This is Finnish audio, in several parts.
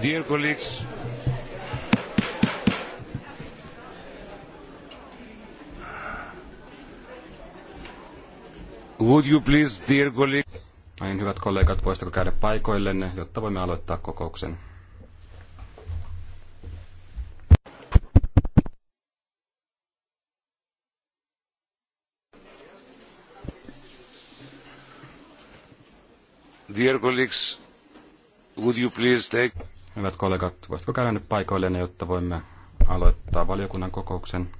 Dear colleagues, would you please, dear colleagues... Niin, hyvät kollegat, voisitteko käydä paikoillenne, jotta voimme aloittaa kokouksen? Dear colleagues, would you please take... Hyvät kollegat, voisitko käydä nyt paikoillenne, jotta voimme aloittaa valiokunnan kokouksen?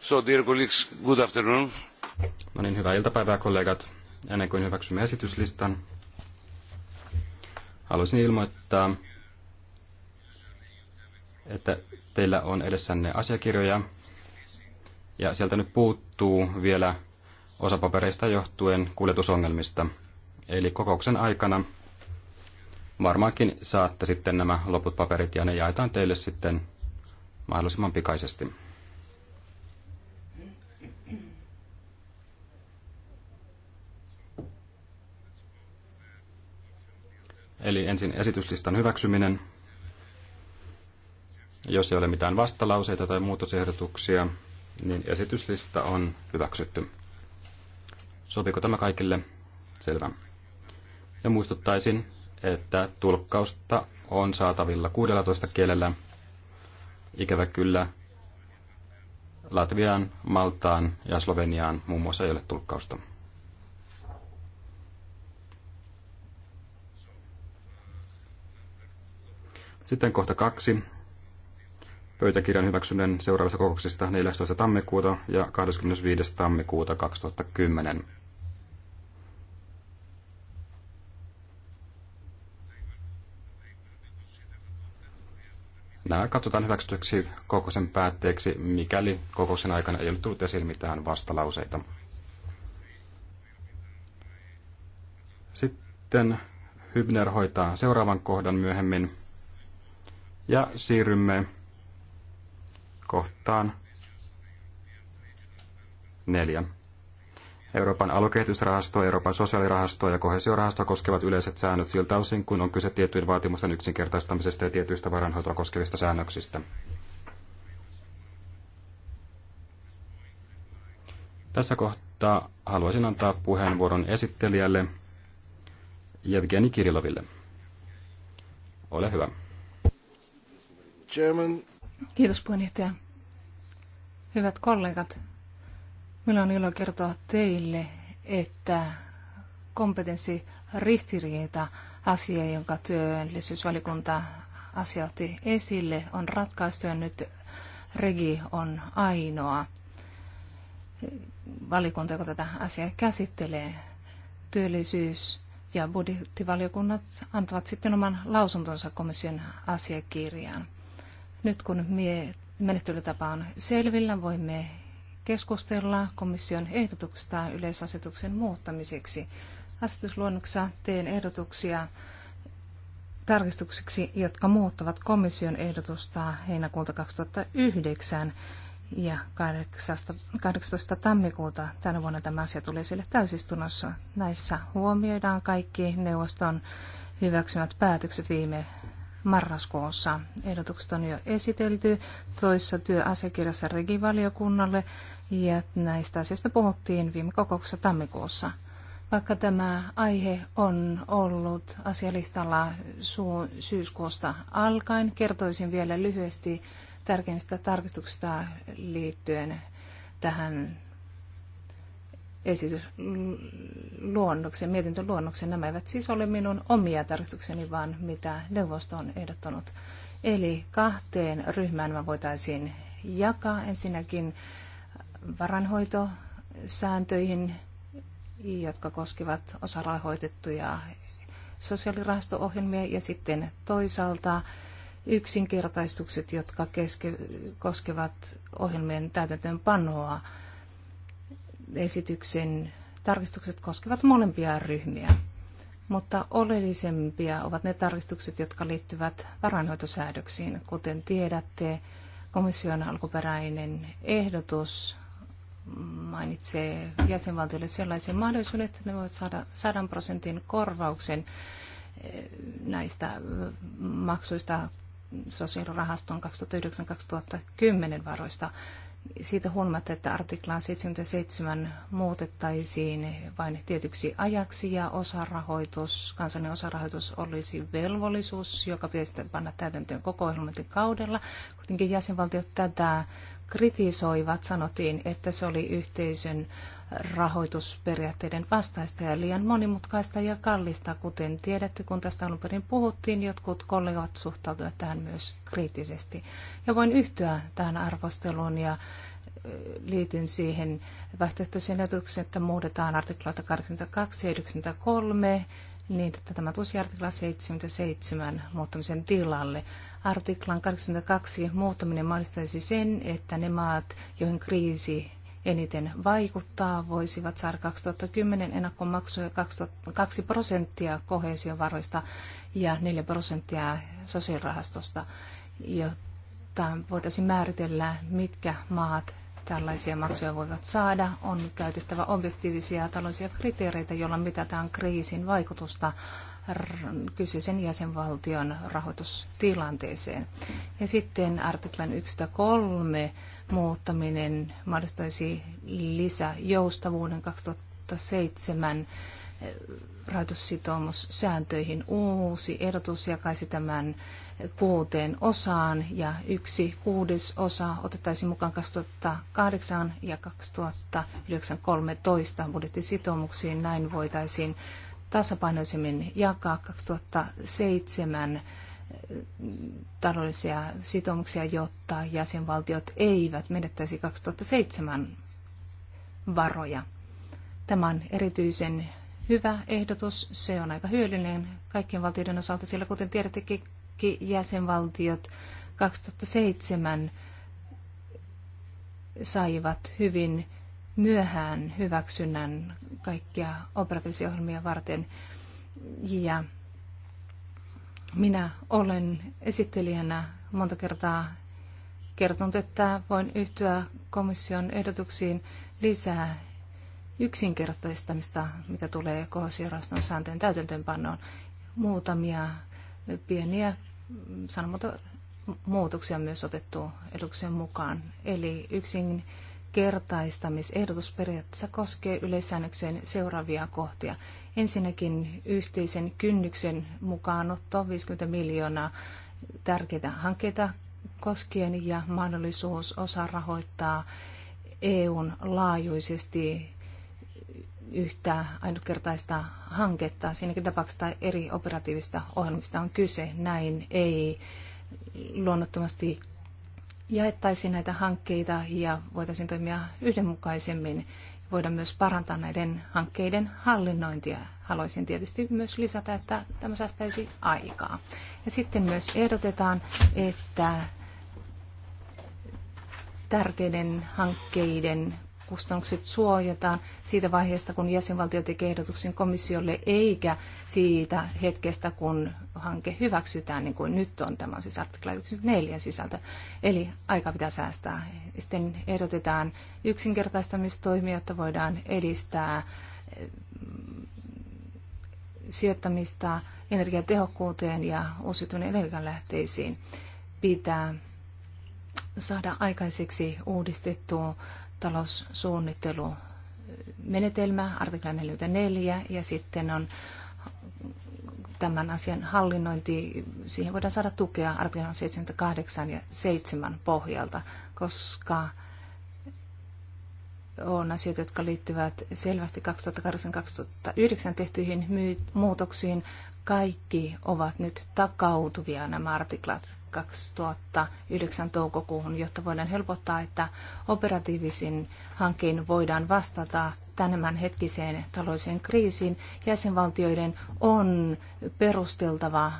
So, dear colleagues, good afternoon. No niin, hyvää iltapäivää kollegat. Ennen kuin hyväksymme esityslistan, haluaisin ilmoittaa, että teillä on edessänne asiakirjoja. Ja sieltä nyt puuttuu vielä osapapereista johtuen kuljetusongelmista. Eli kokouksen aikana varmaankin saatte sitten nämä loput paperit ja ne jaetaan teille sitten mahdollisimman pikaisesti. Eli ensin esityslistan hyväksyminen. Jos ei ole mitään vastalauseita tai muutosehdotuksia, niin esityslista on hyväksytty. Sopiko tämä kaikille? Selvä. Ja muistuttaisin, että tulkkausta on saatavilla 16 kielellä. Ikävä kyllä Latviaan, Maltaan ja Sloveniaan muun muassa ei ole tulkkausta. Sitten kohta kaksi, pöytäkirjan hyväksyneen seuraavasta kokouksesta 14. tammikuuta ja 25. tammikuuta 2010. Nämä katsotaan hyväksytyksi kokouksen päätteeksi, mikäli kokouksen aikana ei ole tullut esiin mitään vastalauseita. Sitten Hybner hoitaa seuraavan kohdan myöhemmin ja siirrymme kohtaan 4. Euroopan alukehitysrahasto, Euroopan sosiaalirahasto ja kohesiorahasto koskevat yleiset säännöt siltä osin, kun on kyse tiettyjen vaatimusten yksinkertaistamisesta ja tietyistä varanhoitoa koskevista säännöksistä. Tässä kohtaa haluaisin antaa puheenvuoron esittelijälle Jevgeni Kiriloville. Ole hyvä. Chairman, Kiitos puheenjohtaja. Hyvät kollegat, minulla on ilo kertoa teille, että ristiriita asia, jonka työllisyysvalikunta asia otti esille, on ratkaistu ja nyt Regi on ainoa valikunta, joka tätä asiaa käsittelee. Työllisyys- ja budjettivaliokunnat antavat sitten oman lausuntonsa komission asiakirjaan. Nyt kun mie menettelytapa on selvillä, voimme keskustella komission ehdotuksesta yleisasetuksen muuttamiseksi. Asetusluonnoksessa teen ehdotuksia tarkistuksiksi, jotka muuttavat komission ehdotusta heinäkuulta 2009 ja 18. tammikuuta tänä vuonna tämä asia tulee sille täysistunnossa. Näissä huomioidaan kaikki neuvoston hyväksymät päätökset viime marraskuussa. Ehdotukset on jo esitelty toissa työasiakirjassa regivaliokunnalle ja näistä asioista puhuttiin viime kokouksessa tammikuussa. Vaikka tämä aihe on ollut asialistalla syyskuusta alkaen, kertoisin vielä lyhyesti tärkeimmistä tarkistuksista liittyen tähän esitysluonnoksen, mietintöluonnoksen. Nämä eivät siis ole minun omia tarkistukseni, vaan mitä neuvosto on ehdottanut. Eli kahteen ryhmään mä voitaisiin jakaa ensinnäkin varanhoitosääntöihin, jotka koskevat osarahoitettuja sosiaalirahasto-ohjelmia ja sitten toisaalta yksinkertaistukset, jotka keske- koskevat ohjelmien täytäntöönpanoa panoa esityksen tarkistukset koskevat molempia ryhmiä, mutta oleellisempia ovat ne tarkistukset, jotka liittyvät varainhoitosäädöksiin. Kuten tiedätte, komission alkuperäinen ehdotus mainitsee jäsenvaltioille sellaisen mahdollisuuden, että ne voivat saada 100 prosentin korvauksen eh, näistä eh, maksuista sosiaalirahaston 2009-2010 varoista siitä huolimatta, että artiklaan 77 muutettaisiin vain tietyksi ajaksi ja osarahoitus, kansallinen osarahoitus olisi velvollisuus, joka pitäisi panna täytäntöön koko kaudella. Kuitenkin jäsenvaltiot tätä kritisoivat, sanottiin, että se oli yhteisön rahoitusperiaatteiden vastaista ja liian monimutkaista ja kallista, kuten tiedätte, kun tästä alun perin puhuttiin, jotkut kollegat suhtautuivat tähän myös kriittisesti. Ja voin yhtyä tähän arvosteluun ja liityn siihen vaihtoehtoisen ajatukseen, että muutetaan artikloita 82 ja 93 niin, että tämä tulisi artikla 77 muuttamisen tilalle. Artiklan 82 muuttaminen mahdollistaisi sen, että ne maat, joihin kriisi eniten vaikuttaa, voisivat saada 2010 ennakkomaksuja 2 prosenttia kohesiovaroista ja 4 prosenttia sosiaalirahastosta, jotta voitaisiin määritellä, mitkä maat tällaisia maksuja voivat saada. On käytettävä objektiivisia taloudellisia kriteereitä, joilla mitataan kriisin vaikutusta kyseisen jäsenvaltion rahoitustilanteeseen. Ja sitten artiklan 13 muuttaminen mahdollistaisi lisäjoustavuuden 2007 eh, rahoitussitoumussääntöihin uusi ehdotus jakaisi tämän kuuteen osaan ja yksi kuudes osa otettaisiin mukaan 2008 ja 2013 budjettisitoumuksiin. Näin voitaisiin tasapainoisemmin jakaa 2007 eh, taloudellisia sitoumuksia, jotta jäsenvaltiot eivät menettäisi 2007 varoja. Tämä on erityisen hyvä ehdotus. Se on aika hyödyllinen kaikkien valtioiden osalta, sillä kuten tiedätte, jäsenvaltiot 2007 saivat hyvin myöhään hyväksynnän kaikkia operatiivisia ohjelmia varten. Ja minä olen esittelijänä monta kertaa kertonut, että voin yhtyä komission ehdotuksiin lisää yksinkertaistamista, mitä tulee kohosioraston sääntöjen täytäntöönpannoon. Muutamia pieniä sanomaton muutoksia on myös otettu edukseen mukaan. Eli yksin kertaistamisehdotus periaatteessa koskee yleissäännökseen seuraavia kohtia. Ensinnäkin yhteisen kynnyksen mukaanotto 50 miljoonaa tärkeitä hankkeita koskien ja mahdollisuus osa rahoittaa EUn laajuisesti yhtä ainutkertaista hanketta. Siinäkin tapauksessa eri operatiivista ohjelmista on kyse. Näin ei luonnottomasti jaettaisiin näitä hankkeita ja voitaisiin toimia yhdenmukaisemmin. Voidaan myös parantaa näiden hankkeiden hallinnointia. Haluaisin tietysti myös lisätä, että tämä säästäisi aikaa. Ja sitten myös ehdotetaan, että tärkeiden hankkeiden kustannukset suojataan siitä vaiheesta, kun jäsenvaltio tekee ehdotuksen komissiolle, eikä siitä hetkestä, kun hanke hyväksytään, niin kuin nyt on. Tämä on siis artikla 14 sisältö. Eli aika pitää säästää. Sitten ehdotetaan yksinkertaistamistoimia, jotta voidaan edistää eh, sijoittamista energiatehokkuuteen ja uusiutuneen energianlähteisiin. Pitää saada aikaiseksi uudistettu taloussuunnittelumenetelmä, artikla 44, ja sitten on tämän asian hallinnointi, siihen voidaan saada tukea artiklan 78 ja 7 pohjalta, koska on asioita, jotka liittyvät selvästi 2008-2009 tehtyihin muutoksiin. Kaikki ovat nyt takautuvia nämä artiklat 2009 toukokuuhun, jotta voidaan helpottaa, että operatiivisin hankkeen voidaan vastata tämän hetkiseen taloudelliseen kriisiin. Jäsenvaltioiden on perusteltava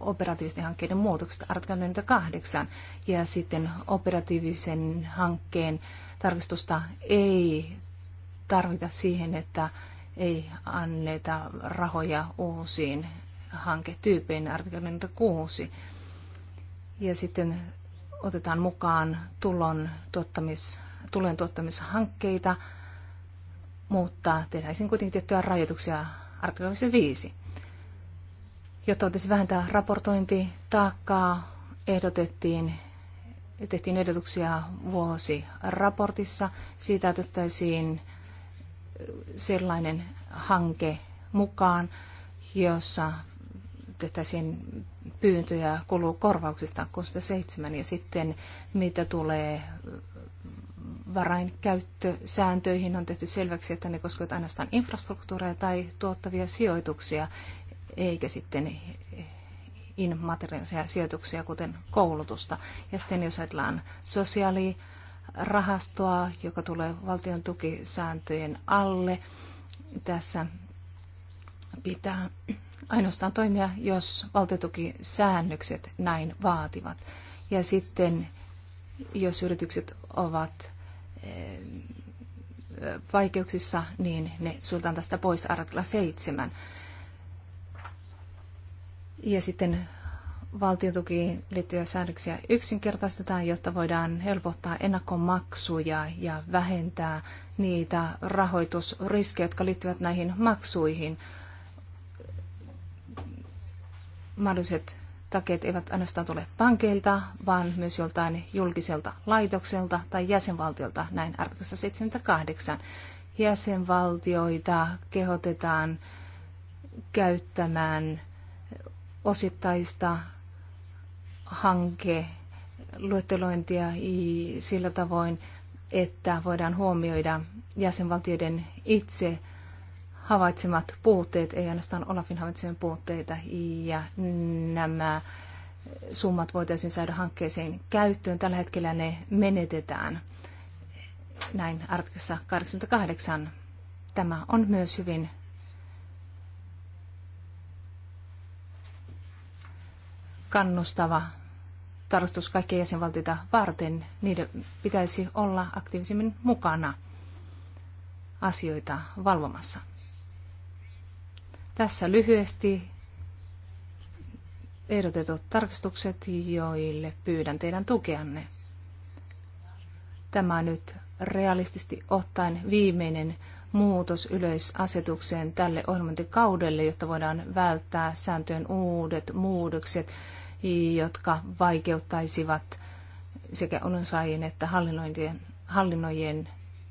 operatiivisten hankkeiden muutokset artikla 48 ja sitten operatiivisen hankkeen tarkistusta ei tarvita siihen, että ei anneta rahoja uusiin hanketyypeihin artikla 46. Ja sitten otetaan mukaan tulon tuottamis, tulojen tuottamishankkeita, mutta tehdään kuitenkin tiettyjä rajoituksia artikkelissa 5. Jotta voitaisiin vähentää raportointitaakkaa, ehdotettiin, tehtiin ehdotuksia vuosiraportissa siitä, otettaisiin sellainen hanke mukaan, jossa tehtäisiin pyyntöjä kuluu korvauksista 67 ja sitten mitä tulee varainkäyttösääntöihin on tehty selväksi, että ne koskevat ainoastaan infrastruktuureja tai tuottavia sijoituksia, eikä sitten immateriaalisia sijoituksia, kuten koulutusta. Ja sitten jos ajatellaan sosiaalirahastoa, joka tulee valtion tukisääntöjen alle, tässä pitää ainoastaan toimia, jos valtiotukisäännökset näin vaativat. Ja sitten, jos yritykset ovat eh, vaikeuksissa, niin ne suljetaan tästä pois artikla 7. Ja sitten valtiotukiin liittyviä säädöksiä yksinkertaistetaan, jotta voidaan helpottaa ennakkomaksuja ja vähentää niitä rahoitusriskejä, jotka liittyvät näihin maksuihin mahdolliset takeet eivät ainoastaan tule pankeilta, vaan myös joltain julkiselta laitokselta tai jäsenvaltiolta, näin artiklassa 78. Jäsenvaltioita kehotetaan käyttämään osittaista hankeluettelointia sillä tavoin, että voidaan huomioida jäsenvaltioiden itse havaitsemat puutteet, ei ainoastaan Olafin havaitsemien puutteita, ja nämä summat voitaisiin saada hankkeeseen käyttöön. Tällä hetkellä ne menetetään. Näin artikassa 88. Tämä on myös hyvin kannustava tarkastus kaikkia jäsenvaltioita varten. Niiden pitäisi olla aktiivisemmin mukana asioita valvomassa. Tässä lyhyesti ehdotetut tarkistukset, joille pyydän teidän tukeanne. Tämä nyt realistisesti ottaen viimeinen muutos yleisasetukseen tälle ohjelmointikaudelle, jotta voidaan välttää sääntöjen uudet muutokset, jotka vaikeuttaisivat sekä onnonsaajien että hallinnoijien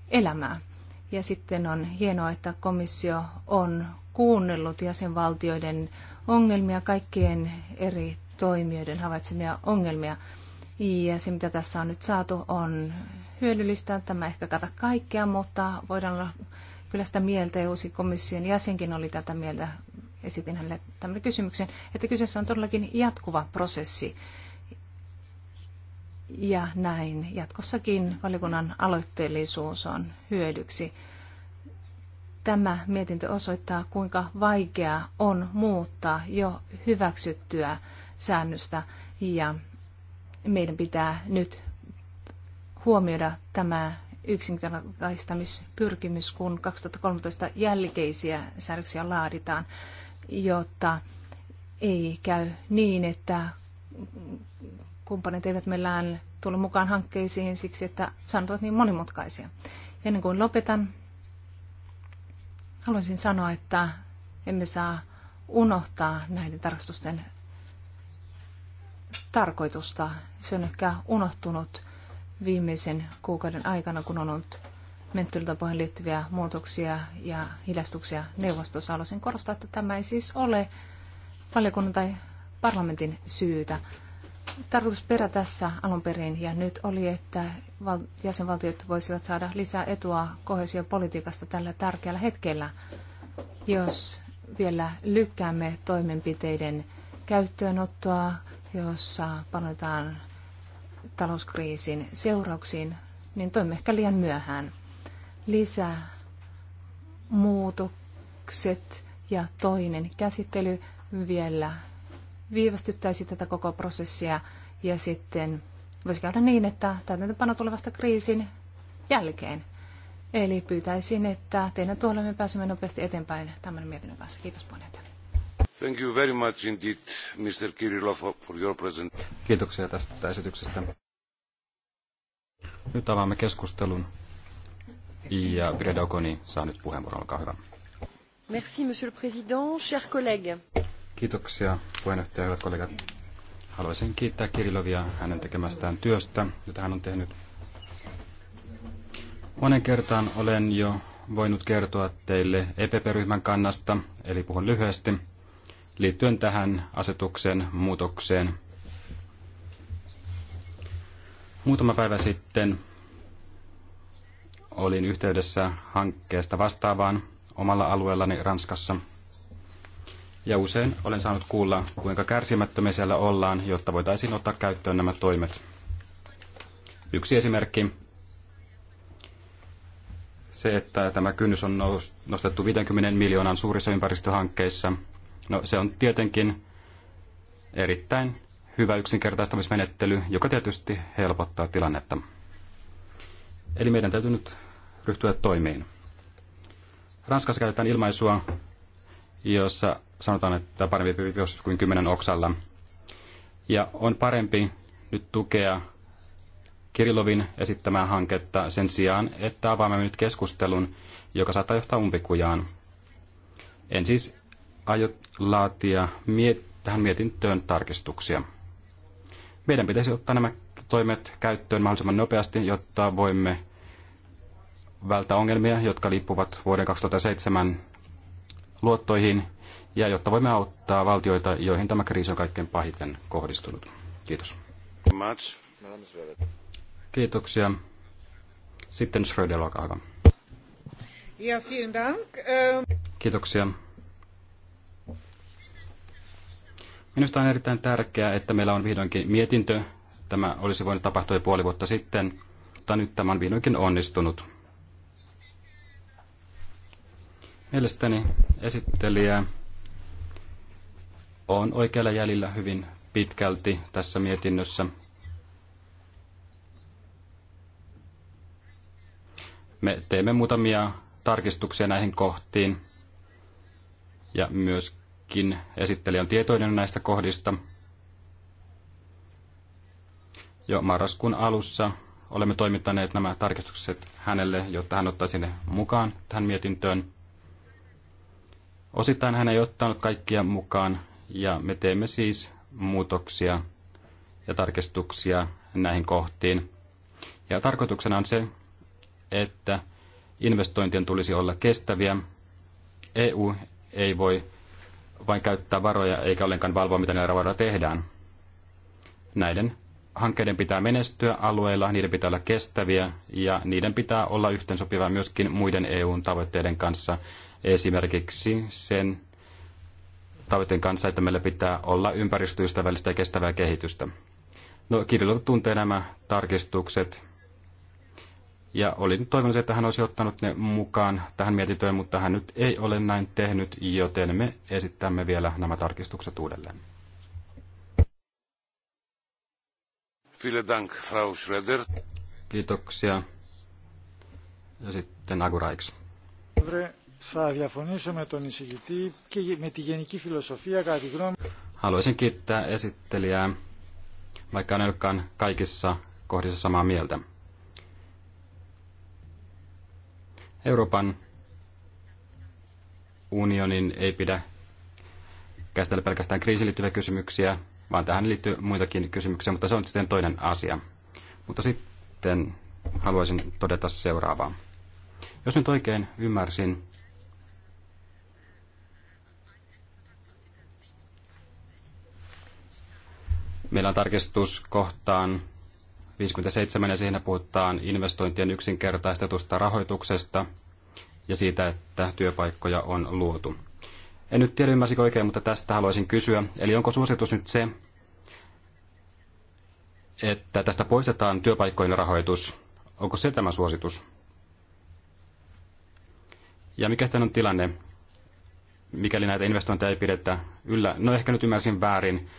elämää. Ja sitten on hienoa, että komissio on kuunnellut jäsenvaltioiden ongelmia, kaikkien eri toimijoiden havaitsemia ongelmia. Ja se, mitä tässä on nyt saatu, on hyödyllistä. Tämä ehkä kata kaikkea, mutta voidaan olla kyllä sitä mieltä, ja uusi komission jäsenkin oli tätä mieltä, esitin hänelle tämän kysymyksen, että kyseessä on todellakin jatkuva prosessi. Ja näin jatkossakin valiokunnan aloitteellisuus on hyödyksi. Tämä mietintö osoittaa, kuinka vaikeaa on muuttaa jo hyväksyttyä säännöstä ja meidän pitää nyt huomioida tämä yksinkertaistamispyrkimys, kun 2013 jälkeisiä säädöksiä laaditaan, jotta ei käy niin, että kumppanit eivät millään tule mukaan hankkeisiin siksi, että sanot ovat niin monimutkaisia. Ja ennen kuin lopetan, haluaisin sanoa, että emme saa unohtaa näiden tarkastusten tarkoitusta. Se on ehkä unohtunut viimeisen kuukauden aikana, kun on ollut menttelytapoihin liittyviä muutoksia ja hidastuksia neuvostossa. Haluaisin korostaa, että tämä ei siis ole valiokunnan tai parlamentin syytä, tarkoitusperä tässä alun perin ja nyt oli, että jäsenvaltiot voisivat saada lisää etua kohesiopolitiikasta tällä tärkeällä hetkellä, jos vielä lykkäämme toimenpiteiden käyttöönottoa, jossa panotaan talouskriisin seurauksiin, niin toimme ehkä liian myöhään. Lisää muutokset ja toinen käsittely vielä viivästyttäisi tätä koko prosessia ja sitten voisi käydä niin, että täytäntöpano tulevasta kriisin jälkeen. Eli pyytäisin, että teidän tuolla me pääsemme nopeasti eteenpäin tämän mietinnön kanssa. Kiitos puheenjohtaja. Thank you very much indeed, Mr. Kirillov, for your present. Kiitoksia tästä esityksestä. Nyt avaamme keskustelun. Ja Pire Daukoni saa nyt puheenvuoron, olkaa hyvä. Merci, monsieur le président, chers collègues. Kiitoksia puheenjohtaja, kollegat. Haluaisin kiittää Kirilovia hänen tekemästään työstä, jota hän on tehnyt. Monen kertaan olen jo voinut kertoa teille EPP-ryhmän kannasta, eli puhun lyhyesti, liittyen tähän asetuksen muutokseen. Muutama päivä sitten olin yhteydessä hankkeesta vastaavaan omalla alueellani Ranskassa – ja usein olen saanut kuulla, kuinka kärsimättömiä siellä ollaan, jotta voitaisiin ottaa käyttöön nämä toimet. Yksi esimerkki. Se, että tämä kynnys on nostettu 50 miljoonan suurissa ympäristöhankkeissa. No, se on tietenkin erittäin hyvä yksinkertaistamismenettely, joka tietysti helpottaa tilannetta. Eli meidän täytyy nyt ryhtyä toimiin. Ranskassa käytetään ilmaisua jossa sanotaan, että parempi jos kuin kymmenen oksalla. Ja on parempi nyt tukea Kirilovin esittämää hanketta sen sijaan, että avaamme nyt keskustelun, joka saattaa johtaa umpikujaan. En siis aio laatia miet- tähän mietintöön tarkistuksia. Meidän pitäisi ottaa nämä toimet käyttöön mahdollisimman nopeasti, jotta voimme välttää ongelmia, jotka liippuvat vuoden 2007 luottoihin ja jotta voimme auttaa valtioita, joihin tämä kriisi on kaikkein pahiten kohdistunut. Kiitos. Kiitoksia. Sitten Schröder, olkaa hyvä. Ja, vielen dank. Kiitoksia. Minusta on erittäin tärkeää, että meillä on vihdoinkin mietintö. Tämä olisi voinut tapahtua jo puoli vuotta sitten, mutta nyt tämä on vihdoinkin onnistunut. Mielestäni esittelijä on oikealla jäljellä hyvin pitkälti tässä mietinnössä. Me teemme muutamia tarkistuksia näihin kohtiin ja myöskin esittelijä on tietoinen näistä kohdista. Jo marraskuun alussa olemme toimittaneet nämä tarkistukset hänelle, jotta hän ottaisi ne mukaan tähän mietintöön. Osittain hän ei ottanut kaikkia mukaan ja me teemme siis muutoksia ja tarkistuksia näihin kohtiin. Ja tarkoituksena on se, että investointien tulisi olla kestäviä. EU ei voi vain käyttää varoja eikä ollenkaan valvoa, mitä näillä varoilla tehdään. Näiden hankkeiden pitää menestyä alueilla, niiden pitää olla kestäviä ja niiden pitää olla yhteensopivaa myöskin muiden EUn tavoitteiden kanssa, esimerkiksi sen tavoitteen kanssa, että meillä pitää olla ympäristöystävällistä ja kestävää kehitystä. No, kirjoitettu tuntee nämä tarkistukset, ja olin toivonut, että hän olisi ottanut ne mukaan tähän mietintöön, mutta hän nyt ei ole näin tehnyt, joten me esittämme vielä nämä tarkistukset uudelleen. Vielen Dank, Frau Schröder. Kiitoksia. Ja sitten Aguraiks. Θα διαφωνήσω με τον εισηγητή και με τη γενική φιλοσοφία κατά τη γνώμη. Haluaisin kiittää esittelijää, vaikka en olekaan kaikissa kohdissa samaa mieltä. Euroopan unionin ei pidä käsitellä pelkästään kriisiin liittyviä kysymyksiä, vaan tähän liittyy muitakin kysymyksiä, mutta se on sitten toinen asia. Mutta sitten haluaisin todeta seuraavaa. Jos nyt oikein ymmärsin, Meillä on tarkistus kohtaan 57 ja siinä puhutaan investointien yksinkertaistetusta rahoituksesta ja siitä, että työpaikkoja on luotu. En nyt tiedä ymmärsikö oikein, mutta tästä haluaisin kysyä. Eli onko suositus nyt se, että tästä poistetaan työpaikkojen rahoitus? Onko se tämä suositus? Ja mikä sitten on tilanne, mikäli näitä investointeja ei pidetä yllä? No ehkä nyt ymmärsin väärin,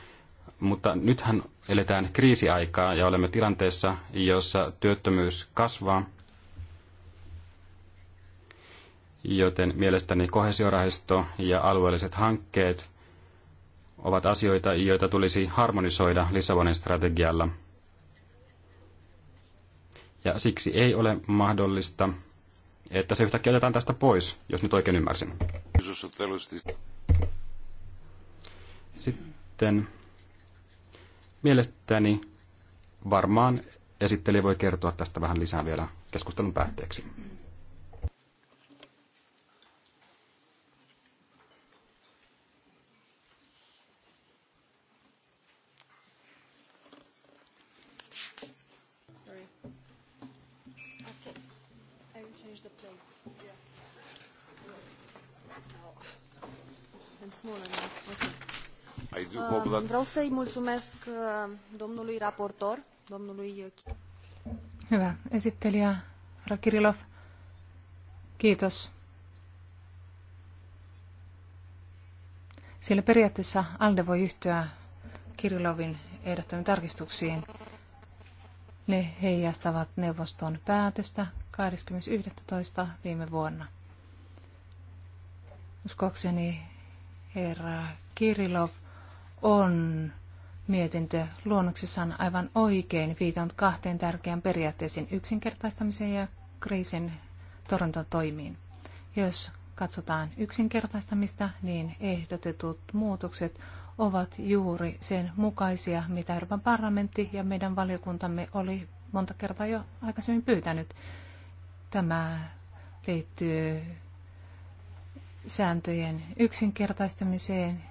mutta nythän eletään kriisiaikaa ja olemme tilanteessa, jossa työttömyys kasvaa. Joten mielestäni kohesiorahisto ja alueelliset hankkeet ovat asioita, joita tulisi harmonisoida Lissabonin strategialla. Ja siksi ei ole mahdollista, että se yhtäkkiä otetaan tästä pois, jos nyt oikein ymmärsin. Sitten Mielestäni varmaan esittelijä voi kertoa tästä vähän lisää vielä keskustelun päätteeksi. Uh, vreau să-i mulțumesc uh, domnului raportor, domnului... Hyvä esittelijä, herra Kirilov. Kiitos. Sillä periaatteessa Alde voi yhtyä Kirilovin ehdottamiin tarkistuksiin. Ne heijastavat neuvoston päätöstä 20.11. viime vuonna. Uskoakseni herra Kirilov on mietintö luonnoksessaan aivan oikein viitannut kahteen tärkeään periaatteeseen yksinkertaistamiseen ja kriisin torjuntatoimiin. Jos katsotaan yksinkertaistamista, niin ehdotetut muutokset ovat juuri sen mukaisia, mitä Euroopan parlamentti ja meidän valiokuntamme oli monta kertaa jo aikaisemmin pyytänyt. Tämä liittyy sääntöjen yksinkertaistamiseen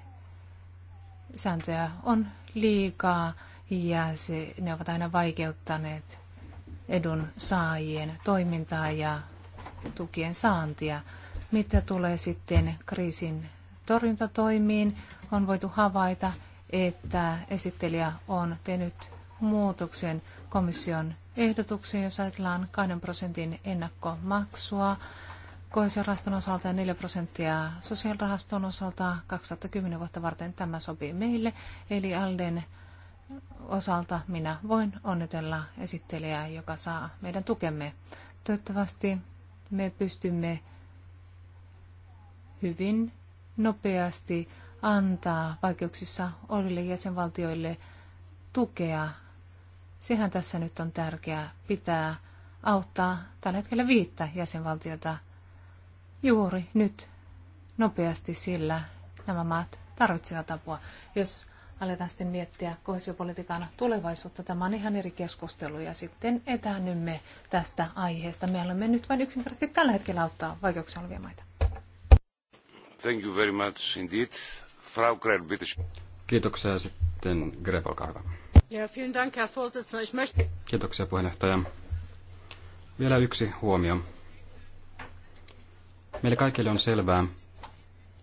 sääntöjä on liikaa ja se, ne ovat aina vaikeuttaneet edun saajien toimintaa ja tukien saantia. Mitä tulee sitten kriisin torjuntatoimiin, on voitu havaita, että esittelijä on tehnyt muutoksen komission ehdotukseen, jos ajatellaan 2 prosentin ennakkomaksua kohesiorahaston osalta ja 4 prosenttia sosiaalirahaston osalta 2010 vuotta varten. Tämä sopii meille, eli Alden osalta minä voin onnitella esittelijää, joka saa meidän tukemme. Toivottavasti me pystymme hyvin nopeasti antaa vaikeuksissa oleville jäsenvaltioille tukea. Sehän tässä nyt on tärkeää pitää auttaa tällä hetkellä viittä jäsenvaltiota – juuri nyt nopeasti, sillä nämä maat tarvitsevat apua. Jos aletaan sitten miettiä kohesiopolitiikan tulevaisuutta. Tämä on ihan eri keskustelu ja sitten etäännymme tästä aiheesta. Me olemme nyt vain yksinkertaisesti tällä hetkellä auttaa vaikeuksia olevia maita. Thank you very much indeed. Frau Krell, bitte. Kiitoksia sitten Greb, olkaa hyvä. Ja, vielen Dank, Herr Vorsitzender. Ich möchte... Kiitoksia puheenjohtaja. Vielä yksi huomio. Meille kaikille on selvää,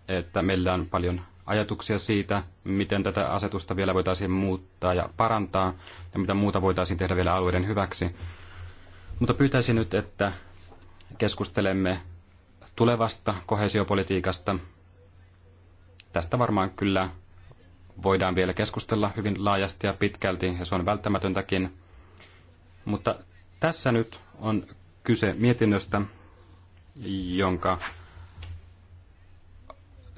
että meillä on paljon ajatuksia siitä, miten tätä asetusta vielä voitaisiin muuttaa ja parantaa ja mitä muuta voitaisiin tehdä vielä alueiden hyväksi. Mutta pyytäisin nyt, että keskustelemme tulevasta kohesiopolitiikasta. Tästä varmaan kyllä voidaan vielä keskustella hyvin laajasti ja pitkälti, ja se on välttämätöntäkin. Mutta tässä nyt on kyse mietinnöstä, jonka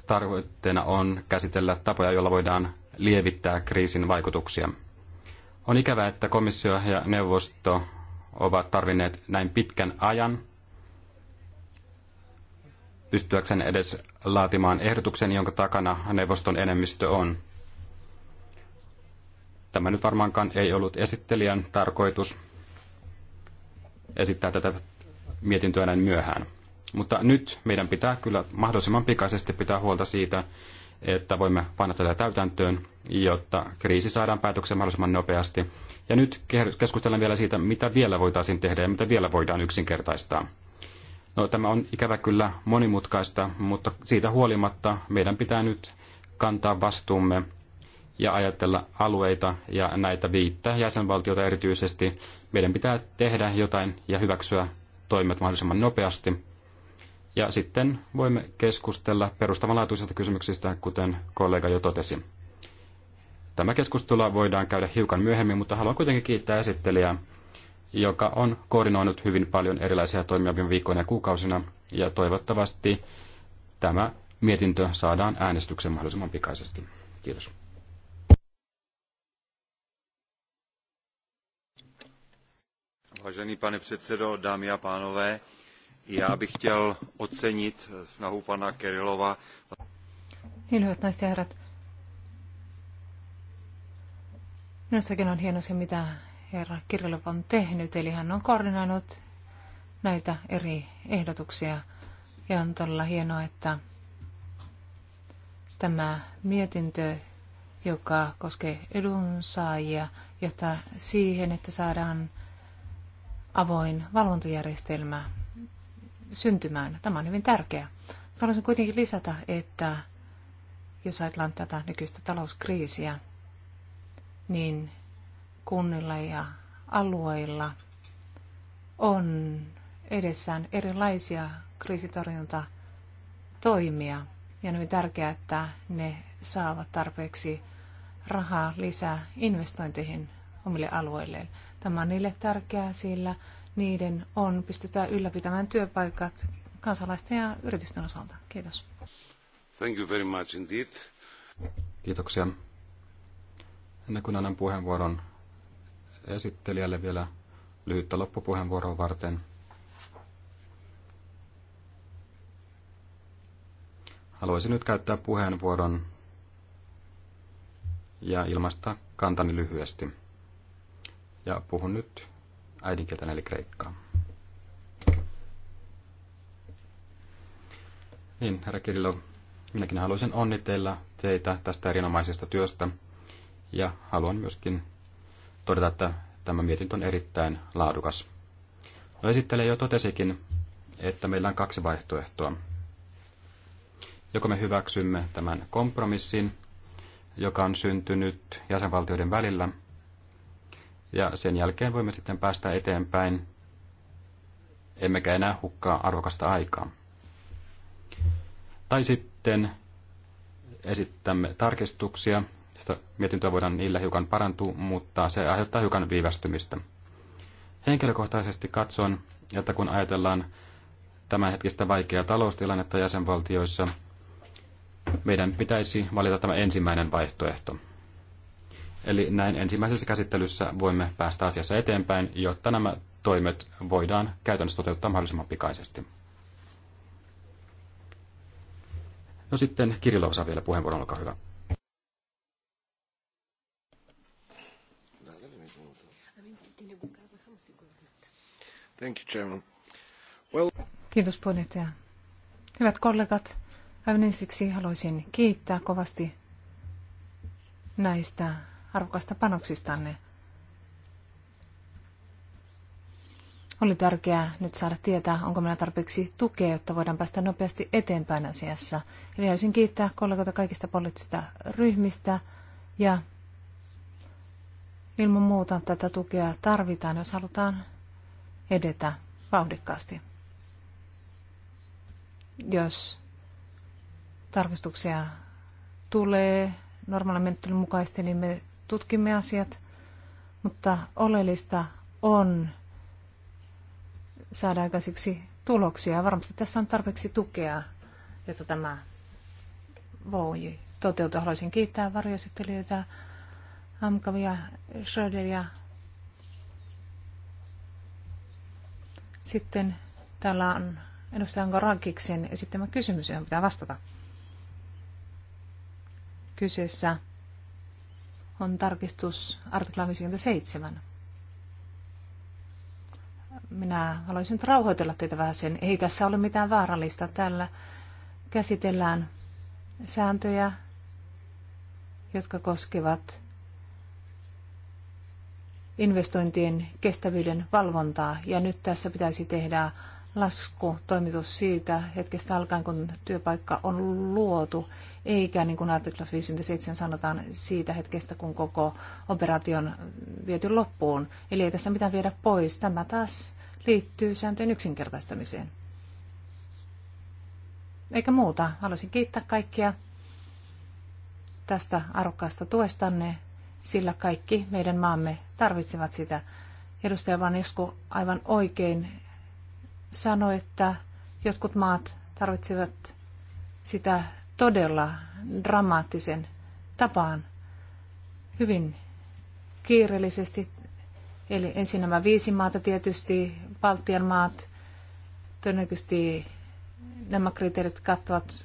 tarkoitteena on käsitellä tapoja, joilla voidaan lievittää kriisin vaikutuksia. On ikävää, että komissio ja neuvosto ovat tarvinneet näin pitkän ajan pystyäkseen edes laatimaan ehdotuksen, jonka takana neuvoston enemmistö on. Tämä nyt varmaankaan ei ollut esittelijän tarkoitus esittää tätä mietintöä näin myöhään. Mutta nyt meidän pitää kyllä mahdollisimman pikaisesti pitää huolta siitä, että voimme panna tätä täytäntöön, jotta kriisi saadaan päätökseen mahdollisimman nopeasti. Ja nyt keskustellaan vielä siitä, mitä vielä voitaisiin tehdä ja mitä vielä voidaan yksinkertaistaa. No, tämä on ikävä kyllä monimutkaista, mutta siitä huolimatta meidän pitää nyt kantaa vastuumme ja ajatella alueita ja näitä viittä jäsenvaltiota erityisesti. Meidän pitää tehdä jotain ja hyväksyä toimet mahdollisimman nopeasti. Ja sitten voimme keskustella perustavanlaatuisista kysymyksistä, kuten kollega jo totesi. Tämä keskustelu voidaan käydä hiukan myöhemmin, mutta haluan kuitenkin kiittää esittelijää, joka on koordinoinut hyvin paljon erilaisia toimia viikkoina ja kuukausina, ja toivottavasti tämä mietintö saadaan äänestyksen mahdollisimman pikaisesti. Kiitos. Vážený pane předsedo, dámy a pánové, Já bych chtěl ocenit snahu pana Kerilova. Niin, hyvät naiset ja herrat, minustakin on hieno se, mitä herra Kirilov on tehnyt, eli hän on koordinoinut näitä eri ehdotuksia. Ja on todella hienoa, että tämä mietintö, joka koskee edunsaajia, johtaa siihen, että saadaan avoin valvontajärjestelmä syntymään. Tämä on hyvin tärkeää. Haluaisin kuitenkin lisätä, että jos ajatellaan tätä nykyistä talouskriisiä, niin kunnilla ja alueilla on edessään erilaisia kriisitorjuntatoimia. Ja on hyvin tärkeää, että ne saavat tarpeeksi rahaa lisää investointeihin omille alueilleen. Tämä on niille tärkeää, sillä niiden on pystytään ylläpitämään työpaikat kansalaisten ja yritysten osalta. Kiitos. Thank you very much indeed. Kiitoksia. Ennen kuin annan puheenvuoron esittelijälle vielä lyhyttä loppupuheenvuoroa varten. Haluaisin nyt käyttää puheenvuoron ja ilmaista kantani lyhyesti. Ja puhun nyt äidinkieltään eli kreikkaa. Niin, herra Kirillo, minäkin haluaisin onnitella teitä tästä erinomaisesta työstä ja haluan myöskin todeta, että tämä mietintö on erittäin laadukas. No esittelijä jo totesikin, että meillä on kaksi vaihtoehtoa. Joko me hyväksymme tämän kompromissin, joka on syntynyt jäsenvaltioiden välillä – ja sen jälkeen voimme sitten päästä eteenpäin, emmekä enää hukkaa arvokasta aikaa. Tai sitten esittämme tarkistuksia, sitä mietintöä voidaan niillä hiukan parantua, mutta se aiheuttaa hiukan viivästymistä. Henkilökohtaisesti katson, että kun ajatellaan tämänhetkistä vaikeaa taloustilannetta jäsenvaltioissa, meidän pitäisi valita tämä ensimmäinen vaihtoehto – Eli näin ensimmäisessä käsittelyssä voimme päästä asiassa eteenpäin, jotta nämä toimet voidaan käytännössä toteuttaa mahdollisimman pikaisesti. No sitten Kirilo saa vielä puheenvuoron, olkaa hyvä. Thank you, Chairman. Well... Kiitos puheenjohtaja. Hyvät kollegat, aivan ensiksi haluaisin kiittää kovasti näistä arvokasta panoksistanne. Oli tärkeää nyt saada tietää, onko meillä tarpeeksi tukea, jotta voidaan päästä nopeasti eteenpäin asiassa. Eli haluaisin kiittää kollegoita kaikista poliittisista ryhmistä ja ilman muuta tätä tukea tarvitaan, jos halutaan edetä vauhdikkaasti. Jos tarkistuksia tulee normaalimenttelyn mukaisesti, niin me tutkimme asiat, mutta oleellista on saada aikaiseksi tuloksia. Varmasti tässä on tarpeeksi tukea, jotta tämä voi toteutua. Haluaisin kiittää varjoesittelijöitä, Amkavia, Schröderia. Sitten täällä on edustaja Anko Rankiksen esittämä kysymys, johon pitää vastata. Kyseessä on tarkistus artikla 57. Minä haluaisin nyt rauhoitella teitä vähän sen. Ei tässä ole mitään vaarallista. Täällä käsitellään sääntöjä, jotka koskevat investointien kestävyyden valvontaa. Ja nyt tässä pitäisi tehdä lasku, toimitus siitä hetkestä alkaen, kun työpaikka on luotu, eikä niin kuin artiklas 57 sanotaan siitä hetkestä, kun koko operaation viety loppuun. Eli ei tässä mitään viedä pois. Tämä taas liittyy sääntöjen yksinkertaistamiseen. Eikä muuta. Haluaisin kiittää kaikkia tästä arvokkaasta tuestanne, sillä kaikki meidän maamme tarvitsevat sitä. Edustaja Van Isku aivan oikein sanoi, että jotkut maat tarvitsivat sitä todella dramaattisen tapaan hyvin kiireellisesti. Eli ensin nämä viisi maata tietysti, Baltian maat, todennäköisesti nämä kriteerit kattavat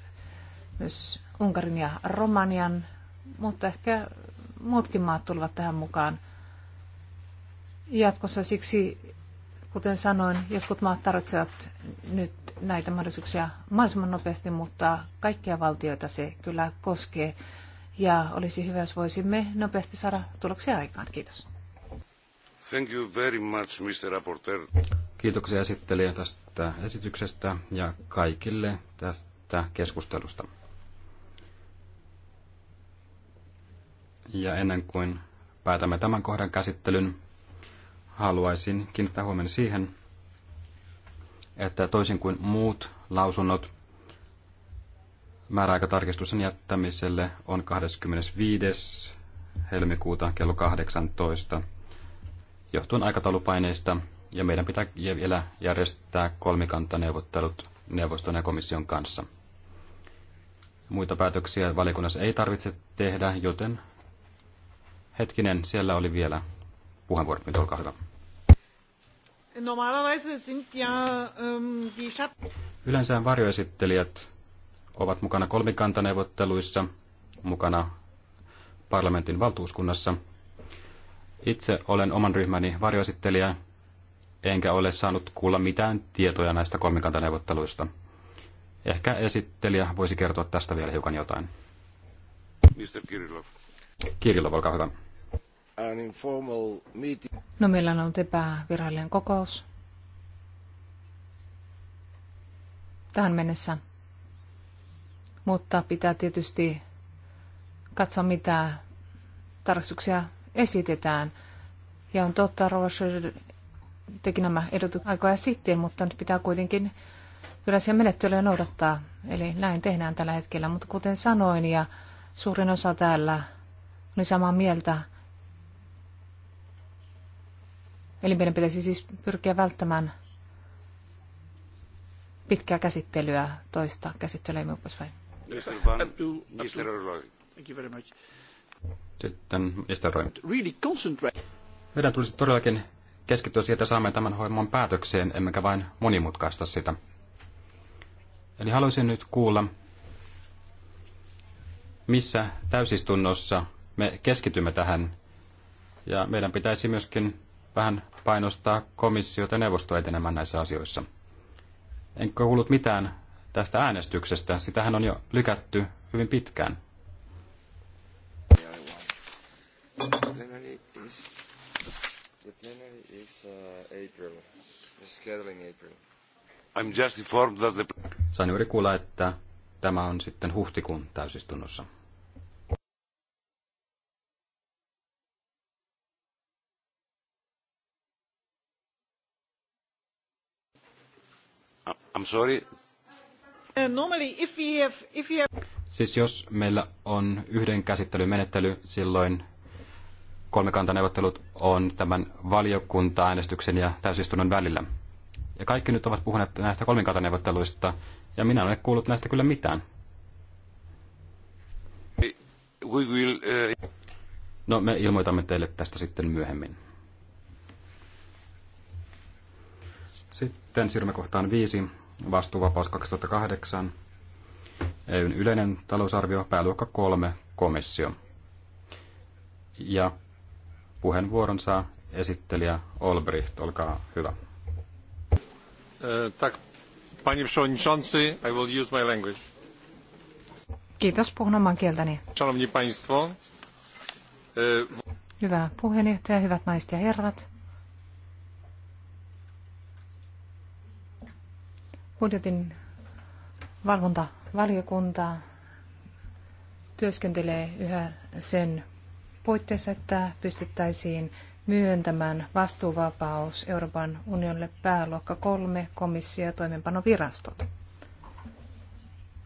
myös Unkarin ja Romanian, mutta ehkä muutkin maat tulevat tähän mukaan jatkossa. Siksi Kuten sanoin, jotkut maat tarvitsevat nyt näitä mahdollisuuksia mahdollisimman nopeasti, mutta kaikkia valtioita se kyllä koskee. Ja olisi hyvä, jos voisimme nopeasti saada tuloksia aikaan. Kiitos. Thank you very much, Mr. Rapporteur. Kiitoksia esittelijä tästä esityksestä ja kaikille tästä keskustelusta. Ja ennen kuin päätämme tämän kohdan käsittelyn, haluaisin kiinnittää huomenna siihen, että toisin kuin muut lausunnot, määräaikatarkistuksen jättämiselle on 25. helmikuuta kello 18 johtuen aikataulupaineista ja meidän pitää vielä järjestää kolmikantaneuvottelut neuvoston ja komission kanssa. Muita päätöksiä valiokunnassa ei tarvitse tehdä, joten hetkinen, siellä oli vielä puheenvuorot, mitä olkaa hyvä. Ähm, Yleensä varjoesittelijät ovat mukana kolmikantaneuvotteluissa, mukana parlamentin valtuuskunnassa. Itse olen oman ryhmäni varjoesittelijä, enkä ole saanut kuulla mitään tietoja näistä kolmikantaneuvotteluista. Ehkä esittelijä voisi kertoa tästä vielä hiukan jotain. Mr. Kirillov. Kirillov, olkaa hyvä an informal meeting. No meillä on ollut epävirallinen kokous. Tähän mennessä. Mutta pitää tietysti katsoa, mitä tarkastuksia esitetään. Ja on totta, Roger teki nämä ehdotukset aikoja sitten, mutta nyt pitää kuitenkin yleisiä menettelyjä noudattaa. Eli näin tehdään tällä hetkellä. Mutta kuten sanoin, ja suurin osa täällä oli samaa mieltä Eli meidän pitäisi siis pyrkiä välttämään pitkää käsittelyä, toista käsittelyä ja muupas vai? Sitten Isteroin. Meidän tulisi todellakin keskittyä siihen, että saamme tämän hoidon päätökseen, emmekä vain monimutkaista sitä. Eli haluaisin nyt kuulla, missä täysistunnossa me keskitymme tähän. Ja meidän pitäisi myöskin vähän painostaa komissiota ja neuvostoa etenemään näissä asioissa. En kuullut mitään tästä äänestyksestä. Sitähän on jo lykätty hyvin pitkään. Sain juuri kuulla, että tämä on sitten huhtikuun täysistunnossa. I'm sorry. Uh, normally, if we have, if we have... Siis jos meillä on yhden käsittelyn menettely, silloin kolmikantaneuvottelut on tämän valiokunta-äänestyksen ja täysistunnon välillä. Ja kaikki nyt ovat puhuneet näistä kolmikantaneuvotteluista, ja minä en ole kuullut näistä kyllä mitään. We will, uh... No, me ilmoitamme teille tästä sitten myöhemmin. Sitten siirrymme kohtaan viisi vastuuvapaus 2008, EUn yleinen talousarvio, pääluokka 3, komissio. Ja puheenvuoron saa esittelijä Olbricht, olkaa hyvä. I will use my language. Kiitos, puhun oman kieltäni. Hyvää Hyvä puheenjohtaja, hyvät naiset ja herrat. budjetin valvontavaliokunta työskentelee yhä sen puitteissa, että pystyttäisiin myöntämään vastuuvapaus Euroopan unionille pääluokka 3, komissio ja toimenpanovirastot.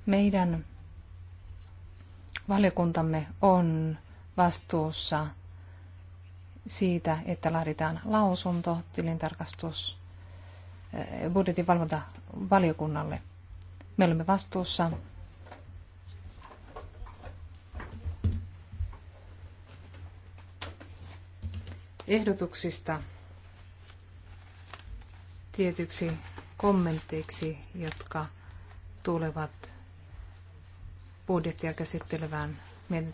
Meidän valiokuntamme on vastuussa siitä, että laaditaan lausunto tilintarkastus budjetin valvontavaliokunnalle. Me olemme vastuussa ehdotuksista tietyksi kommentteiksi, jotka tulevat budjettia käsittelevään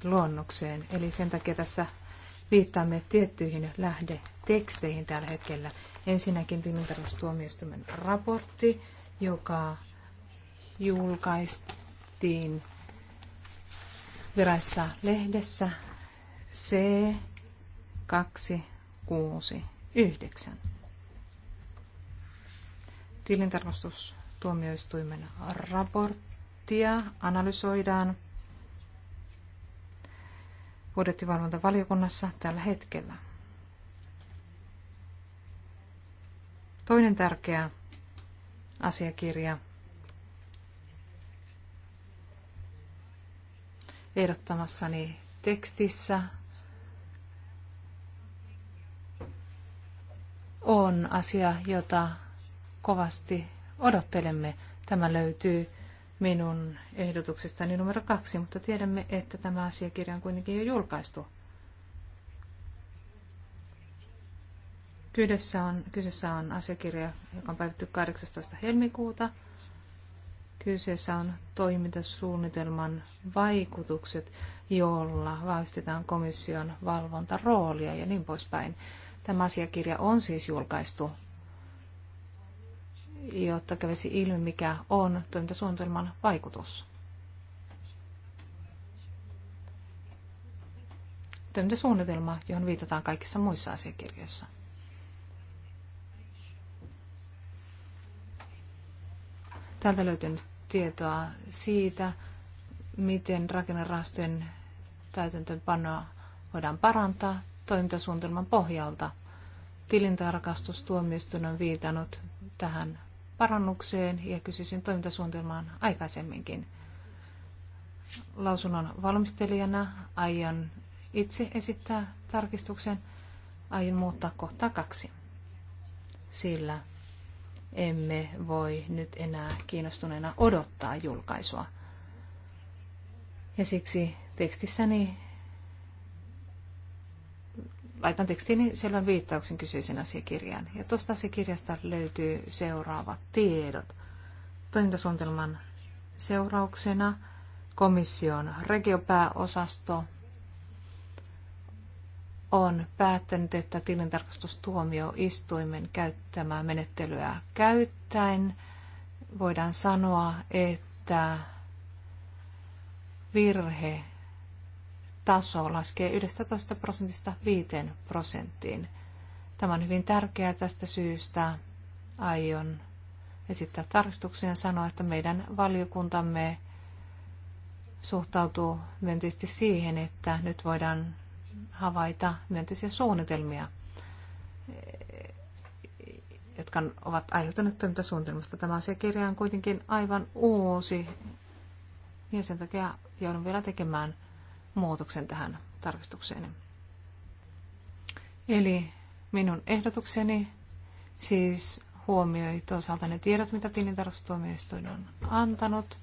luonnokseen. Eli sen takia tässä viittaamme tiettyihin lähdeteksteihin tällä hetkellä. Ensinnäkin tilintarkastustuomioistuimen raportti, joka julkaistiin virassa lehdessä C269. Tilintarkastustuomioistuimen raporttia analysoidaan budjettivalvontavaliokunnassa tällä hetkellä. Toinen tärkeä asiakirja ehdottamassani tekstissä on asia, jota kovasti odottelemme. Tämä löytyy minun ehdotuksestani numero kaksi, mutta tiedämme, että tämä asiakirja on kuitenkin jo julkaistu. Kyydessä on, kyseessä on asiakirja, joka on päivitty 18. helmikuuta. Kyseessä on toimintasuunnitelman vaikutukset, jolla vahvistetaan komission valvontaroolia ja niin poispäin. Tämä asiakirja on siis julkaistu, jotta kävisi ilmi, mikä on toimintasuunnitelman vaikutus. Toimintasuunnitelma, johon viitataan kaikissa muissa asiakirjoissa. Täältä löytyy nyt tietoa siitä, miten rakennerahastojen täytäntöönpanoa voidaan parantaa toimintasuunnitelman pohjalta. Tilintarkastustuomioistuin on viitannut tähän parannukseen ja kysyisin toimintasuunnitelmaan aikaisemminkin. Lausunnon valmistelijana aion itse esittää tarkistuksen, aion muuttaa kohtaa kaksi, sillä emme voi nyt enää kiinnostuneena odottaa julkaisua. Ja siksi tekstissäni laitan tekstiini selvän viittauksen kyseisen asiakirjaan. Ja tuosta asiakirjasta löytyy seuraavat tiedot. Toimintasuunnitelman seurauksena komission regiopääosasto on päättänyt, että tilintarkastustuomioistuimen käyttämää menettelyä käyttäen voidaan sanoa, että virhe taso laskee 11 prosentista 5 prosenttiin. Tämä on hyvin tärkeää tästä syystä. Aion esittää tarkistuksia ja sanoa, että meidän valiokuntamme suhtautuu myönteisesti siihen, että nyt voidaan havaita myönteisiä suunnitelmia, jotka ovat aiheuttaneet toimintasuunnitelmasta. Tämä asiakirja on kuitenkin aivan uusi ja sen takia joudun vielä tekemään muutoksen tähän tarkistukseen. Eli minun ehdotukseni siis huomioi toisaalta ne tiedot, mitä tilintarkastustuomioistuin on antanut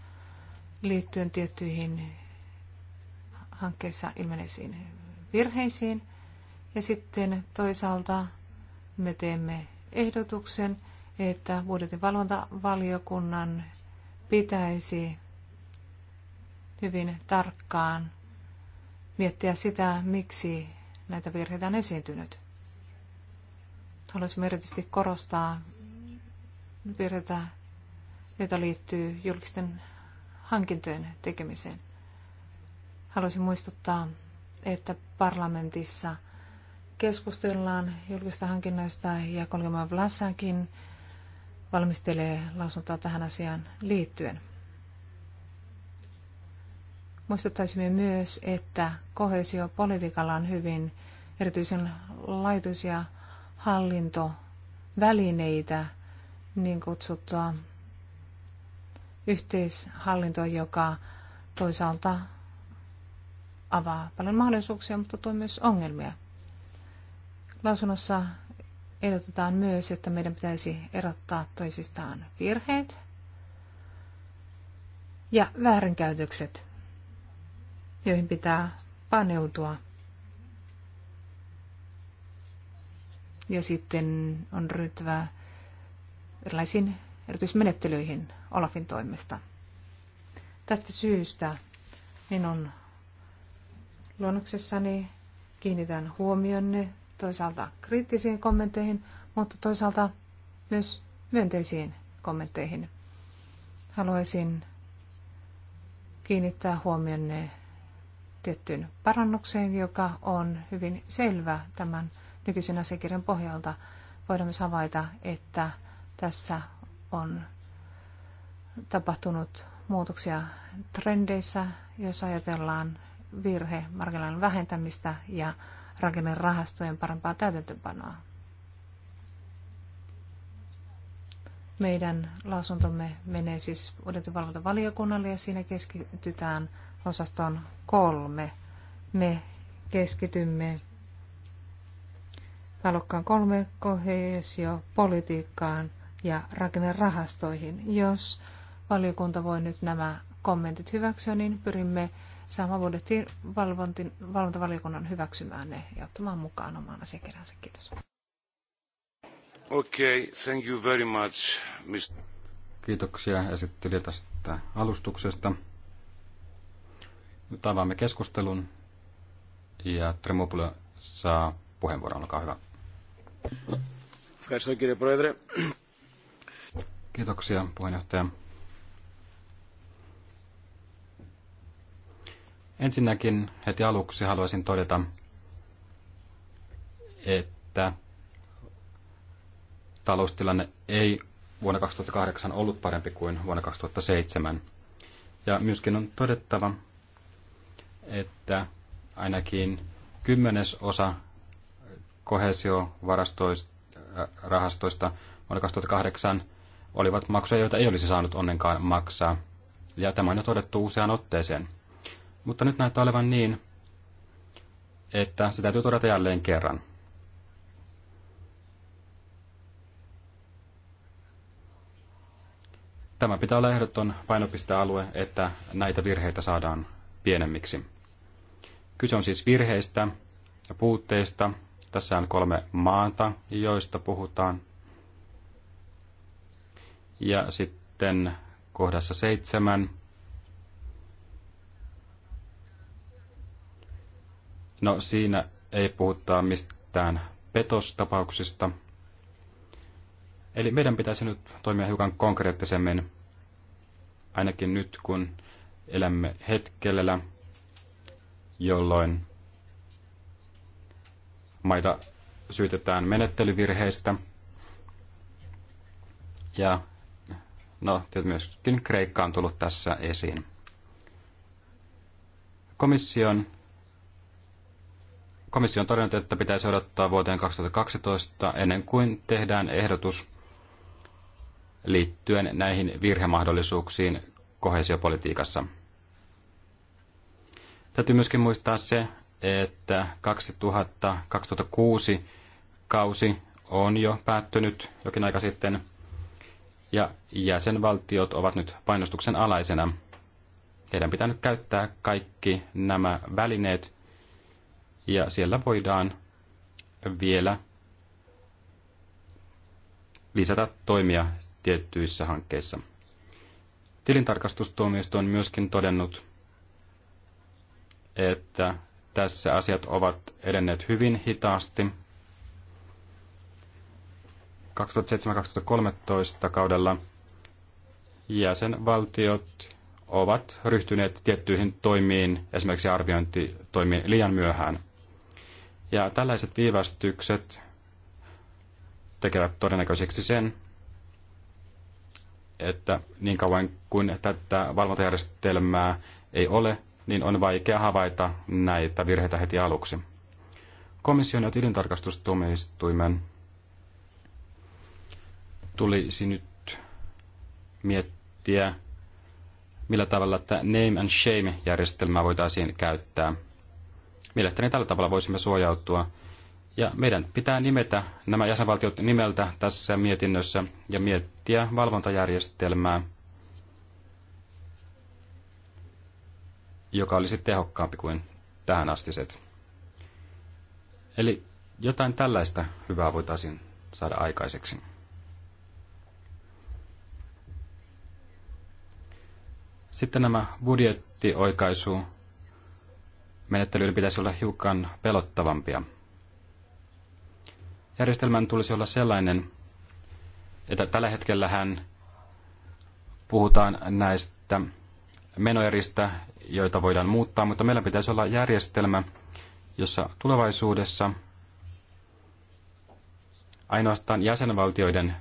liittyen tiettyihin hankkeissa ilmeneisiin virheisiin. Ja sitten toisaalta me teemme ehdotuksen, että budjetin valvontavaliokunnan pitäisi hyvin tarkkaan miettiä sitä, miksi näitä virheitä on esiintynyt. Haluaisimme erityisesti korostaa virheitä, joita liittyy julkisten hankintojen tekemiseen. Haluaisin muistuttaa että parlamentissa keskustellaan julkista hankinnoista ja Kolgema Vlasankin valmistelee lausuntoa tähän asiaan liittyen. Muistuttaisimme myös, että kohesiopolitiikalla on hyvin erityisen laituisia hallintovälineitä, niin kutsuttua yhteishallintoa, joka toisaalta avaa paljon mahdollisuuksia, mutta tuo myös ongelmia. Lausunnossa ehdotetaan myös, että meidän pitäisi erottaa toisistaan virheet ja väärinkäytökset, joihin pitää paneutua. Ja sitten on ryhtyvä erilaisiin erityismenettelyihin Olafin toimesta. Tästä syystä minun luonnoksessani kiinnitän huomionne toisaalta kriittisiin kommentteihin, mutta toisaalta myös myönteisiin kommentteihin. Haluaisin kiinnittää huomionne tiettyyn parannukseen, joka on hyvin selvä tämän nykyisen asiakirjan pohjalta. Voidaan myös havaita, että tässä on tapahtunut muutoksia trendeissä, jos ajatellaan virhe markkinoiden vähentämistä ja rakennerahastojen parempaa täytäntöpanoa. Meidän lausuntomme menee siis budjettivalvontavaliokunnalle ja siinä keskitytään osastoon kolme. Me keskitymme pääluokkaan kolme kohesiopolitiikkaan ja rakennerahastoihin. Jos valiokunta voi nyt nämä kommentit hyväksyä, niin pyrimme saamaan budjettiin valvontavaliokunnan hyväksymään ne ja ottamaan mukaan omaan asiakirjansa. Kiitos. Okay, thank you very much, Mr. Kiitoksia esittelijä tästä alustuksesta. Nyt avaamme keskustelun ja Tremopula saa puheenvuoron. Olkaa hyvä. Kiitoksia puheenjohtaja. Ensinnäkin heti aluksi haluaisin todeta, että taloustilanne ei vuonna 2008 ollut parempi kuin vuonna 2007. Ja myöskin on todettava, että ainakin kymmenesosa kohesiovarastoista vuonna 2008 olivat maksuja, joita ei olisi saanut onnenkaan maksaa. Ja tämä on jo todettu useaan otteeseen. Mutta nyt näyttää olevan niin, että se täytyy todeta jälleen kerran. Tämä pitää olla ehdoton painopistealue, että näitä virheitä saadaan pienemmiksi. Kyse on siis virheistä ja puutteista. Tässä on kolme maata, joista puhutaan. Ja sitten kohdassa seitsemän – No siinä ei puhuta mistään petostapauksista. Eli meidän pitäisi nyt toimia hiukan konkreettisemmin, ainakin nyt kun elämme hetkellä, jolloin maita syytetään menettelyvirheistä. Ja no, myöskin Kreikka on tullut tässä esiin. Komission komissio on todennut, että pitäisi odottaa vuoteen 2012 ennen kuin tehdään ehdotus liittyen näihin virhemahdollisuuksiin kohesiopolitiikassa. Täytyy myöskin muistaa se, että 2000-2006 kausi on jo päättynyt jokin aika sitten, ja jäsenvaltiot ovat nyt painostuksen alaisena. Heidän pitää nyt käyttää kaikki nämä välineet, ja siellä voidaan vielä lisätä toimia tiettyissä hankkeissa. Tilintarkastustuomioistuin on myöskin todennut, että tässä asiat ovat edenneet hyvin hitaasti. 2007-2013 kaudella jäsenvaltiot ovat ryhtyneet tiettyihin toimiin, esimerkiksi arviointitoimiin liian myöhään – ja tällaiset viivästykset tekevät todennäköiseksi sen, että niin kauan kuin tätä valvontajärjestelmää ei ole, niin on vaikea havaita näitä virheitä heti aluksi. Komission ja tilintarkastustuomioistuimen tulisi nyt miettiä, millä tavalla tämä name and shame järjestelmää voitaisiin käyttää – Mielestäni tällä tavalla voisimme suojautua. Ja meidän pitää nimetä nämä jäsenvaltiot nimeltä tässä mietinnössä ja miettiä valvontajärjestelmää, joka olisi tehokkaampi kuin tähän astiset. Eli jotain tällaista hyvää voitaisiin saada aikaiseksi. Sitten nämä budjettioikaisu menettelyiden pitäisi olla hiukan pelottavampia. Järjestelmän tulisi olla sellainen, että tällä hetkellähän puhutaan näistä menoeristä, joita voidaan muuttaa, mutta meillä pitäisi olla järjestelmä, jossa tulevaisuudessa ainoastaan jäsenvaltioiden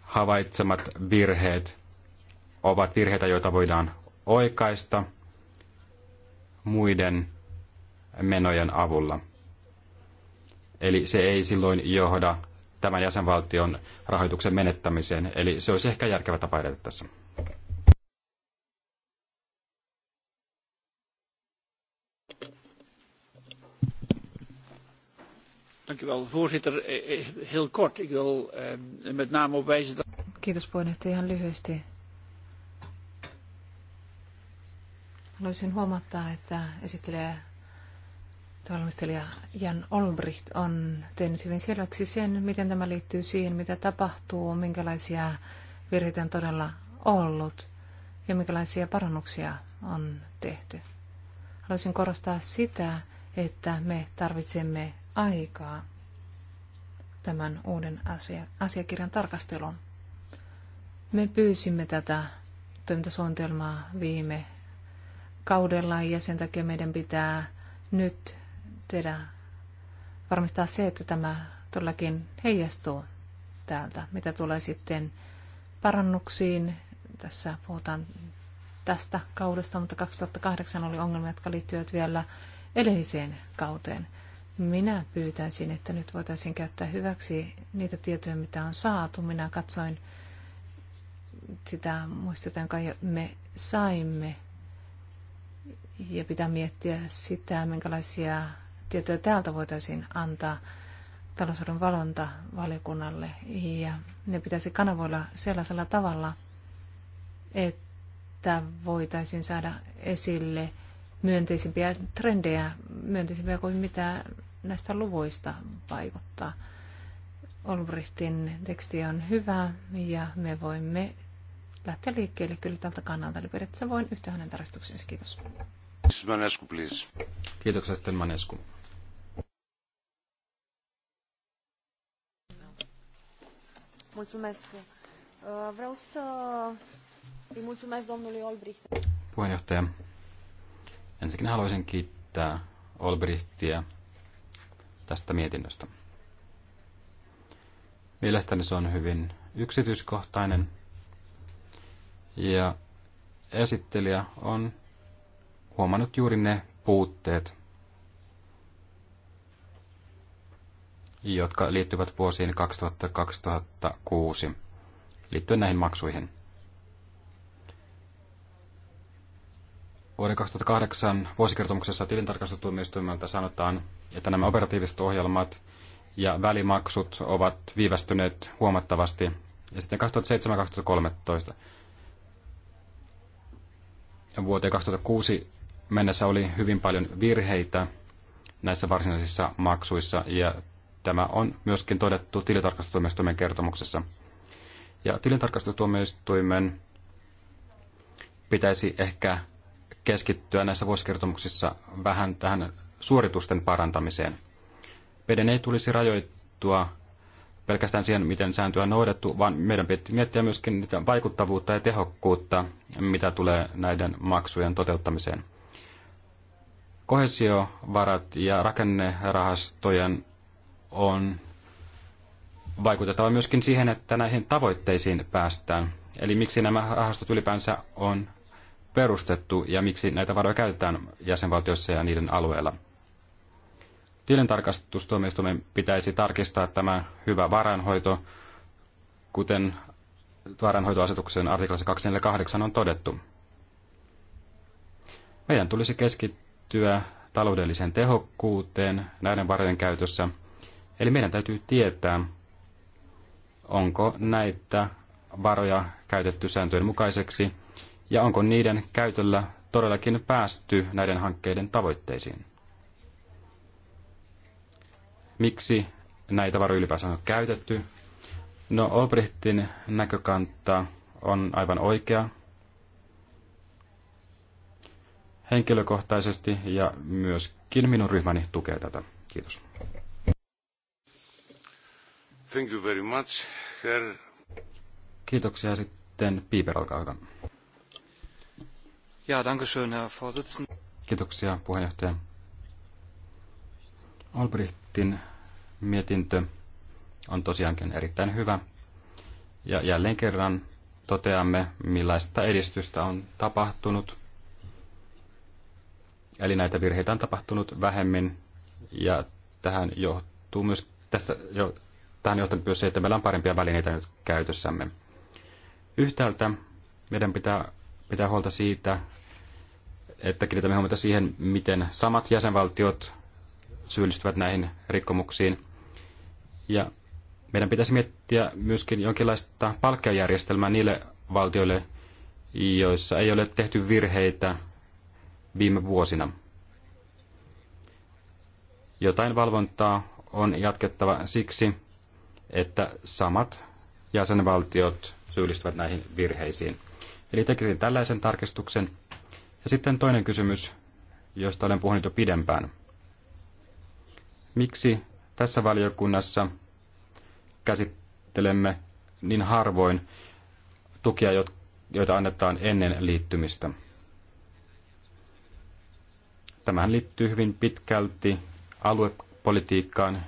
havaitsemat virheet ovat virheitä, joita voidaan oikaista – muiden menojen avulla. Eli se ei silloin johda tämän jäsenvaltion rahoituksen menettämiseen, eli se olisi ehkä järkevä tapa edetä tässä. voorzitter. Eh, eh, heel kort. Ik wil ehm, met name op wijzen dat... Kiitos puheenjohtaja. Ihan lyhyesti Haluaisin huomauttaa, että esittelijä valmistelija Jan Olbricht on tehnyt hyvin selväksi sen, miten tämä liittyy siihen, mitä tapahtuu, minkälaisia virheitä on todella ollut ja minkälaisia parannuksia on tehty. Haluaisin korostaa sitä, että me tarvitsemme aikaa tämän uuden asia, asiakirjan tarkastelun. Me pyysimme tätä toimintasuunnitelmaa viime kaudella ja sen takia meidän pitää nyt tehdä, varmistaa se, että tämä todellakin heijastuu täältä. Mitä tulee sitten parannuksiin, tässä puhutaan tästä kaudesta, mutta 2008 oli ongelmia, jotka liittyivät vielä edelliseen kauteen. Minä pyytäisin, että nyt voitaisiin käyttää hyväksi niitä tietoja, mitä on saatu. Minä katsoin sitä muistutan, jonka me saimme ja pitää miettiä sitä, minkälaisia tietoja täältä voitaisiin antaa talousarvon valonta valiokunnalle. Ja ne pitäisi kanavoilla sellaisella tavalla, että voitaisiin saada esille myönteisimpiä trendejä, myönteisimpiä kuin mitä näistä luvuista vaikuttaa. Olbrichtin teksti on hyvä ja me voimme lähteä liikkeelle kyllä tältä kannalta. Eli periaatteessa voin yhtä hänen tarkistuksensa. Kiitos. Manescu, please. Kiitoksia sitten Mulțumesc. Uh, vreau să îi mulțumesc domnului Olbricht. Puheenjohtaja, ensinnäkin haluaisin kiittää Olbrichtia tästä mietinnöstä. Mielestäni se on hyvin yksityiskohtainen ja esittelijä on huomannut juuri ne puutteet, jotka liittyvät vuosiin 2000-2006 liittyen näihin maksuihin. Vuoden 2008 vuosikertomuksessa tilintarkastustuomioistuimelta sanotaan, että nämä operatiiviset ohjelmat ja välimaksut ovat viivästyneet huomattavasti. Ja sitten 2007-2013 vuoteen 2006 mennessä oli hyvin paljon virheitä näissä varsinaisissa maksuissa ja tämä on myöskin todettu tilintarkastustuomioistuimen kertomuksessa. Ja tilintarkastustuomioistuimen pitäisi ehkä keskittyä näissä vuosikertomuksissa vähän tähän suoritusten parantamiseen. Meidän ei tulisi rajoittua pelkästään siihen, miten sääntöä on noudattu, vaan meidän pitää miettiä myöskin niitä vaikuttavuutta ja tehokkuutta, mitä tulee näiden maksujen toteuttamiseen. Kohesiovarat ja rakennerahastojen on vaikutettava myöskin siihen, että näihin tavoitteisiin päästään. Eli miksi nämä rahastot ylipäänsä on perustettu ja miksi näitä varoja käytetään jäsenvaltioissa ja niiden alueella. Tilintarkastustuomioistuimen pitäisi tarkistaa tämä hyvä varainhoito, kuten varainhoitoasetuksen artiklassa 248 on todettu. Meidän tulisi keskittyä keskittyä taloudelliseen tehokkuuteen näiden varojen käytössä. Eli meidän täytyy tietää, onko näitä varoja käytetty sääntöjen mukaiseksi ja onko niiden käytöllä todellakin päästy näiden hankkeiden tavoitteisiin. Miksi näitä varoja ylipäänsä on käytetty? No Olbrichtin näkökanta on aivan oikea. henkilökohtaisesti ja myöskin minun ryhmäni tukee tätä. Kiitos. Thank you very much, herr. Kiitoksia sitten. Piiper, alkaa hyvä. Ja, danke schön, herr Vorsitzender. Kiitoksia, puheenjohtaja. Albrechtin mietintö on tosiaankin erittäin hyvä. Ja jälleen kerran toteamme, millaista edistystä on tapahtunut – Eli näitä virheitä on tapahtunut vähemmän ja tähän johtuu myös, tästä jo, tähän johtuu myös se, että meillä on parempia välineitä nyt käytössämme. Yhtäältä meidän pitää pitää huolta siitä, että kiinnitämme huomiota siihen, miten samat jäsenvaltiot syyllistyvät näihin rikkomuksiin. Ja meidän pitäisi miettiä myöskin jonkinlaista palkkajärjestelmää niille valtioille, joissa ei ole tehty virheitä viime vuosina. Jotain valvontaa on jatkettava siksi, että samat jäsenvaltiot syyllistyvät näihin virheisiin. Eli tekisin tällaisen tarkistuksen. Ja sitten toinen kysymys, josta olen puhunut jo pidempään. Miksi tässä valiokunnassa käsittelemme niin harvoin tukia, joita annetaan ennen liittymistä? Tämähän liittyy hyvin pitkälti aluepolitiikkaan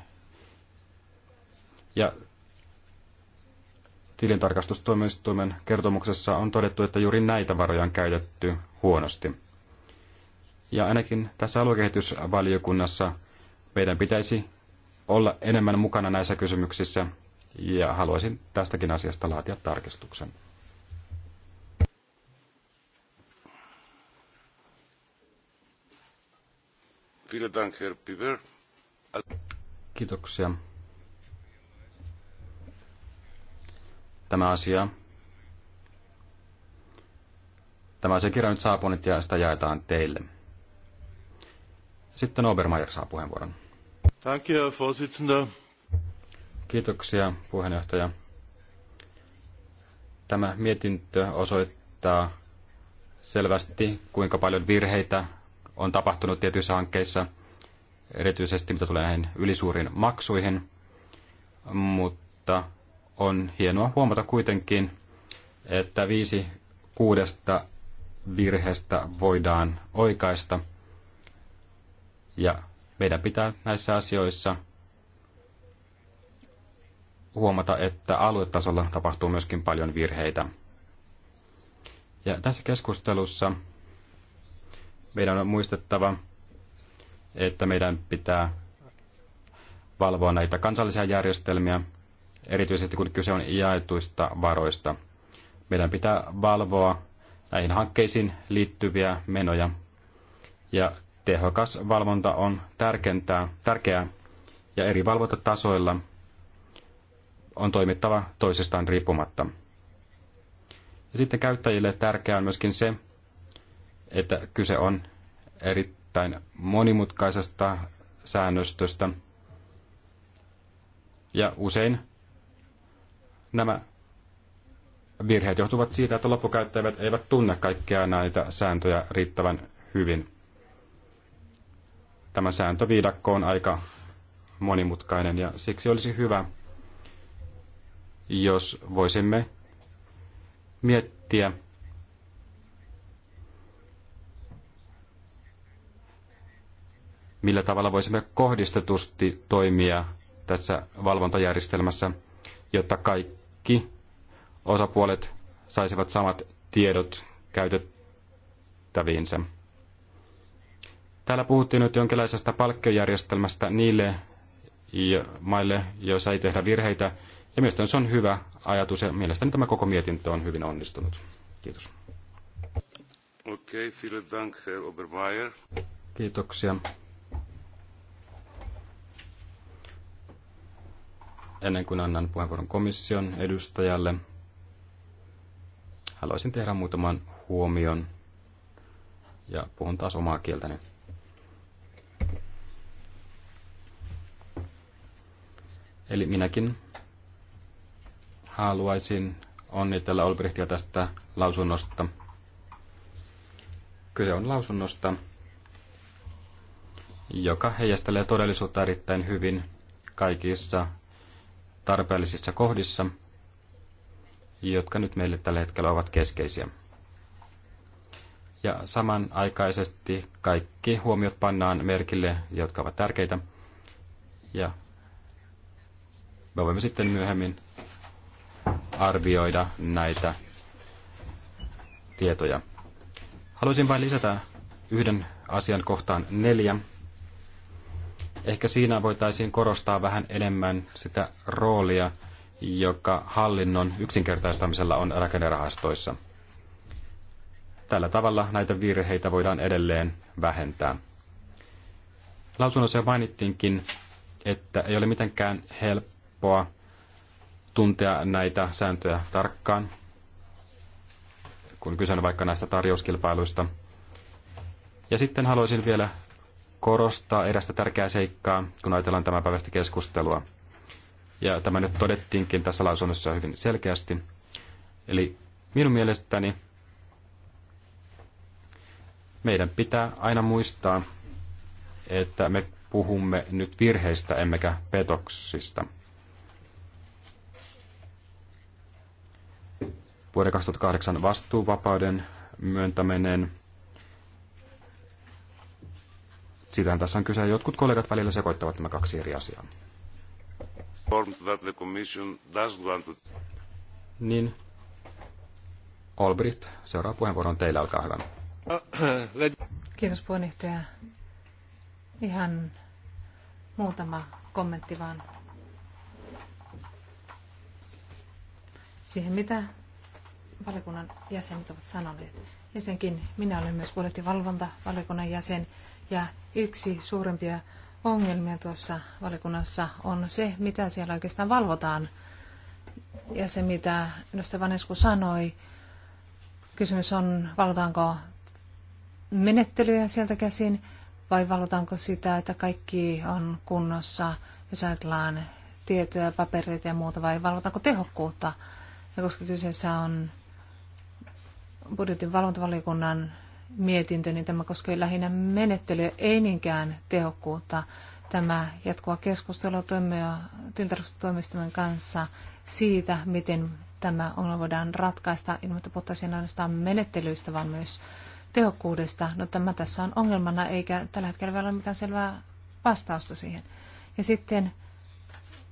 ja tilintarkastustuomioistuimen kertomuksessa on todettu, että juuri näitä varoja on käytetty huonosti. Ja ainakin tässä aluekehitysvaliokunnassa meidän pitäisi olla enemmän mukana näissä kysymyksissä ja haluaisin tästäkin asiasta laatia tarkistuksen. Kiitoksia. Tämä asia. Tämä asiakirja nyt saapuu nyt ja sitä jaetaan teille. Sitten Obermeier saa puheenvuoron. Danke, Herr Vorsitzender. Kiitoksia, puheenjohtaja. Tämä mietintö osoittaa selvästi, kuinka paljon virheitä on tapahtunut tietyissä hankkeissa, erityisesti mitä tulee näihin ylisuuriin maksuihin. Mutta on hienoa huomata kuitenkin, että viisi kuudesta virheestä voidaan oikaista. Ja meidän pitää näissä asioissa huomata, että aluetasolla tapahtuu myöskin paljon virheitä. Ja tässä keskustelussa meidän on muistettava, että meidän pitää valvoa näitä kansallisia järjestelmiä, erityisesti kun kyse on jaetuista varoista. Meidän pitää valvoa näihin hankkeisiin liittyviä menoja. Ja tehokas valvonta on tärkeää ja eri valvontatasoilla on toimittava toisistaan riippumatta. Ja sitten käyttäjille tärkeää on myöskin se, että kyse on erittäin monimutkaisesta säännöstöstä. Ja usein nämä virheet johtuvat siitä, että loppukäyttäjät eivät tunne kaikkia näitä sääntöjä riittävän hyvin. Tämä sääntöviidakko on aika monimutkainen ja siksi olisi hyvä, jos voisimme miettiä, millä tavalla voisimme kohdistetusti toimia tässä valvontajärjestelmässä, jotta kaikki osapuolet saisivat samat tiedot käytettäviinsä. Täällä puhuttiin nyt jonkinlaisesta palkkiojärjestelmästä niille maille, joissa ei tehdä virheitä, ja mielestäni se on hyvä ajatus, ja mielestäni tämä koko mietintö on hyvin onnistunut. Kiitos. Okei, okay, vielen dank, Herr Obermeier. Kiitoksia. ennen kuin annan puheenvuoron komission edustajalle, haluaisin tehdä muutaman huomion ja puhun taas omaa kieltäni. Eli minäkin haluaisin onnitella Olbrichtia tästä lausunnosta. Kyse on lausunnosta, joka heijastelee todellisuutta erittäin hyvin kaikissa tarpeellisissa kohdissa, jotka nyt meille tällä hetkellä ovat keskeisiä. Ja samanaikaisesti kaikki huomiot pannaan merkille, jotka ovat tärkeitä. Ja me voimme sitten myöhemmin arvioida näitä tietoja. Haluaisin vain lisätä yhden asian kohtaan neljä, Ehkä siinä voitaisiin korostaa vähän enemmän sitä roolia, joka hallinnon yksinkertaistamisella on rakennerahastoissa. Tällä tavalla näitä virheitä voidaan edelleen vähentää. Lausunnossa jo mainittiinkin, että ei ole mitenkään helppoa tuntea näitä sääntöjä tarkkaan, kun kyse on vaikka näistä tarjouskilpailuista. Ja sitten haluaisin vielä korostaa erästä tärkeää seikkaa, kun ajatellaan tämän päivästä keskustelua. Ja tämä nyt todettiinkin tässä lausunnossa hyvin selkeästi. Eli minun mielestäni meidän pitää aina muistaa, että me puhumme nyt virheistä emmekä petoksista. Vuoden 2008 vastuuvapauden myöntäminen Siitähän tässä on kyse. Jotkut kollegat välillä sekoittavat nämä kaksi eri asiaa. Niin. Olbrit, seuraava puheenvuoro on teillä, olkaa hyvä. Kiitos puheenjohtaja. Ihan muutama kommentti vaan siihen, mitä valiokunnan jäsenet ovat sanoneet. Ensinnäkin minä olen myös budjettivalvontavaliokunnan jäsen ja yksi suurempia ongelmia tuossa valikunnassa on se, mitä siellä oikeastaan valvotaan. Ja se, mitä edustaja Vanesku sanoi, kysymys on, valvotaanko menettelyjä sieltä käsin vai valvotaanko sitä, että kaikki on kunnossa, jos ajatellaan tietoja, papereita ja muuta, vai valvotaanko tehokkuutta. Ja koska kyseessä on budjetin valvontavaliokunnan mietintö, niin tämä koskee lähinnä menettelyä, ei niinkään tehokkuutta. Tämä jatkuva keskustelu tilintarkastustoimistomen kanssa siitä, miten tämä ongelma voidaan ratkaista ilman, että puhuttaisiin ainoastaan menettelyistä, vaan myös tehokkuudesta. No tämä tässä on ongelmana, eikä tällä hetkellä vielä ole mitään selvää vastausta siihen. Ja sitten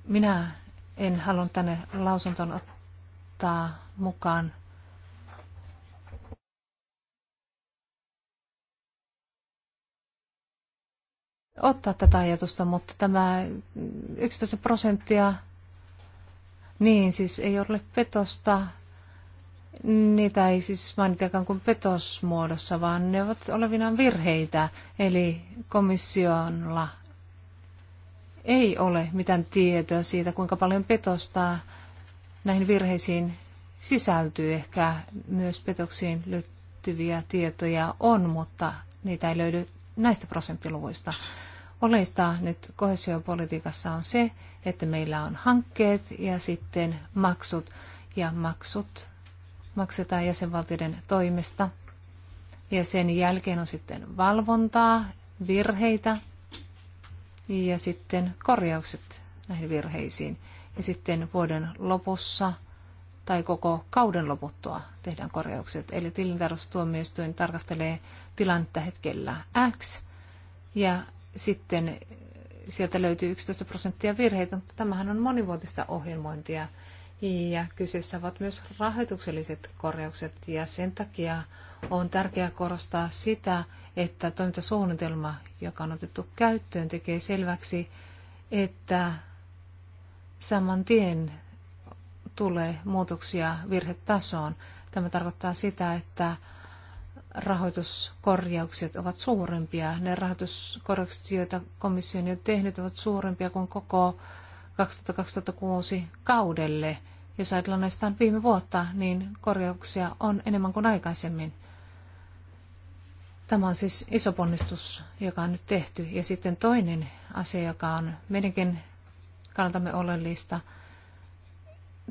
minä en halunnut tänne lausuntoon ottaa mukaan ottaa tätä ajatusta, mutta tämä 11 prosenttia, niin siis ei ole petosta, niitä ei siis mainitakaan kuin petosmuodossa, vaan ne ovat olevinaan virheitä, eli komissiolla ei ole mitään tietoa siitä, kuinka paljon petosta näihin virheisiin sisältyy. Ehkä myös petoksiin liittyviä tietoja on, mutta niitä ei löydy näistä prosenttiluvuista. Oleista nyt kohesiopolitiikassa on se, että meillä on hankkeet ja sitten maksut. Ja maksut maksetaan jäsenvaltioiden toimesta. Ja sen jälkeen on sitten valvontaa, virheitä ja sitten korjaukset näihin virheisiin. Ja sitten vuoden lopussa tai koko kauden loputtua tehdään korjaukset. Eli tilintarkastustuomioistuin tarkastelee tilannetta hetkellä X ja sitten sieltä löytyy 11 prosenttia virheitä, mutta tämähän on monivuotista ohjelmointia. Ja kyseessä ovat myös rahoitukselliset korjaukset ja sen takia on tärkeää korostaa sitä, että toimintasuunnitelma, joka on otettu käyttöön, tekee selväksi, että saman tien tulee muutoksia virhetasoon. Tämä tarkoittaa sitä, että rahoituskorjaukset ovat suurempia. Ne rahoituskorjaukset, joita komissio on jo tehnyt, ovat suurempia kuin koko 2006 kaudelle. Jos ajatellaan näistä viime vuotta, niin korjauksia on enemmän kuin aikaisemmin. Tämä on siis iso ponnistus, joka on nyt tehty. Ja sitten toinen asia, joka on meidänkin kannaltamme oleellista,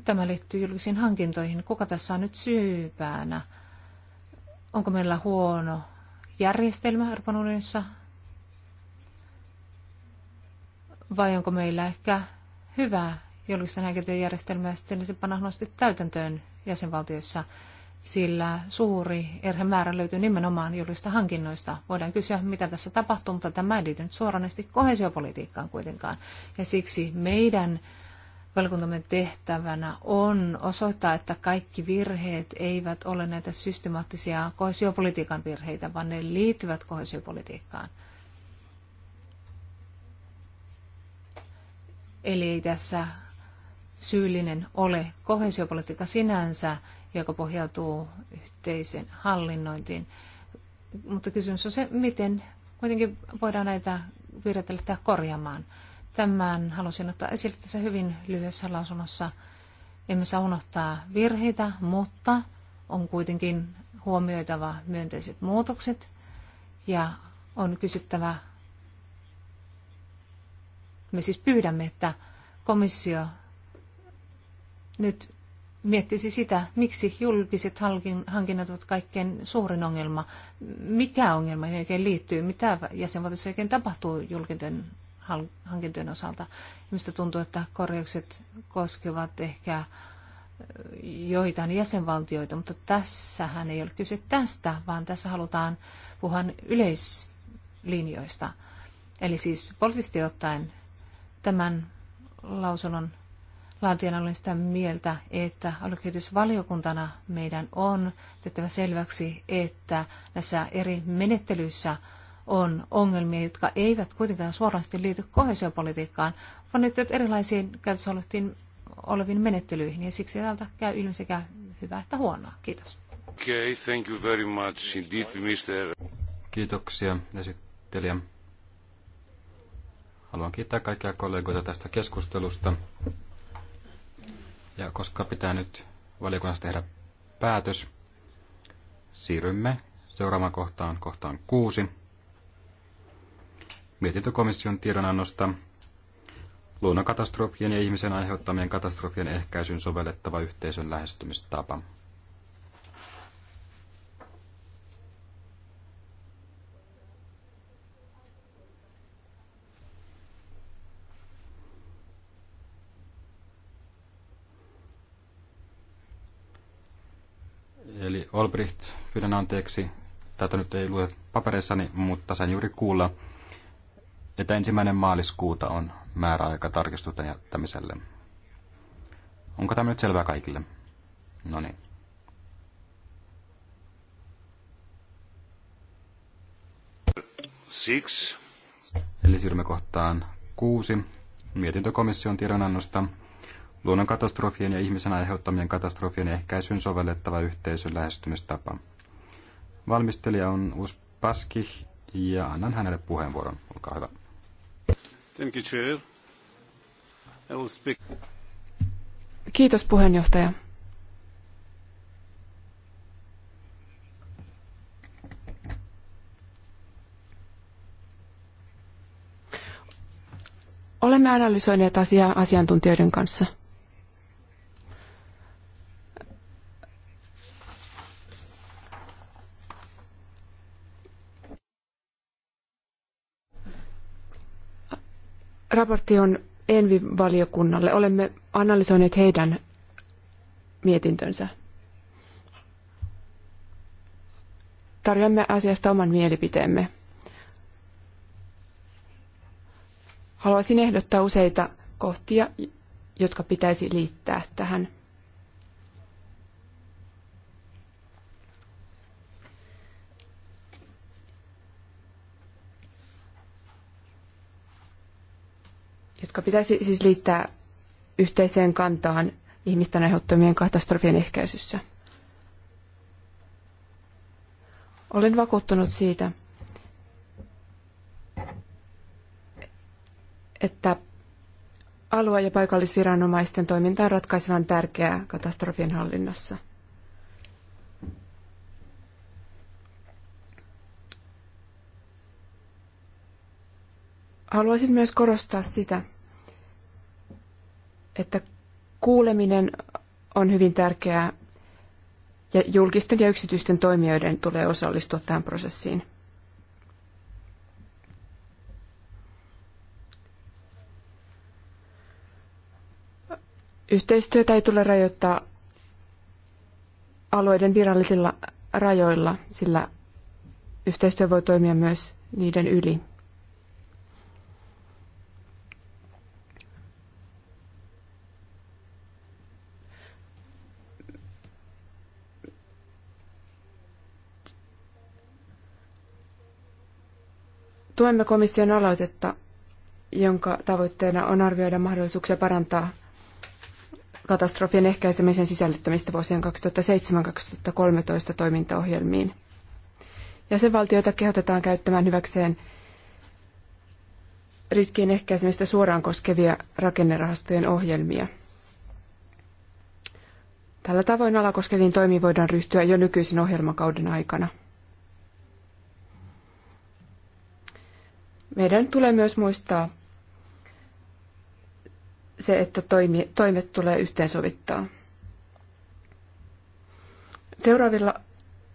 tämä liittyy julkisiin hankintoihin. Kuka tässä on nyt syypäänä? onko meillä huono järjestelmä Euroopan unionissa vai onko meillä ehkä hyvä julkisten hankintojen järjestelmä ja sitten se panna huonosti täytäntöön jäsenvaltioissa, sillä suuri erhemäärä löytyy nimenomaan julkista hankinnoista. Voidaan kysyä, mitä tässä tapahtuu, mutta tämä ei liity nyt suoranesti kohesiopolitiikkaan kuitenkaan. Ja siksi meidän valkuntamme tehtävänä on osoittaa, että kaikki virheet eivät ole näitä systemaattisia kohesiopolitiikan virheitä, vaan ne liittyvät kohesiopolitiikkaan. Eli ei tässä syyllinen ole kohesiopolitiikka sinänsä, joka pohjautuu yhteisen hallinnointiin. Mutta kysymys on se, miten kuitenkin voidaan näitä virheitä lähteä korjaamaan. Tämän halusin ottaa esille tässä hyvin lyhyessä lausunnossa. Emme saa unohtaa virheitä, mutta on kuitenkin huomioitava myönteiset muutokset ja on kysyttävä, me siis pyydämme, että komissio nyt miettisi sitä, miksi julkiset hankinnat ovat kaikkein suurin ongelma. Mikä ongelma oikein liittyy? Mitä jäsenvaltiossa oikein tapahtuu julkisten hankintojen osalta. Mistä tuntuu, että korjaukset koskevat ehkä joitain jäsenvaltioita, mutta tässähän ei ole kyse tästä, vaan tässä halutaan puhua yleislinjoista. Eli siis poliittisesti ottaen tämän lausunnon laatijana olen sitä mieltä, että aluekehitysvaliokuntana meidän on tehtävä selväksi, että näissä eri menettelyissä – on ongelmia, jotka eivät kuitenkaan suorasti liity kohesiopolitiikkaan, vaan liittyvät erilaisiin käytössä oleviin menettelyihin, ja siksi täältä käy ilmi sekä hyvää että huonoa. Kiitos. Okay, thank you very much indeed, Mr. Kiitoksia esittelijä. Haluan kiittää kaikkia kollegoita tästä keskustelusta. Ja koska pitää nyt valiokunnassa tehdä päätös, siirrymme seuraavaan kohtaan, kohtaan kuusi mietintö komission tiedonannosta luonnonkatastrofien ja ihmisen aiheuttamien katastrofien ehkäisyyn sovellettava yhteisön lähestymistapa. Eli Olbricht, pyydän anteeksi, tätä nyt ei lue paperissani, mutta sain juuri kuulla, että ensimmäinen maaliskuuta on määräaika tarkistusten jättämiselle. Onko tämä nyt selvää kaikille? No niin. Six. Eli siirrymme kohtaan kuusi. Mietintökomission tiedonannosta luonnonkatastrofien ja ihmisen aiheuttamien katastrofien ehkäisyyn sovellettava yhteisön lähestymistapa. Valmistelija on Uspaski ja annan hänelle puheenvuoron. Olkaa hyvä. Thank you, Chair. I will speak. Kiitos puheenjohtaja. Olemme analysoineet asiaa asiantuntijoiden kanssa. Raportti on Envi-valiokunnalle. Olemme analysoineet heidän mietintönsä. Tarjoamme asiasta oman mielipiteemme. Haluaisin ehdottaa useita kohtia, jotka pitäisi liittää tähän jotka pitäisi siis liittää yhteiseen kantaan ihmisten aiheuttamien katastrofien ehkäisyssä. Olen vakuuttunut siitä, että alue- ja paikallisviranomaisten toiminta on ratkaisevan tärkeää katastrofien hallinnassa. Haluaisin myös korostaa sitä, että kuuleminen on hyvin tärkeää ja julkisten ja yksityisten toimijoiden tulee osallistua tähän prosessiin. Yhteistyötä ei tule rajoittaa alueiden virallisilla rajoilla, sillä yhteistyö voi toimia myös niiden yli. Tuemme komission aloitetta, jonka tavoitteena on arvioida mahdollisuuksia parantaa katastrofien ehkäisemisen sisällyttämistä vuosien 2007-2013 toimintaohjelmiin. Jäsenvaltioita kehotetaan käyttämään hyväkseen riskien ehkäisemistä suoraan koskevia rakennerahastojen ohjelmia. Tällä tavoin ala koskeviin toimiin voidaan ryhtyä jo nykyisen ohjelmakauden aikana. Meidän tulee myös muistaa se, että toimi, toimet tulee yhteensovittaa. Seuraavilla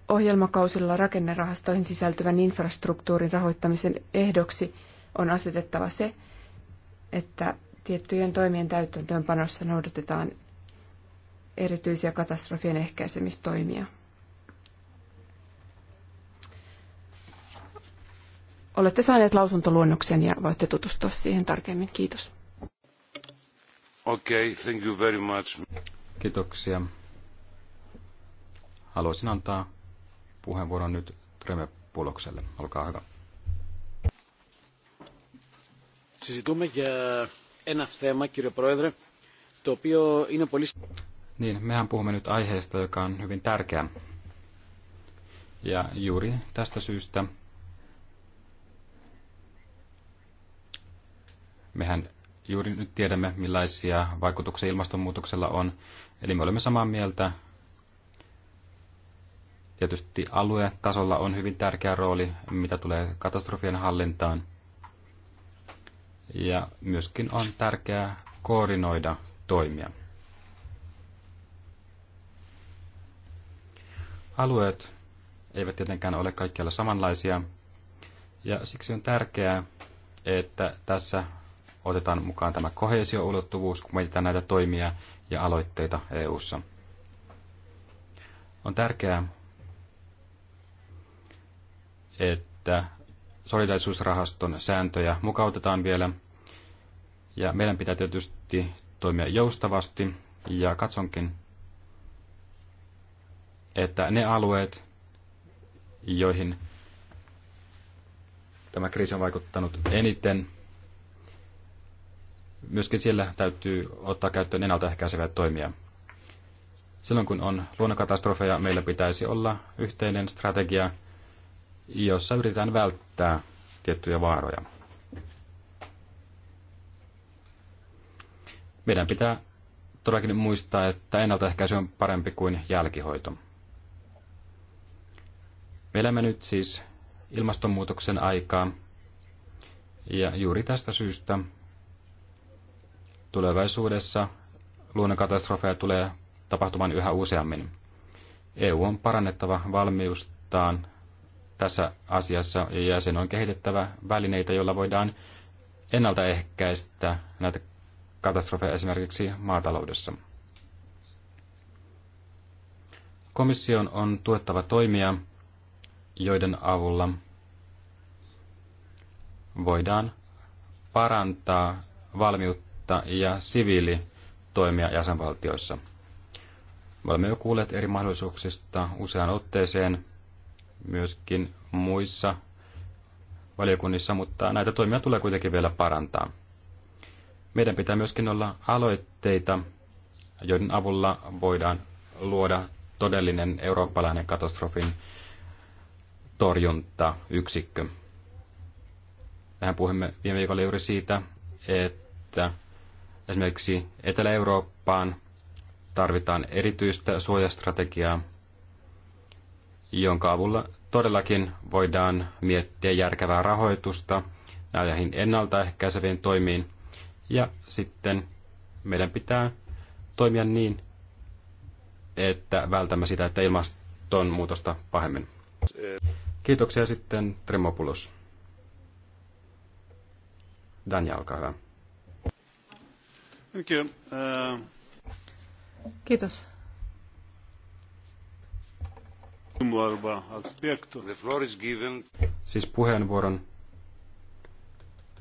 ohjelmakausilla rakennerahastoihin sisältyvän infrastruktuurin rahoittamisen ehdoksi on asetettava se, että tiettyjen toimien täytäntöönpanossa noudatetaan erityisiä katastrofien ehkäisemistoimia. olette saaneet lausuntoluonnoksen ja voitte tutustua siihen tarkemmin. Kiitos. Okay, thank you very much. Kiitoksia. Haluaisin antaa puheenvuoron nyt Treme Pulokselle. Olkaa hyvä. Συζητούμε ja ένα θέμα, κύριε Πρόεδρε, το οποίο είναι πολύ... Niin, mehän puhumme nyt aiheesta, joka on hyvin tärkeä. Ja juuri tästä syystä Mehän juuri nyt tiedämme, millaisia vaikutuksia ilmastonmuutoksella on. Eli me olemme samaa mieltä. Tietysti aluetasolla on hyvin tärkeä rooli, mitä tulee katastrofien hallintaan. Ja myöskin on tärkeää koordinoida toimia. Alueet eivät tietenkään ole kaikkialla samanlaisia, ja siksi on tärkeää, että tässä otetaan mukaan tämä kohesioulottuvuus, kun mietitään näitä toimia ja aloitteita EU:ssa. On tärkeää, että solidaisuusrahaston sääntöjä mukautetaan vielä. Ja meidän pitää tietysti toimia joustavasti ja katsonkin, että ne alueet, joihin tämä kriisi on vaikuttanut eniten, myöskin siellä täytyy ottaa käyttöön ennaltaehkäiseviä toimia. Silloin kun on luonnonkatastrofeja, meillä pitäisi olla yhteinen strategia, jossa yritetään välttää tiettyjä vaaroja. Meidän pitää todellakin muistaa, että ennaltaehkäisy on parempi kuin jälkihoito. Me elämme nyt siis ilmastonmuutoksen aikaa, ja juuri tästä syystä Tulevaisuudessa luonnonkatastrofeja tulee tapahtumaan yhä useammin. EU on parannettava valmiustaan tässä asiassa ja sen on kehitettävä välineitä, joilla voidaan ennaltaehkäistä näitä katastrofeja esimerkiksi maataloudessa. Komission on tuettava toimia, joiden avulla voidaan parantaa valmiutta taloutta ja toimia jäsenvaltioissa. Me olemme jo kuulleet eri mahdollisuuksista useaan otteeseen, myöskin muissa valiokunnissa, mutta näitä toimia tulee kuitenkin vielä parantaa. Meidän pitää myöskin olla aloitteita, joiden avulla voidaan luoda todellinen eurooppalainen katastrofin torjuntayksikkö. Tähän puhumme viime viikolla juuri siitä, että Esimerkiksi Etelä-Eurooppaan tarvitaan erityistä suojastrategiaa, jonka avulla todellakin voidaan miettiä järkevää rahoitusta näihin ennaltaehkäiseviin toimiin. Ja sitten meidän pitää toimia niin, että vältämme sitä, että ilmastonmuutosta pahemmin. Kiitoksia sitten Tremopoulos. Daniel, olkaa hyvä. Thank you. Uh... Kiitos. Siis puheenvuoron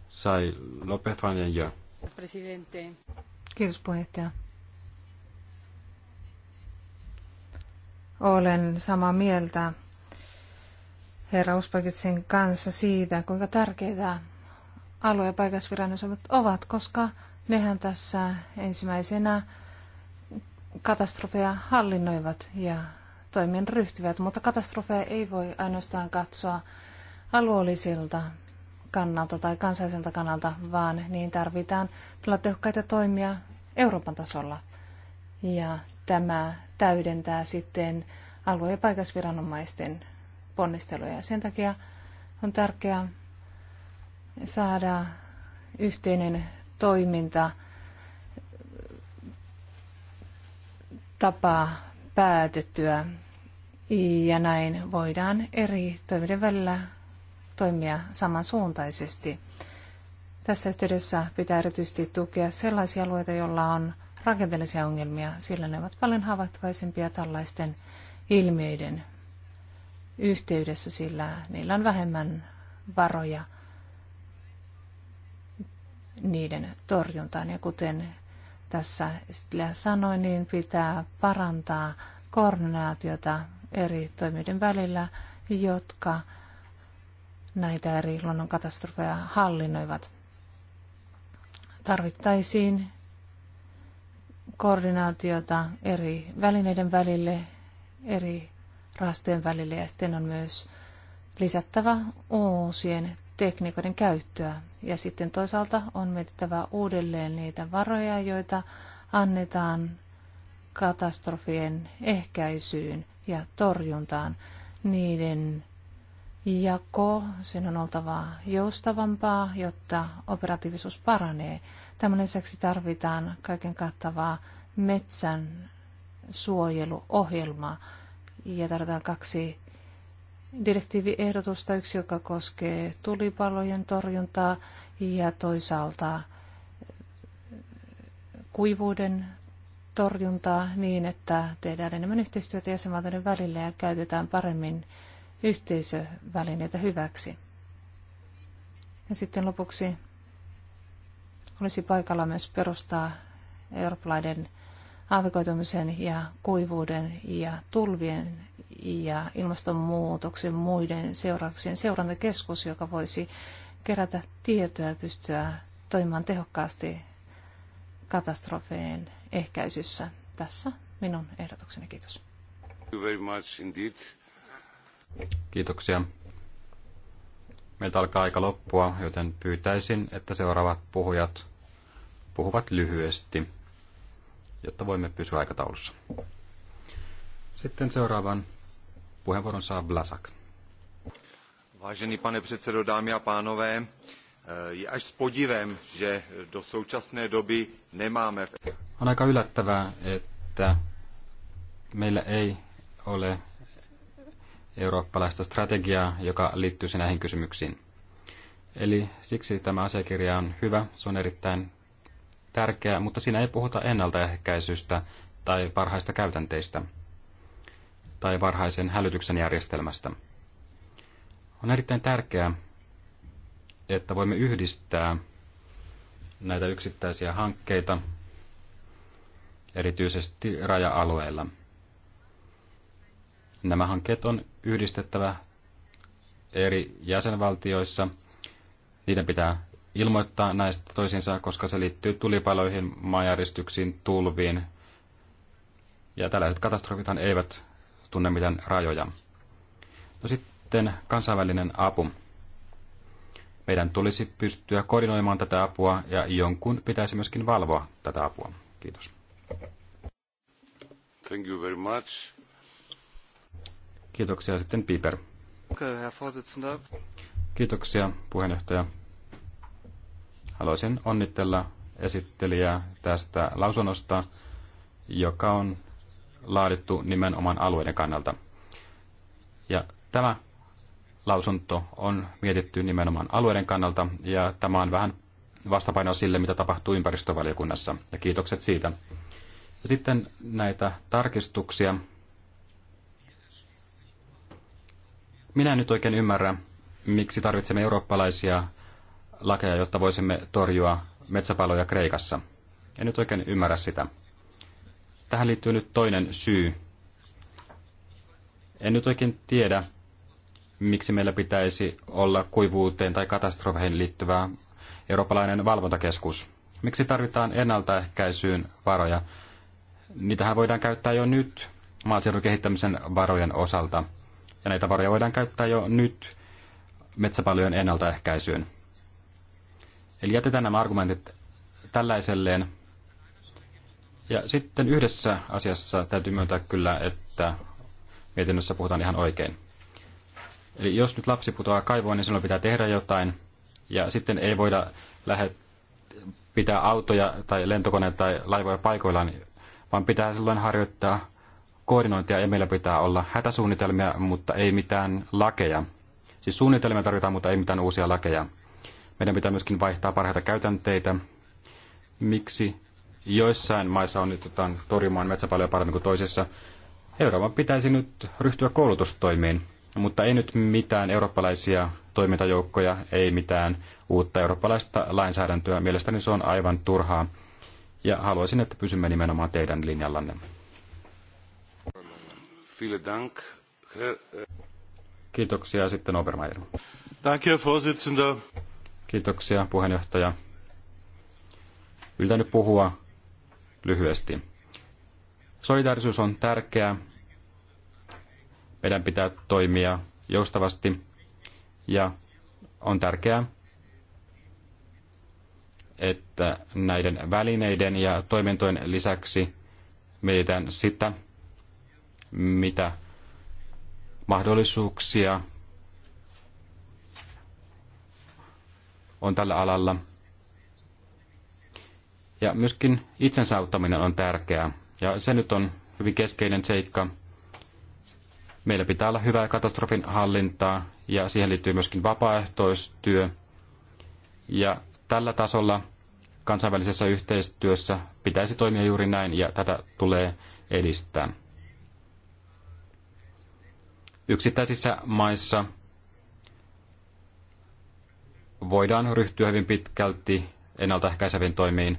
sai López ja Presidente. Kiitos puheenjohtaja. Olen samaa mieltä herra Uspakitsin kanssa siitä, kuinka tärkeitä alue- ja paikallisviranomaiset ovat, koska Nehän tässä ensimmäisenä katastrofeja hallinnoivat ja toimien ryhtyvät, mutta katastrofeja ei voi ainoastaan katsoa alueellisilta kannalta tai kansalliselta kannalta, vaan niin tarvitaan tulla tehokkaita toimia Euroopan tasolla. Ja tämä täydentää sitten alue- ja paikallisviranomaisten ponnisteluja. Sen takia on tärkeää saada yhteinen toiminta tapa päätettyä ja näin voidaan eri toimijoiden välillä toimia samansuuntaisesti. Tässä yhteydessä pitää erityisesti tukea sellaisia alueita, joilla on rakenteellisia ongelmia, sillä ne ovat paljon havaittavaisempia tällaisten ilmiöiden yhteydessä, sillä niillä on vähemmän varoja niiden torjuntaan. Ja kuten tässä sanoin, sanoi, niin pitää parantaa koordinaatiota eri toimijoiden välillä, jotka näitä eri luonnonkatastrofeja hallinnoivat. Tarvittaisiin koordinaatiota eri välineiden välille, eri rahastojen välille ja sitten on myös lisättävä uusien tekniikoiden käyttöä. Ja sitten toisaalta on mietittävä uudelleen niitä varoja, joita annetaan katastrofien ehkäisyyn ja torjuntaan. Niiden jako, sen on oltava joustavampaa, jotta operatiivisuus paranee. Tämän lisäksi tarvitaan kaiken kattavaa metsän suojeluohjelmaa ja tarvitaan kaksi direktiiviehdotusta, yksi joka koskee tulipalojen torjuntaa ja toisaalta kuivuuden torjuntaa niin, että tehdään enemmän yhteistyötä jäsenvaltioiden välillä ja käytetään paremmin yhteisövälineitä hyväksi. Ja sitten lopuksi olisi paikalla myös perustaa eurooppalainen aavikoitumisen ja kuivuuden ja tulvien ja ilmastonmuutoksen muiden seurauksien seurantakeskus, joka voisi kerätä tietoa ja pystyä toimimaan tehokkaasti katastrofeen ehkäisyssä. Tässä minun ehdotukseni. Kiitos. Kiitoksia. Meiltä alkaa aika loppua, joten pyytäisin, että seuraavat puhujat puhuvat lyhyesti jotta voimme pysyä aikataulussa. Sitten seuraavan puheenvuoron saa Blasak. Vážený pane předsedo, dámy a pánové, eh, je až s podivem, že do současné doby nemáme... On aika yllättävää, että meillä ei ole eurooppalaista strategiaa, joka liittyisi näihin kysymyksiin. Eli siksi tämä asiakirja on hyvä, se on erittäin tärkeä, mutta siinä ei puhuta ennaltaehkäisystä tai parhaista käytänteistä tai varhaisen hälytyksen järjestelmästä. On erittäin tärkeää, että voimme yhdistää näitä yksittäisiä hankkeita erityisesti raja-alueilla. Nämä hankkeet on yhdistettävä eri jäsenvaltioissa. Niiden pitää ilmoittaa näistä toisiinsa, koska se liittyy tulipaloihin, maanjäristyksiin, tulviin. Ja tällaiset katastrofithan eivät tunne mitään rajoja. No sitten kansainvälinen apu. Meidän tulisi pystyä koordinoimaan tätä apua ja jonkun pitäisi myöskin valvoa tätä apua. Kiitos. Thank you very much. Kiitoksia sitten Piper. Kiitoksia puheenjohtaja. Haluaisin onnitella esittelijää tästä lausunnosta, joka on laadittu nimenomaan alueiden kannalta. Ja tämä lausunto on mietitty nimenomaan alueiden kannalta, ja tämä on vähän vastapaino sille, mitä tapahtuu ympäristövaliokunnassa, ja kiitokset siitä. Ja sitten näitä tarkistuksia. Minä en nyt oikein ymmärrä, miksi tarvitsemme eurooppalaisia lakeja, jotta voisimme torjua metsäpaloja Kreikassa. En nyt oikein ymmärrä sitä. Tähän liittyy nyt toinen syy. En nyt oikein tiedä, miksi meillä pitäisi olla kuivuuteen tai katastrofeihin liittyvä eurooppalainen valvontakeskus. Miksi tarvitaan ennaltaehkäisyyn varoja? Niitähän voidaan käyttää jo nyt maaseudun kehittämisen varojen osalta. Ja näitä varoja voidaan käyttää jo nyt metsäpalojen ennaltaehkäisyyn. Eli jätetään nämä argumentit tällaiselleen. Ja sitten yhdessä asiassa täytyy myöntää kyllä, että mietinnössä puhutaan ihan oikein. Eli jos nyt lapsi putoaa kaivoon, niin silloin pitää tehdä jotain. Ja sitten ei voida lähet, pitää autoja tai lentokoneita tai laivoja paikoillaan, vaan pitää silloin harjoittaa koordinointia ja meillä pitää olla hätäsuunnitelmia, mutta ei mitään lakeja. Siis suunnitelmia tarvitaan, mutta ei mitään uusia lakeja. Meidän pitää myöskin vaihtaa parhaita käytänteitä. Miksi joissain maissa onnistutaan torjumaan metsäpaloja paremmin kuin toisissa? Euroopan pitäisi nyt ryhtyä koulutustoimiin, mutta ei nyt mitään eurooppalaisia toimintajoukkoja, ei mitään uutta eurooppalaista lainsäädäntöä. Mielestäni se on aivan turhaa ja haluaisin, että pysymme nimenomaan teidän linjallanne. Kiitoksia sitten Obermeier. Danke, Herr Vorsitzender. Kiitoksia puheenjohtaja. Yritän nyt puhua lyhyesti. Solidaarisuus on tärkeää. Meidän pitää toimia joustavasti ja on tärkeää, että näiden välineiden ja toimintojen lisäksi mietitään sitä, mitä mahdollisuuksia on tällä alalla. Ja myöskin itsensä auttaminen on tärkeää. Ja se nyt on hyvin keskeinen seikka. Meillä pitää olla hyvää katastrofin hallintaa ja siihen liittyy myöskin vapaaehtoistyö. Ja tällä tasolla kansainvälisessä yhteistyössä pitäisi toimia juuri näin ja tätä tulee edistää. Yksittäisissä maissa voidaan ryhtyä hyvin pitkälti ennaltaehkäiseviin toimiin.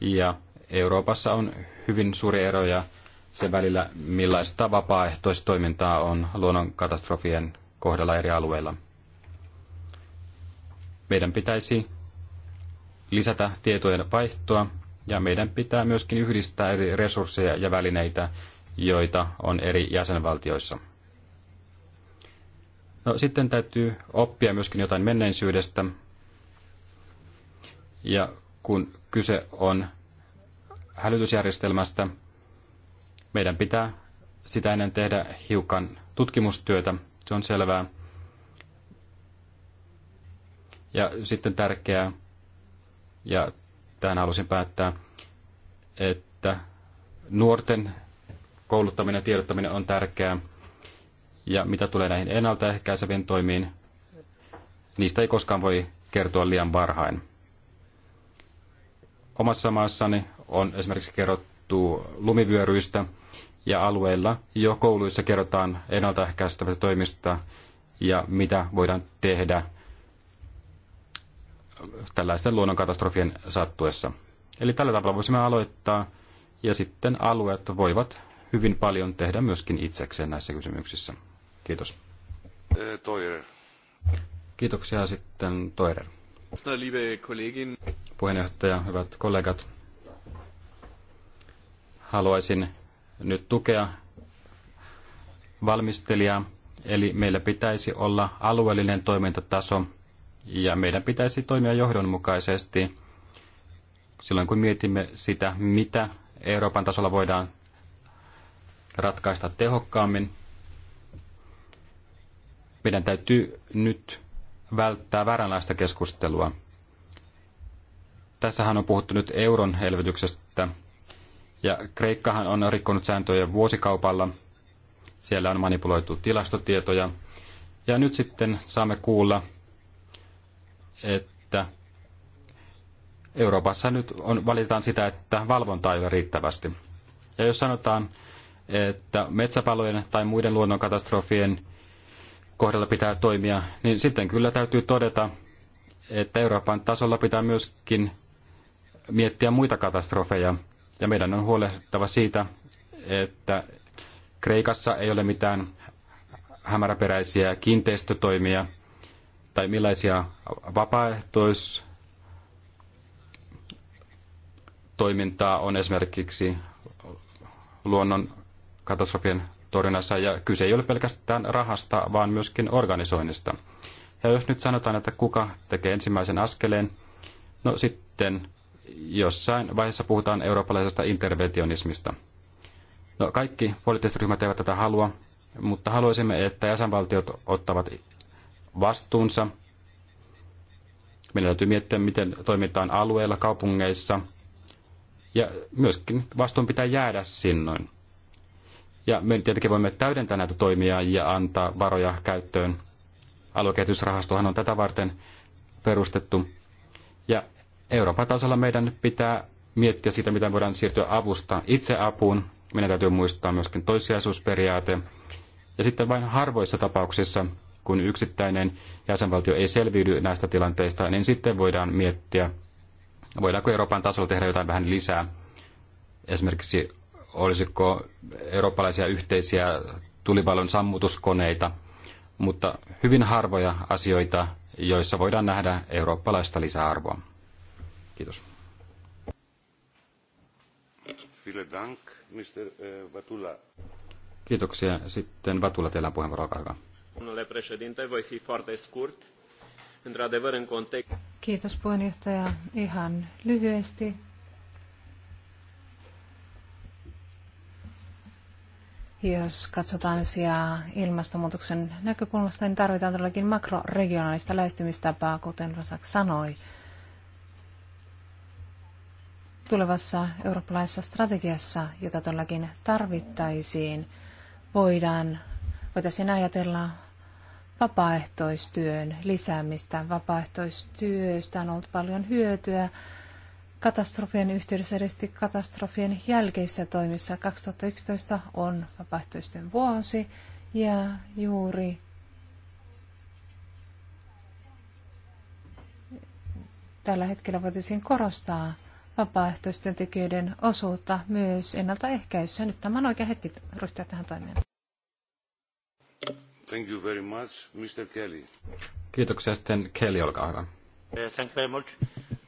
Ja Euroopassa on hyvin suuri eroja sen välillä, millaista vapaaehtoistoimintaa on luonnonkatastrofien kohdalla eri alueilla. Meidän pitäisi lisätä tietojen vaihtoa ja meidän pitää myöskin yhdistää eri resursseja ja välineitä, joita on eri jäsenvaltioissa. No sitten täytyy oppia myöskin jotain menneisyydestä. Ja kun kyse on hälytysjärjestelmästä, meidän pitää sitä ennen tehdä hiukan tutkimustyötä, se on selvää. Ja sitten tärkeää, ja tähän halusin päättää, että nuorten kouluttaminen ja tiedottaminen on tärkeää. Ja mitä tulee näihin ennaltaehkäiseviin toimiin, niistä ei koskaan voi kertoa liian varhain. Omassa maassani on esimerkiksi kerrottu lumivyöryistä ja alueilla jo kouluissa kerrotaan ennaltaehkäistävistä toimista ja mitä voidaan tehdä tällaisten luonnonkatastrofien sattuessa. Eli tällä tavalla voisimme aloittaa ja sitten alueet voivat hyvin paljon tehdä myöskin itsekseen näissä kysymyksissä. Kiitos. Toirer. Kiitoksia sitten Toirer. Puheenjohtaja, hyvät kollegat. Haluaisin nyt tukea valmistelijaa, eli meillä pitäisi olla alueellinen toimintataso ja meidän pitäisi toimia johdonmukaisesti silloin, kun mietimme sitä, mitä Euroopan tasolla voidaan ratkaista tehokkaammin meidän täytyy nyt välttää vääränlaista keskustelua. Tässähän on puhuttu nyt euron elvytyksestä, ja Kreikkahan on rikkonut sääntöjä vuosikaupalla. Siellä on manipuloitu tilastotietoja. Ja nyt sitten saamme kuulla, että Euroopassa nyt on, valitaan sitä, että valvontaa ei ole riittävästi. Ja jos sanotaan, että metsäpalojen tai muiden luonnonkatastrofien kohdalla pitää toimia, niin sitten kyllä täytyy todeta, että Euroopan tasolla pitää myöskin miettiä muita katastrofeja. Ja meidän on huolehdittava siitä, että Kreikassa ei ole mitään hämäräperäisiä kiinteistötoimia tai millaisia vapaaehtois toimintaa on esimerkiksi luonnon katastrofien torjunnassa ja kyse ei ole pelkästään rahasta, vaan myöskin organisoinnista. Ja jos nyt sanotaan, että kuka tekee ensimmäisen askeleen, no sitten jossain vaiheessa puhutaan eurooppalaisesta interventionismista. No kaikki poliittiset ryhmät eivät tätä halua, mutta haluaisimme, että jäsenvaltiot ottavat vastuunsa. Meidän täytyy miettiä, miten toimitaan alueilla, kaupungeissa. Ja myöskin vastuun pitää jäädä sinnoin. Ja me tietenkin voimme täydentää näitä toimia ja antaa varoja käyttöön. Aluekehitysrahastohan on tätä varten perustettu. Ja Euroopan tasolla meidän pitää miettiä sitä, miten voidaan siirtyä avusta itse apuun. Meidän täytyy muistaa myöskin toissijaisuusperiaate. Ja sitten vain harvoissa tapauksissa, kun yksittäinen jäsenvaltio ei selviydy näistä tilanteista, niin sitten voidaan miettiä, voidaanko Euroopan tasolla tehdä jotain vähän lisää. Esimerkiksi olisiko eurooppalaisia yhteisiä tulipalon sammutuskoneita, mutta hyvin harvoja asioita, joissa voidaan nähdä eurooppalaista lisäarvoa. Kiitos. Dank, Mr. Eh, Vatula. Kiitoksia. Sitten Vatula, teillä on puheenvuoro, olkaa hyvä. Kiitos puheenjohtaja. Ihan lyhyesti Jos katsotaan asiaa ilmastonmuutoksen näkökulmasta, niin tarvitaan todellakin makroregionaalista lähestymistapaa, kuten Rosak sanoi. Tulevassa eurooppalaisessa strategiassa, jota todellakin tarvittaisiin, voidaan, voitaisiin ajatella vapaaehtoistyön lisäämistä. Vapaaehtoistyöstä on ollut paljon hyötyä katastrofien yhteydessä, erityisesti katastrofien jälkeisissä toimissa. 2011 on vapaaehtoisten vuosi ja juuri tällä hetkellä voitaisiin korostaa vapaaehtoisten tekijöiden osuutta myös ennaltaehkäisyssä. Nyt tämä on oikea hetki ryhtyä tähän toimeen. Thank you very much, Mr. Kelly. Kiitoksia. Sitten Kelly, olkaa hyvä. Uh, thank you very much.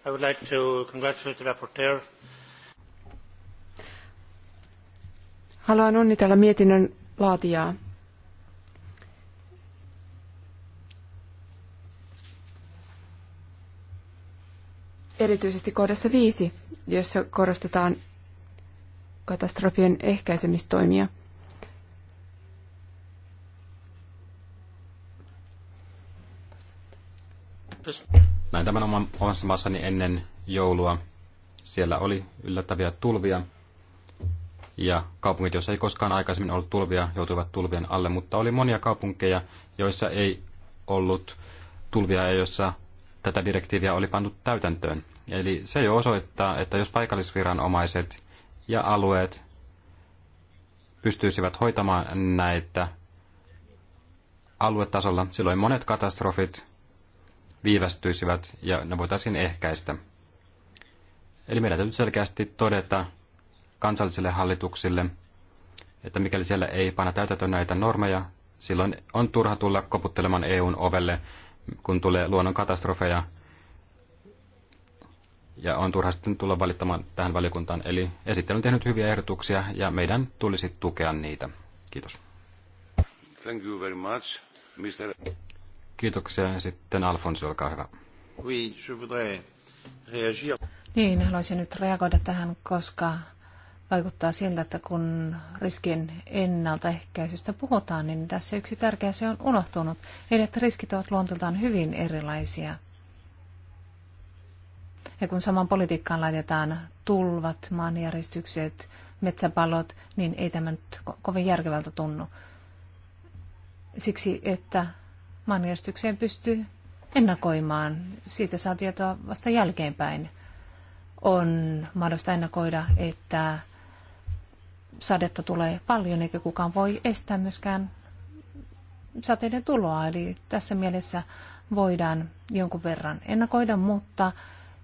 I would like to congratulate the rapporteur. Haluan onnitella mietinnön laatijaa. Erityisesti kohdassa viisi, jossa korostetaan katastrofien ehkäisemistoimia. Kiitos. Näin tämän omassa maassani ennen joulua. Siellä oli yllättäviä tulvia ja kaupungit, joissa ei koskaan aikaisemmin ollut tulvia, joutuivat tulvien alle, mutta oli monia kaupunkeja, joissa ei ollut tulvia ja joissa tätä direktiiviä oli pannut täytäntöön. Eli se jo osoittaa, että jos paikallisviranomaiset ja alueet pystyisivät hoitamaan näitä aluetasolla, silloin monet katastrofit viivästyisivät ja ne voitaisiin ehkäistä. Eli meidän täytyy selkeästi todeta kansallisille hallituksille, että mikäli siellä ei panna täytäntöön näitä normeja, silloin on turha tulla koputtelemaan EUn ovelle, kun tulee luonnon katastrofeja, ja on turha sitten tulla valittamaan tähän valiokuntaan. Eli esittely on tehnyt hyviä ehdotuksia, ja meidän tulisi tukea niitä. Kiitos. Thank you very much, Mr. Kiitoksia. Sitten Alfonso, olkaa hyvä. Oui, je voudrais réagir. Niin, haluaisin nyt reagoida tähän, koska vaikuttaa siltä, että kun riskien ennaltaehkäisystä puhutaan, niin tässä yksi tärkeä se on unohtunut. Eli että riskit ovat luonteeltaan hyvin erilaisia. Ja kun saman politiikkaan laitetaan tulvat, maanjäristykset, metsäpalot, niin ei tämä nyt ko- kovin järkevältä tunnu. Siksi, että maanjärjestykseen pystyy ennakoimaan. Siitä saa tietoa vasta jälkeenpäin. On mahdollista ennakoida, että sadetta tulee paljon, eikä kukaan voi estää myöskään sateiden tuloa. Eli tässä mielessä voidaan jonkun verran ennakoida, mutta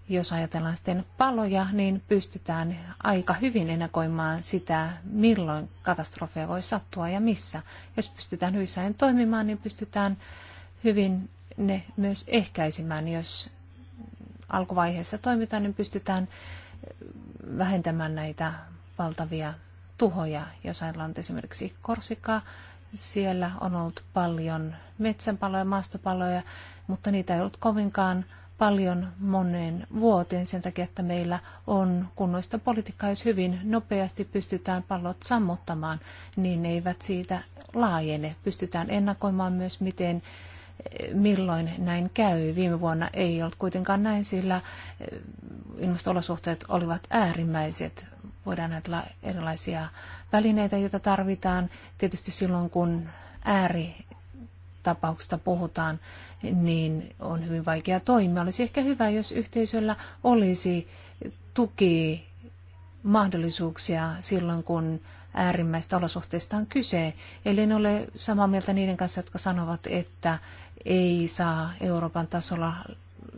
jos ajatellaan sitten paloja, niin pystytään aika hyvin ennakoimaan sitä, milloin katastrofeja voi sattua ja missä. Jos pystytään hyvissä toimimaan, niin pystytään hyvin ne myös ehkäisemään, jos alkuvaiheessa toimitaan, niin pystytään vähentämään näitä valtavia tuhoja. Jos ajatellaan esimerkiksi Korsikaa, siellä on ollut paljon metsänpaloja, maastopaloja, mutta niitä ei ollut kovinkaan paljon moneen vuoteen sen takia, että meillä on kunnoista politiikkaa, jos hyvin nopeasti pystytään pallot sammuttamaan, niin ne eivät siitä laajene. Pystytään ennakoimaan myös, miten milloin näin käy. Viime vuonna ei ollut kuitenkaan näin, sillä eh, ilmastolosuhteet olivat äärimmäiset. Voidaan ajatella erilaisia välineitä, joita tarvitaan. Tietysti silloin, kun ääritapauksista puhutaan, niin on hyvin vaikea toimia. Olisi ehkä hyvä, jos yhteisöllä olisi tuki mahdollisuuksia silloin, kun äärimmäistä olosuhteista on kyse. Eli en ole samaa mieltä niiden kanssa, jotka sanovat, että ei saa Euroopan tasolla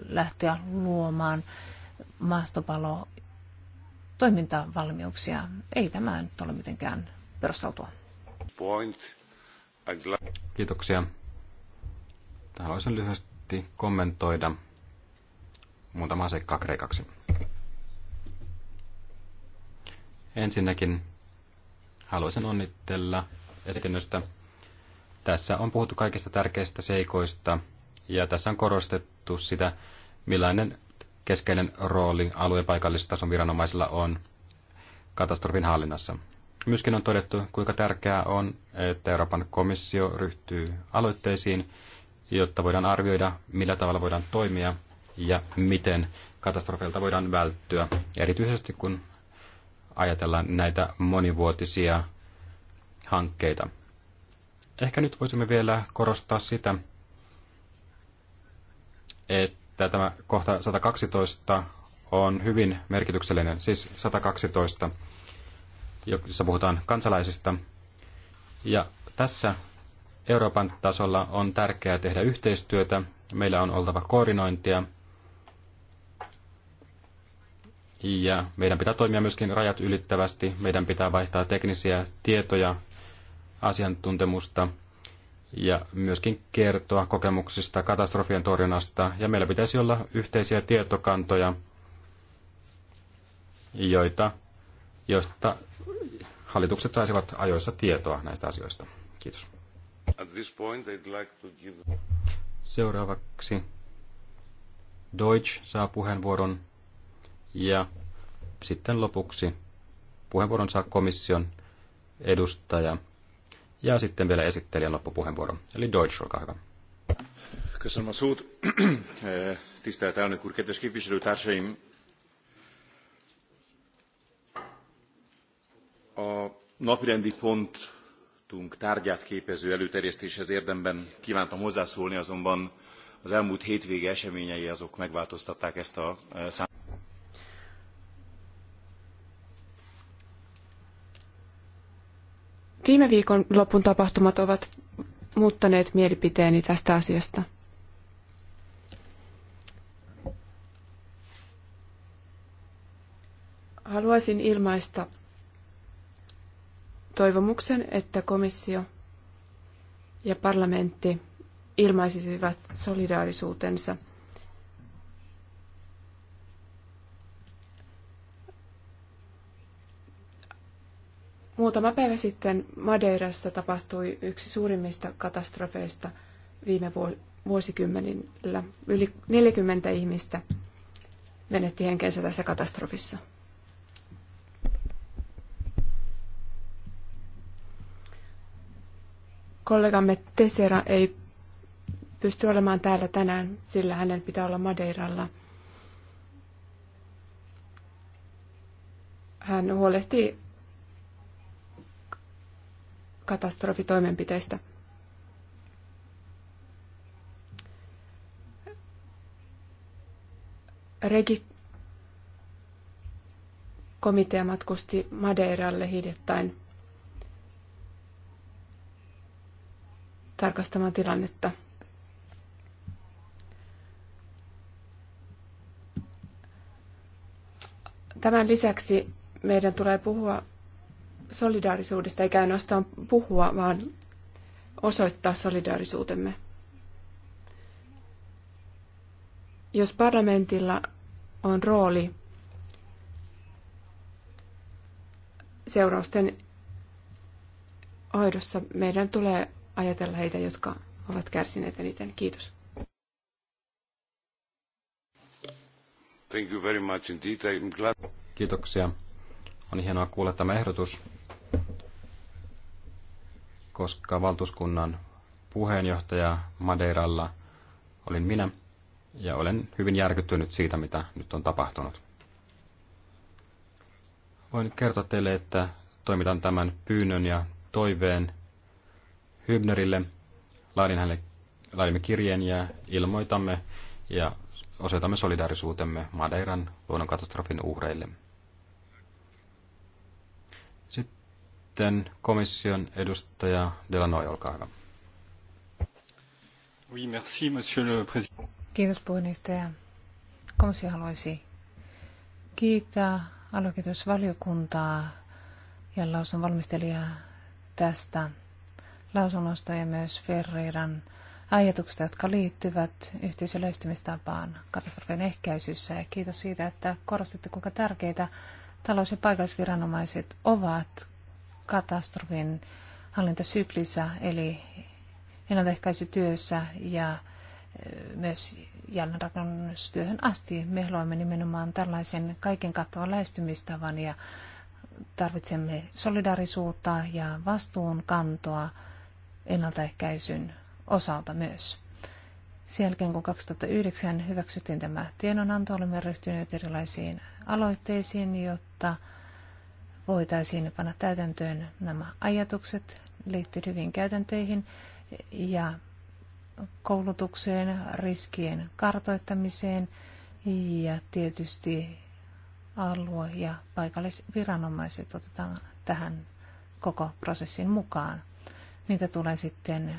lähteä luomaan maastopalo toimintavalmiuksia. Ei tämä nyt ole mitenkään perusteltua. Point. Kiitoksia. Haluaisin lyhyesti kommentoida muutama seikkaa kreikaksi. Ensinnäkin haluaisin onnitella esitennöstä. Tässä on puhuttu kaikista tärkeistä seikoista ja tässä on korostettu sitä, millainen keskeinen rooli ja paikallistason viranomaisilla on katastrofin hallinnassa. Myöskin on todettu, kuinka tärkeää on, että Euroopan komissio ryhtyy aloitteisiin, jotta voidaan arvioida, millä tavalla voidaan toimia ja miten katastrofeilta voidaan välttyä, erityisesti kun ajatellaan näitä monivuotisia hankkeita. Ehkä nyt voisimme vielä korostaa sitä, että tämä kohta 112 on hyvin merkityksellinen, siis 112, jossa puhutaan kansalaisista. Ja tässä Euroopan tasolla on tärkeää tehdä yhteistyötä, meillä on oltava koordinointia – ja meidän pitää toimia myöskin rajat ylittävästi. Meidän pitää vaihtaa teknisiä tietoja, asiantuntemusta ja myöskin kertoa kokemuksista katastrofien torjunnasta. Ja meillä pitäisi olla yhteisiä tietokantoja, joita, joista hallitukset saisivat ajoissa tietoa näistä asioista. Kiitos. Seuraavaksi Deutsch saa puheenvuoron ja sitten lopuksi puheenvuoron saa komission edustaja ja sitten vielä esittelijän loppupuheenvuoro. Eli Deutsch, olkaa hyvä. Köszönöm a szót. Tisztelt A napirendi pontunk tárgyát képező előterjesztéshez érdemben kívántam hozzászólni, azonban az elmúlt hétvége eseményei azok megváltoztatták ezt a számot. Viime viikon lopun tapahtumat ovat muuttaneet mielipiteeni tästä asiasta. Haluaisin ilmaista toivomuksen, että komissio ja parlamentti ilmaisisivat solidaarisuutensa – Muutama päivä sitten Madeirassa tapahtui yksi suurimmista katastrofeista viime vuosikymmenillä. Yli 40 ihmistä menetti henkensä tässä katastrofissa. Kollegamme Tesera ei pysty olemaan täällä tänään, sillä hänen pitää olla Madeiralla. Hän huolehtii katastrofitoimenpiteistä. Regi komitea matkusti Madeiralle hiljattain tarkastamaan tilannetta. Tämän lisäksi meidän tulee puhua solidaarisuudesta eikä ainoastaan puhua, vaan osoittaa solidaarisuutemme. Jos parlamentilla on rooli seurausten hoidossa, meidän tulee ajatella heitä, jotka ovat kärsineet eniten. Kiitos. Thank you very much indeed. I'm glad... Kiitoksia. On hienoa kuulla tämä ehdotus koska valtuuskunnan puheenjohtaja Madeiralla olin minä ja olen hyvin järkyttynyt siitä, mitä nyt on tapahtunut. Voin kertoa teille, että toimitan tämän pyynnön ja toiveen Hybnerille. Laadin hänelle, laadimme kirjeen ja ilmoitamme ja osoitamme solidarisuutemme Madeiran luonnonkatastrofin uhreille. Sitten sitten komission edustaja Delanoi, olkaa hyvä. Oui, merci, monsieur le président. Kiitos puheenjohtaja. Komissio haluaisi kiittää aluekehitysvaliokuntaa ja lausun valmistelijaa tästä lausunnosta ja myös Ferreiran ajatuksista, jotka liittyvät yhteisöllistymistapaan katastrofien ehkäisyssä. Ja kiitos siitä, että korostitte, kuinka tärkeitä talous- ja paikallisviranomaiset ovat, katastrofin hallintasyklissä, eli ennaltaehkäisytyössä ja myös jälleenrakennustyöhön asti. Me haluamme nimenomaan tällaisen kaiken kattavan lähestymistavan ja tarvitsemme solidaarisuutta ja vastuunkantoa ennaltaehkäisyn osalta myös. Sen jälkeen kun 2009 hyväksyttiin tämä tiedonanto, olemme ryhtyneet erilaisiin aloitteisiin, jotta voitaisiin panna täytäntöön nämä ajatukset liittyen hyvin käytäntöihin ja koulutukseen, riskien kartoittamiseen ja tietysti alue- ja paikallisviranomaiset otetaan tähän koko prosessin mukaan. Mitä tulee sitten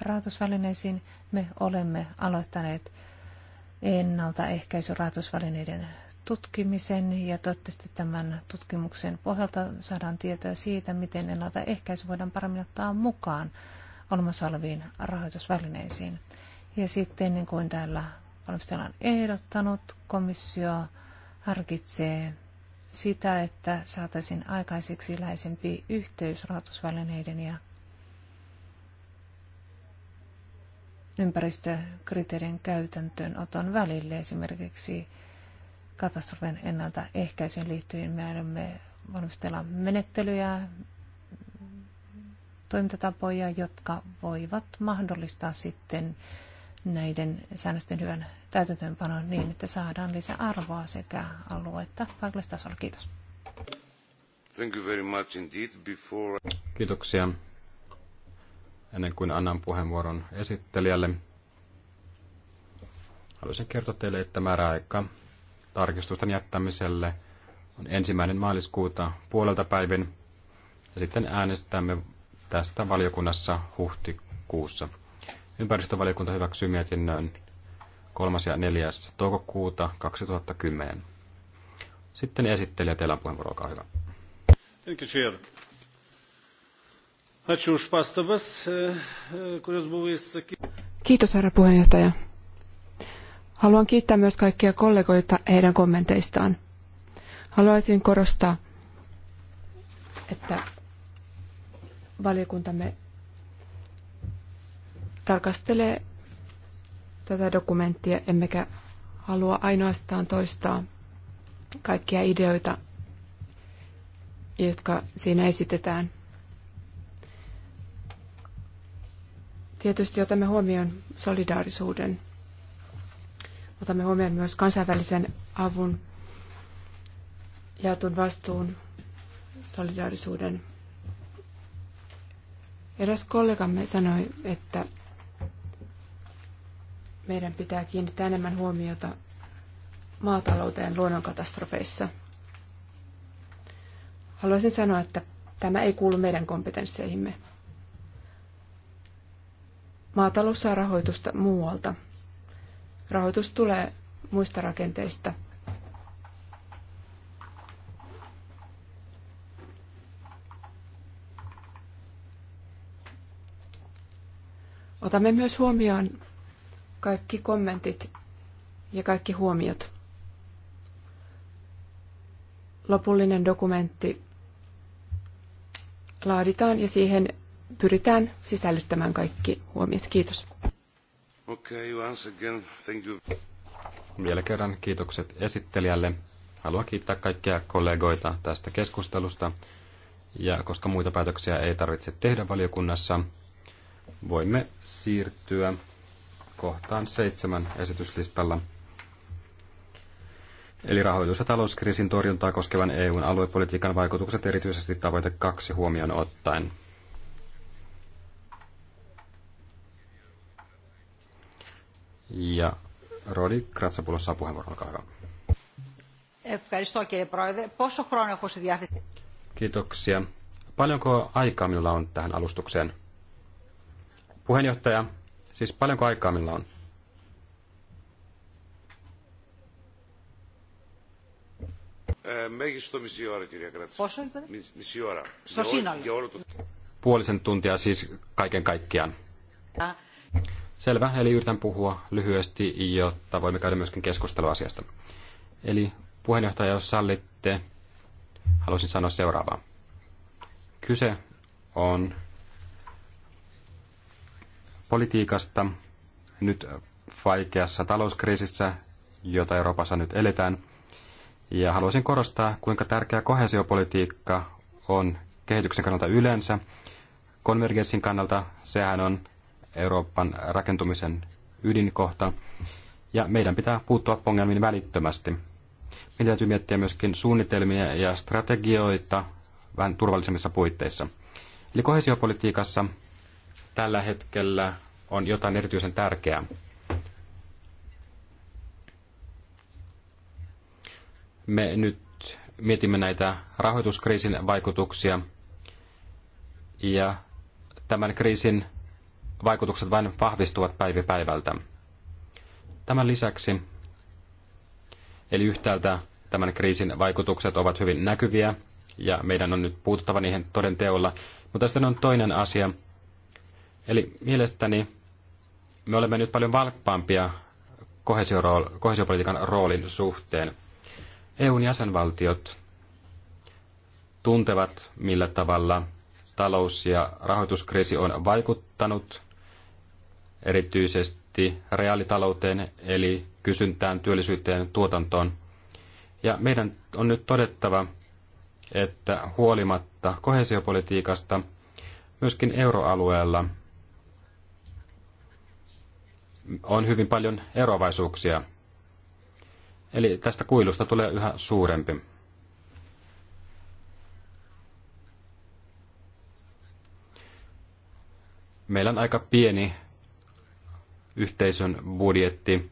rahoitusvälineisiin, me olemme aloittaneet ennaltaehkäisyrahoitusvälineiden tutkimisen ja toivottavasti tämän tutkimuksen pohjalta saadaan tietoa siitä, miten ennaltaehkäisy voidaan paremmin ottaa mukaan olemassa oleviin rahoitusvälineisiin. Ja sitten, niin kuin täällä valmistella on ehdottanut, komissio harkitsee sitä, että saataisiin aikaiseksi läheisempi yhteys rahoitusvälineiden ja ympäristökriteerien käytäntöönoton välille esimerkiksi katastrofien ennaltaehkäisyyn liittyen. Me aiomme valmistella menettelyjä, toimintatapoja, jotka voivat mahdollistaa sitten näiden säännösten hyvän täytäntöönpanon niin, että saadaan lisää arvoa sekä alue- että paikallistasolla. Kiitos. Thank you very much indeed. Before... Kiitoksia. Ennen kuin annan puheenvuoron esittelijälle, haluaisin kertoa teille, että määräaika tarkistusten jättämiselle on ensimmäinen maaliskuuta puolelta päivin ja sitten äänestämme tästä valiokunnassa huhtikuussa. Ympäristövaliokunta hyväksyy mietinnön 3. ja 4. toukokuuta 2010. Sitten esittelijä, teillä puheenvuoro, olkaa hyvä. Thank you, Chair. Kiitos, herra puheenjohtaja. Haluan kiittää myös kaikkia kollegoita heidän kommenteistaan. Haluaisin korostaa, että valiokuntamme tarkastelee tätä dokumenttia, emmekä halua ainoastaan toistaa kaikkia ideoita, jotka siinä esitetään. Tietysti otamme huomioon solidaarisuuden Otamme huomioon myös kansainvälisen avun, jaetun vastuun, solidaarisuuden. Eräs kollegamme sanoi, että meidän pitää kiinnittää enemmän huomiota maatalouteen luonnonkatastrofeissa. Haluaisin sanoa, että tämä ei kuulu meidän kompetensseihimme. Maatalous saa rahoitusta muualta – rahoitus tulee muista rakenteista. Otamme myös huomioon kaikki kommentit ja kaikki huomiot. Lopullinen dokumentti laaditaan ja siihen pyritään sisällyttämään kaikki huomiot. Kiitos. Okay, once again, thank you. Vielä kerran kiitokset esittelijälle. Haluan kiittää kaikkia kollegoita tästä keskustelusta. Ja koska muita päätöksiä ei tarvitse tehdä valiokunnassa, voimme siirtyä kohtaan seitsemän esityslistalla. Eli rahoitus- ja talouskriisin torjuntaa koskevan EUn aluepolitiikan vaikutukset erityisesti tavoite kaksi huomioon ottaen. Ja Rodi Kratsapulos saa puheenvuoron, olkaa hyvä. Kiitoksia. Paljonko aikaa minulla on tähän alustukseen? Puheenjohtaja, siis paljonko aikaa minulla on? Puolisen tuntia siis kaiken kaikkiaan. Selvä, eli yritän puhua lyhyesti, jotta voimme käydä myöskin keskustelua asiasta. Eli puheenjohtaja, jos sallitte, haluaisin sanoa seuraavaa. Kyse on politiikasta nyt vaikeassa talouskriisissä, jota Euroopassa nyt eletään. Ja haluaisin korostaa, kuinka tärkeä kohesiopolitiikka on kehityksen kannalta yleensä. Konvergenssin kannalta sehän on Euroopan rakentumisen ydinkohta, ja meidän pitää puuttua ongelmiin välittömästi. Meidän täytyy miettiä myöskin suunnitelmia ja strategioita vähän turvallisemmissa puitteissa. Eli kohesiopolitiikassa tällä hetkellä on jotain erityisen tärkeää. Me nyt mietimme näitä rahoituskriisin vaikutuksia ja tämän kriisin vaikutukset vain vahvistuvat päivä päivältä. Tämän lisäksi, eli yhtäältä tämän kriisin vaikutukset ovat hyvin näkyviä ja meidän on nyt puututtava niihin toden teolla, mutta sitten on toinen asia. Eli mielestäni me olemme nyt paljon valppaampia kohesiopolitiikan roolin suhteen. EUn jäsenvaltiot tuntevat, millä tavalla talous- ja rahoituskriisi on vaikuttanut erityisesti reaalitalouteen, eli kysyntään, työllisyyteen, tuotantoon. Ja meidän on nyt todettava, että huolimatta kohesiopolitiikasta myöskin euroalueella on hyvin paljon eroavaisuuksia. Eli tästä kuilusta tulee yhä suurempi. Meillä on aika pieni yhteisön budjetti.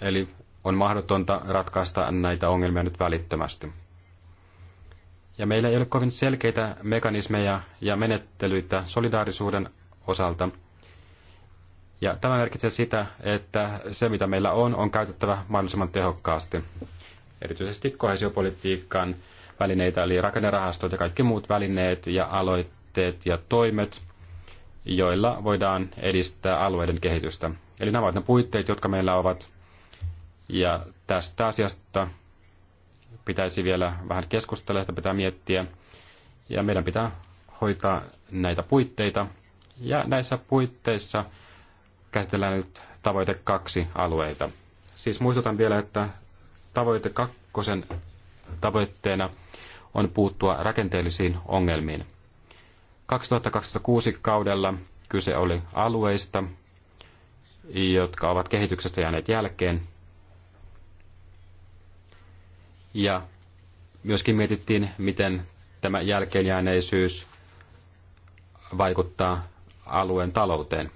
Eli on mahdotonta ratkaista näitä ongelmia nyt välittömästi. Ja meillä ei ole kovin selkeitä mekanismeja ja menettelyitä solidaarisuuden osalta. Ja tämä merkitsee sitä, että se mitä meillä on, on käytettävä mahdollisimman tehokkaasti. Erityisesti kohesiopolitiikan välineitä, eli rakennerahastot ja kaikki muut välineet ja aloitteet ja toimet – joilla voidaan edistää alueiden kehitystä. Eli nämä ovat ne puitteet, jotka meillä ovat. Ja tästä asiasta pitäisi vielä vähän keskustella, sitä pitää miettiä. Ja meidän pitää hoitaa näitä puitteita. Ja näissä puitteissa käsitellään nyt tavoite kaksi alueita. Siis muistutan vielä, että tavoite kakkosen tavoitteena on puuttua rakenteellisiin ongelmiin. 2026 kaudella kyse oli alueista, jotka ovat kehityksestä jääneet jälkeen. Ja myöskin mietittiin, miten tämä jälkeenjääneisyys vaikuttaa alueen talouteen.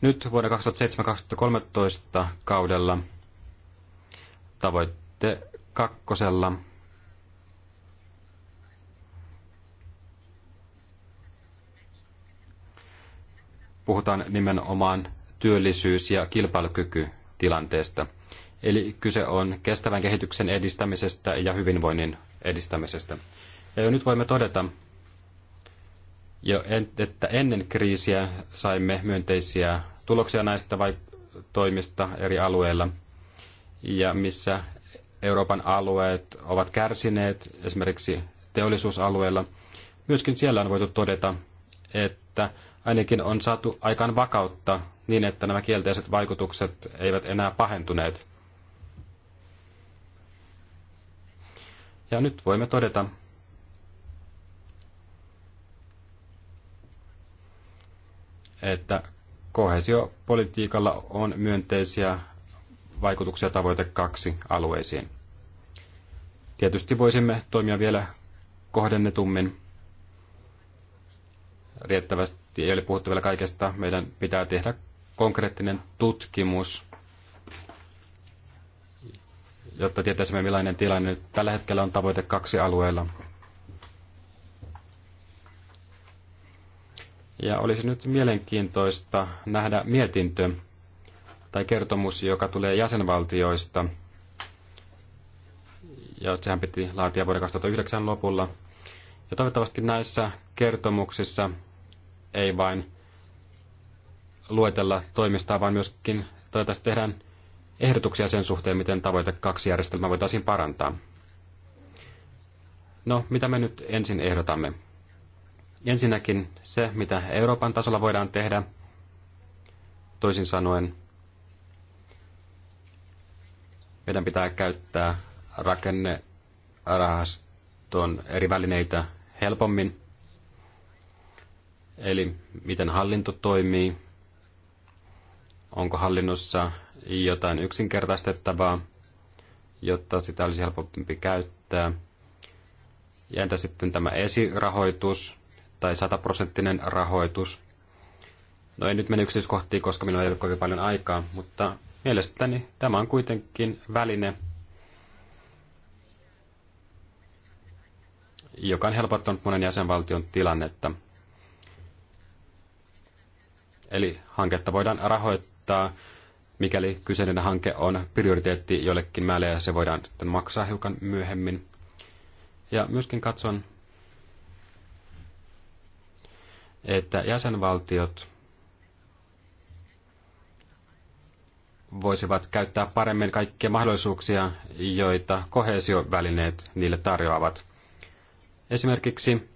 Nyt vuoden 2007-2013 kaudella tavoitte kakkosella – puhutaan nimenomaan työllisyys- ja kilpailukykytilanteesta. Eli kyse on kestävän kehityksen edistämisestä ja hyvinvoinnin edistämisestä. Ja jo nyt voimme todeta, jo en, että ennen kriisiä saimme myönteisiä tuloksia näistä vai, toimista eri alueilla. Ja missä Euroopan alueet ovat kärsineet, esimerkiksi teollisuusalueella, myöskin siellä on voitu todeta, että ainakin on saatu aikaan vakautta niin, että nämä kielteiset vaikutukset eivät enää pahentuneet. Ja nyt voimme todeta, että kohesiopolitiikalla on myönteisiä vaikutuksia tavoite kaksi alueisiin. Tietysti voisimme toimia vielä kohdennetummin, riittävästi varmasti ei ole puhuttu vielä kaikesta. Meidän pitää tehdä konkreettinen tutkimus, jotta tietäisimme millainen tilanne nyt tällä hetkellä on tavoite kaksi alueella. Ja olisi nyt mielenkiintoista nähdä mietintö tai kertomus, joka tulee jäsenvaltioista. Ja sehän piti laatia vuoden 2009 lopulla. Ja toivottavasti näissä kertomuksissa ei vain luetella toimistaa, vaan myöskin toivottavasti tehdään ehdotuksia sen suhteen, miten tavoite kaksi järjestelmää voitaisiin parantaa. No, mitä me nyt ensin ehdotamme? Ensinnäkin se, mitä Euroopan tasolla voidaan tehdä, toisin sanoen meidän pitää käyttää rakennerahaston eri välineitä helpommin. Eli miten hallinto toimii, onko hallinnossa jotain yksinkertaistettavaa, jotta sitä olisi helpompi käyttää. Ja entä sitten tämä esirahoitus tai sataprosenttinen rahoitus? No ei nyt mene yksityiskohtiin, koska minulla ei ole kovin paljon aikaa, mutta mielestäni tämä on kuitenkin väline, joka on helpottanut monen jäsenvaltion tilannetta. Eli hanketta voidaan rahoittaa, mikäli kyseinen hanke on prioriteetti jollekin määlle ja se voidaan sitten maksaa hiukan myöhemmin. Ja myöskin katson, että jäsenvaltiot voisivat käyttää paremmin kaikkia mahdollisuuksia, joita kohesiovälineet niille tarjoavat. Esimerkiksi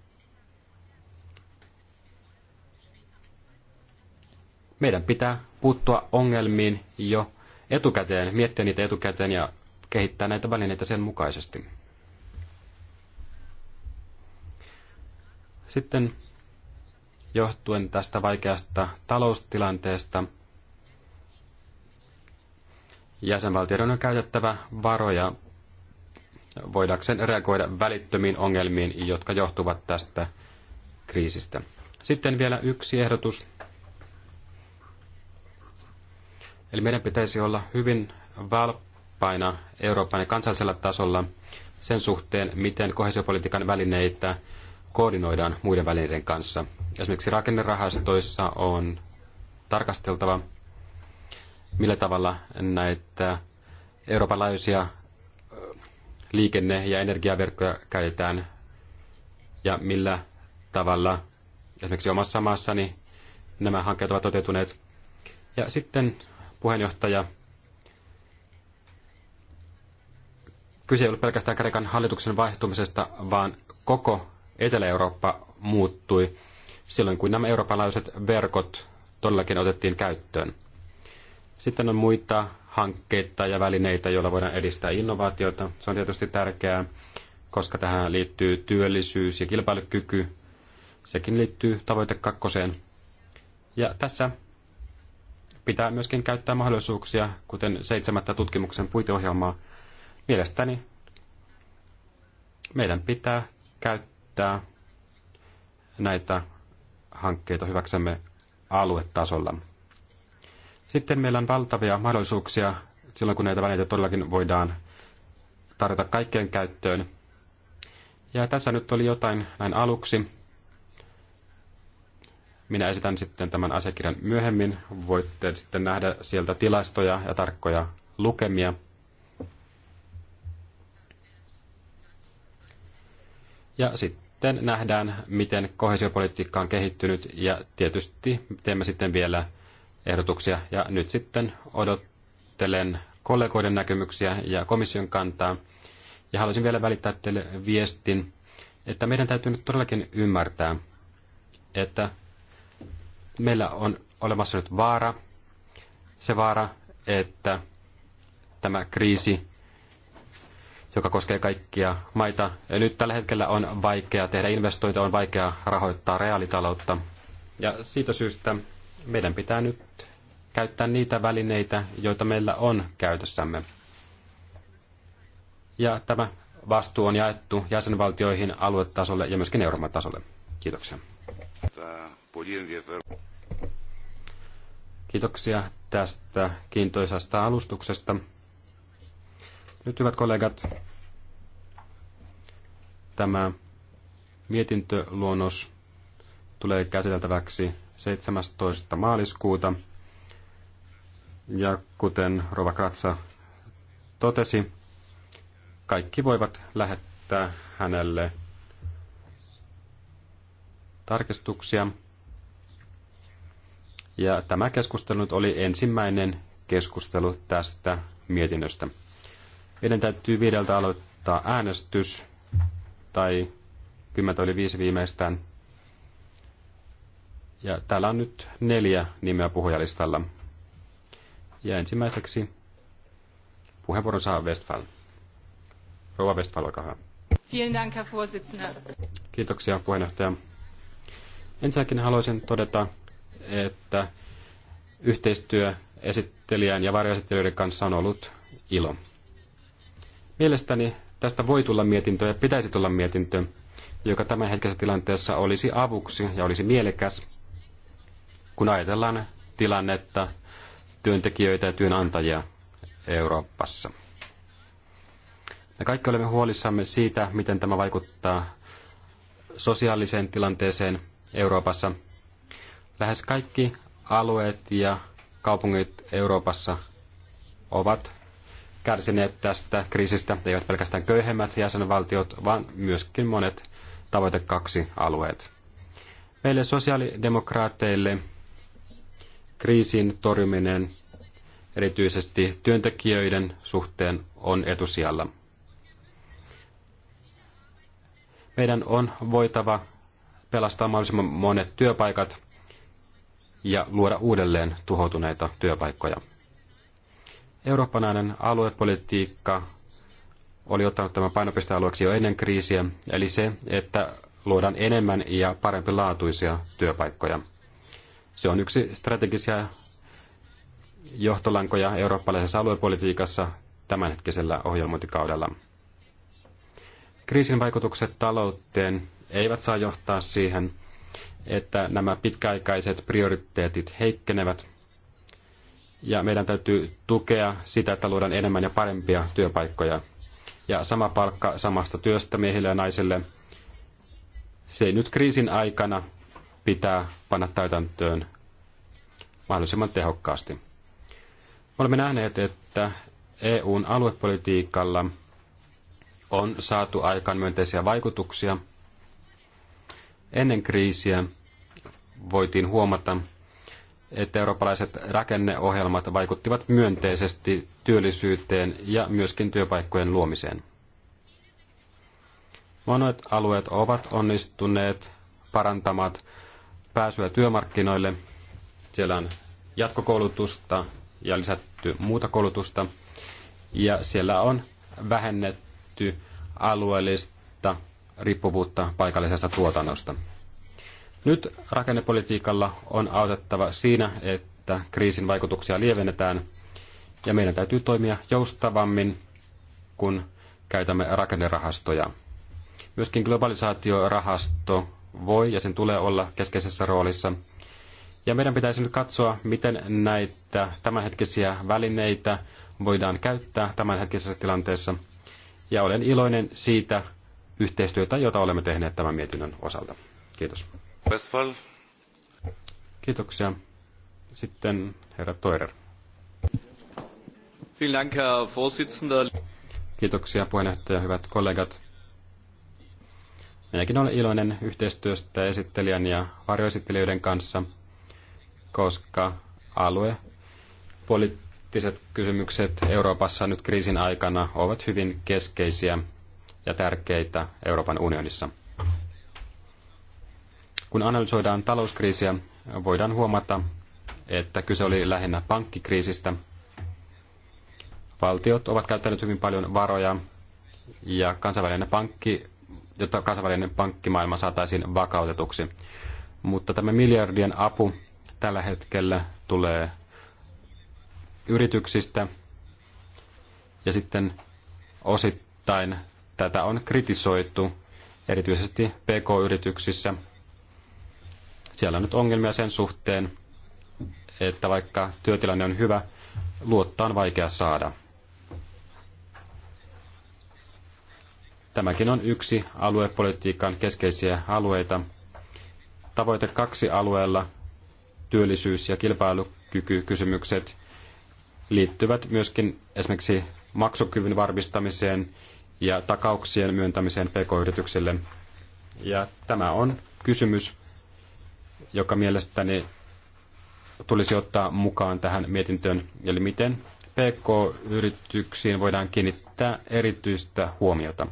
meidän pitää puuttua ongelmiin jo etukäteen, miettiä niitä etukäteen ja kehittää näitä välineitä sen mukaisesti. Sitten johtuen tästä vaikeasta taloustilanteesta jäsenvaltioiden on käytettävä varoja voidakseen reagoida välittömiin ongelmiin, jotka johtuvat tästä kriisistä. Sitten vielä yksi ehdotus. Eli meidän pitäisi olla hyvin valppaina Euroopan ja kansallisella tasolla sen suhteen, miten kohesiopolitiikan välineitä koordinoidaan muiden välineiden kanssa. Esimerkiksi rakennerahastoissa on tarkasteltava, millä tavalla näitä Euroopan laajuisia liikenne- ja energiaverkkoja käytetään ja millä tavalla esimerkiksi omassa maassani nämä hankkeet ovat toteutuneet. Ja sitten puheenjohtaja. Kyse ei ollut pelkästään Kreikan hallituksen vaihtumisesta, vaan koko Etelä-Eurooppa muuttui silloin, kun nämä eurooppalaiset verkot todellakin otettiin käyttöön. Sitten on muita hankkeita ja välineitä, joilla voidaan edistää innovaatiota. Se on tietysti tärkeää, koska tähän liittyy työllisyys ja kilpailukyky. Sekin liittyy tavoite kakkoseen. Ja tässä pitää myöskin käyttää mahdollisuuksia, kuten seitsemättä tutkimuksen puiteohjelmaa. Mielestäni meidän pitää käyttää näitä hankkeita hyväksemme aluetasolla. Sitten meillä on valtavia mahdollisuuksia silloin, kun näitä välineitä todellakin voidaan tarjota kaikkeen käyttöön. Ja tässä nyt oli jotain näin aluksi. Minä esitän sitten tämän asiakirjan myöhemmin. Voitte sitten nähdä sieltä tilastoja ja tarkkoja lukemia. Ja sitten nähdään, miten kohesiopolitiikka on kehittynyt ja tietysti teemme sitten vielä ehdotuksia. Ja nyt sitten odottelen kollegoiden näkemyksiä ja komission kantaa. Ja haluaisin vielä välittää teille viestin, että meidän täytyy nyt todellakin ymmärtää, että meillä on olemassa nyt vaara, se vaara, että tämä kriisi, joka koskee kaikkia maita, ja nyt tällä hetkellä on vaikea tehdä investointeja, on vaikea rahoittaa reaalitaloutta. Ja siitä syystä meidän pitää nyt käyttää niitä välineitä, joita meillä on käytössämme. Ja tämä vastuu on jaettu jäsenvaltioihin, aluetasolle ja myöskin Euroopan tasolle. Kiitoksia. Kiitoksia tästä kiintoisasta alustuksesta. Nyt hyvät kollegat, tämä mietintöluonnos tulee käsiteltäväksi 17. maaliskuuta. Ja kuten Rova Kratsa totesi, kaikki voivat lähettää hänelle tarkistuksia. Ja tämä keskustelu nyt oli ensimmäinen keskustelu tästä mietinnöstä. Meidän täytyy viideltä aloittaa äänestys tai kymmentä oli viisi viimeistään. Ja täällä on nyt neljä nimeä puhujalistalla. Ja ensimmäiseksi puheenvuoron saa Westfall. Rouva Westfall, olkaa hyvä. Vielen Dank, Herr Vorsitzender. Kiitoksia puheenjohtaja. Ensinnäkin haluaisin todeta, että yhteistyö esittelijän ja varjoesittelijöiden kanssa on ollut ilo. Mielestäni tästä voi tulla mietintö ja pitäisi tulla mietintö, joka tämänhetkisessä tilanteessa olisi avuksi ja olisi mielekäs, kun ajatellaan tilannetta työntekijöitä ja työnantajia Euroopassa. Me kaikki olemme huolissamme siitä, miten tämä vaikuttaa sosiaaliseen tilanteeseen Euroopassa. Lähes kaikki alueet ja kaupungit Euroopassa ovat kärsineet tästä kriisistä, eivät pelkästään köyhemmät jäsenvaltiot, vaan myöskin monet tavoite kaksi alueet. Meille sosiaalidemokraateille kriisin torjuminen erityisesti työntekijöiden suhteen on etusijalla. Meidän on voitava pelastaa mahdollisimman monet työpaikat ja luoda uudelleen tuhoutuneita työpaikkoja. Eurooppanainen aluepolitiikka oli ottanut tämän painopistealueeksi jo ennen kriisiä, eli se, että luodaan enemmän ja parempi laatuisia työpaikkoja. Se on yksi strategisia johtolankoja eurooppalaisessa aluepolitiikassa tämänhetkisellä ohjelmointikaudella. Kriisin vaikutukset talouteen eivät saa johtaa siihen, että nämä pitkäaikaiset prioriteetit heikkenevät. Ja meidän täytyy tukea sitä, että luodaan enemmän ja parempia työpaikkoja. Ja sama palkka samasta työstä miehille ja naisille. Se ei nyt kriisin aikana pitää panna täytäntöön mahdollisimman tehokkaasti. Olemme nähneet, että EUn aluepolitiikalla on saatu aikaan myönteisiä vaikutuksia – Ennen kriisiä voitiin huomata, että eurooppalaiset rakenneohjelmat vaikuttivat myönteisesti työllisyyteen ja myöskin työpaikkojen luomiseen. Monet alueet ovat onnistuneet parantamaan pääsyä työmarkkinoille. Siellä on jatkokoulutusta ja lisätty muuta koulutusta. Ja siellä on vähennetty alueellista riippuvuutta paikallisesta tuotannosta. Nyt rakennepolitiikalla on autettava siinä, että kriisin vaikutuksia lievennetään ja meidän täytyy toimia joustavammin, kun käytämme rakennerahastoja. Myöskin globalisaatiorahasto voi ja sen tulee olla keskeisessä roolissa. Ja meidän pitäisi nyt katsoa, miten näitä tämänhetkisiä välineitä voidaan käyttää tämänhetkisessä tilanteessa. Ja olen iloinen siitä, yhteistyötä, jota olemme tehneet tämän mietinnön osalta. Kiitos. Westfall. Kiitoksia. Sitten herra Toirer. Kiitoksia puheenjohtaja, hyvät kollegat. Minäkin olen iloinen yhteistyöstä esittelijän ja varjoesittelijöiden kanssa, koska alue, poliittiset kysymykset Euroopassa nyt kriisin aikana ovat hyvin keskeisiä ja tärkeitä Euroopan unionissa. Kun analysoidaan talouskriisiä, voidaan huomata, että kyse oli lähinnä pankkikriisistä. Valtiot ovat käyttäneet hyvin paljon varoja ja kansainvälinen pankki, jotta kansainvälinen pankkimaailma saataisiin vakautetuksi. Mutta tämä miljardien apu tällä hetkellä tulee yrityksistä ja sitten osittain Tätä on kritisoitu erityisesti PK-yrityksissä. Siellä on nyt ongelmia sen suhteen, että vaikka työtilanne on hyvä, luottaa on vaikea saada. Tämäkin on yksi aluepolitiikan keskeisiä alueita. Tavoite kaksi alueella, työllisyys- ja kilpailukykykysymykset, liittyvät myöskin esimerkiksi maksukyvyn varmistamiseen ja takauksien myöntämiseen pk-yrityksille. Ja tämä on kysymys, joka mielestäni tulisi ottaa mukaan tähän mietintöön, eli miten PK-yrityksiin voidaan kiinnittää erityistä huomiota.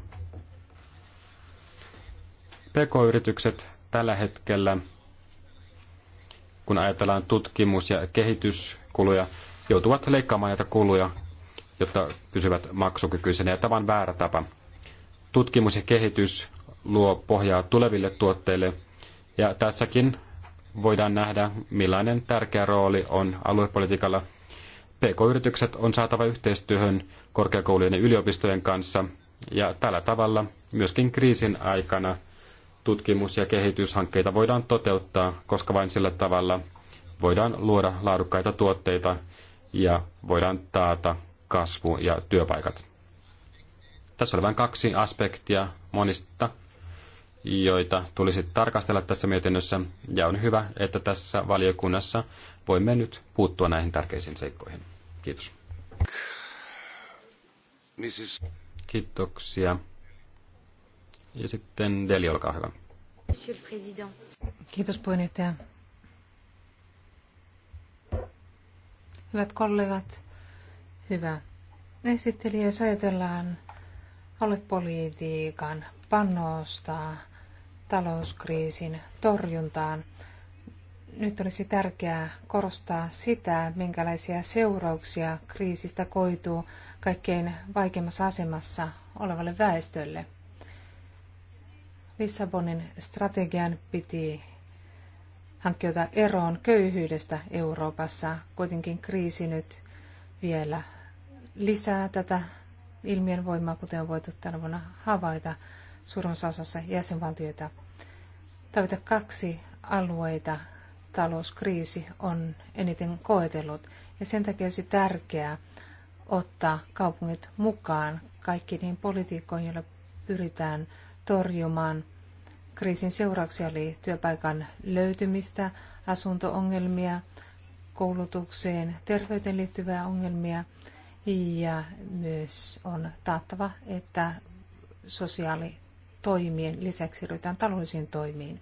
PK-yritykset tällä hetkellä, kun ajatellaan tutkimus- ja kehityskuluja, joutuvat leikkaamaan näitä kuluja, jotta pysyvät maksukykyisenä. Ja tämä on väärä tapa. Tutkimus ja kehitys luo pohjaa tuleville tuotteille, ja tässäkin voidaan nähdä, millainen tärkeä rooli on aluepolitiikalla. PK-yritykset on saatava yhteistyöhön korkeakoulujen ja yliopistojen kanssa, ja tällä tavalla myöskin kriisin aikana tutkimus- ja kehityshankkeita voidaan toteuttaa, koska vain sillä tavalla voidaan luoda laadukkaita tuotteita ja voidaan taata kasvu ja työpaikat. Tässä oli vain kaksi aspektia monista, joita tulisi tarkastella tässä mietinnössä, ja on hyvä, että tässä valiokunnassa voimme nyt puuttua näihin tärkeisiin seikkoihin. Kiitos. Kiitoksia. Ja sitten Deli, olkaa hyvä. Kiitos puheenjohtaja. Hyvät kollegat, Hyvä esitteli, jos ajatellaan aluepolitiikan panosta talouskriisin torjuntaan, nyt olisi tärkeää korostaa sitä, minkälaisia seurauksia kriisistä koituu kaikkein vaikeimmassa asemassa olevalle väestölle. Lissabonin strategian piti hankkia eroon köyhyydestä Euroopassa. Kuitenkin kriisi nyt vielä lisää tätä ilmiön voimaa, kuten on voitu tänä vuonna havaita suurimmassa osassa jäsenvaltioita. Tavoite kaksi alueita talouskriisi on eniten koetellut ja sen takia olisi tärkeää ottaa kaupungit mukaan kaikki niihin politiikkoihin, joilla pyritään torjumaan kriisin seurauksia oli työpaikan löytymistä, asuntoongelmia, koulutukseen, terveyteen liittyviä ongelmia ja myös on taattava, että sosiaalitoimien lisäksi ryhdytään taloudellisiin toimiin.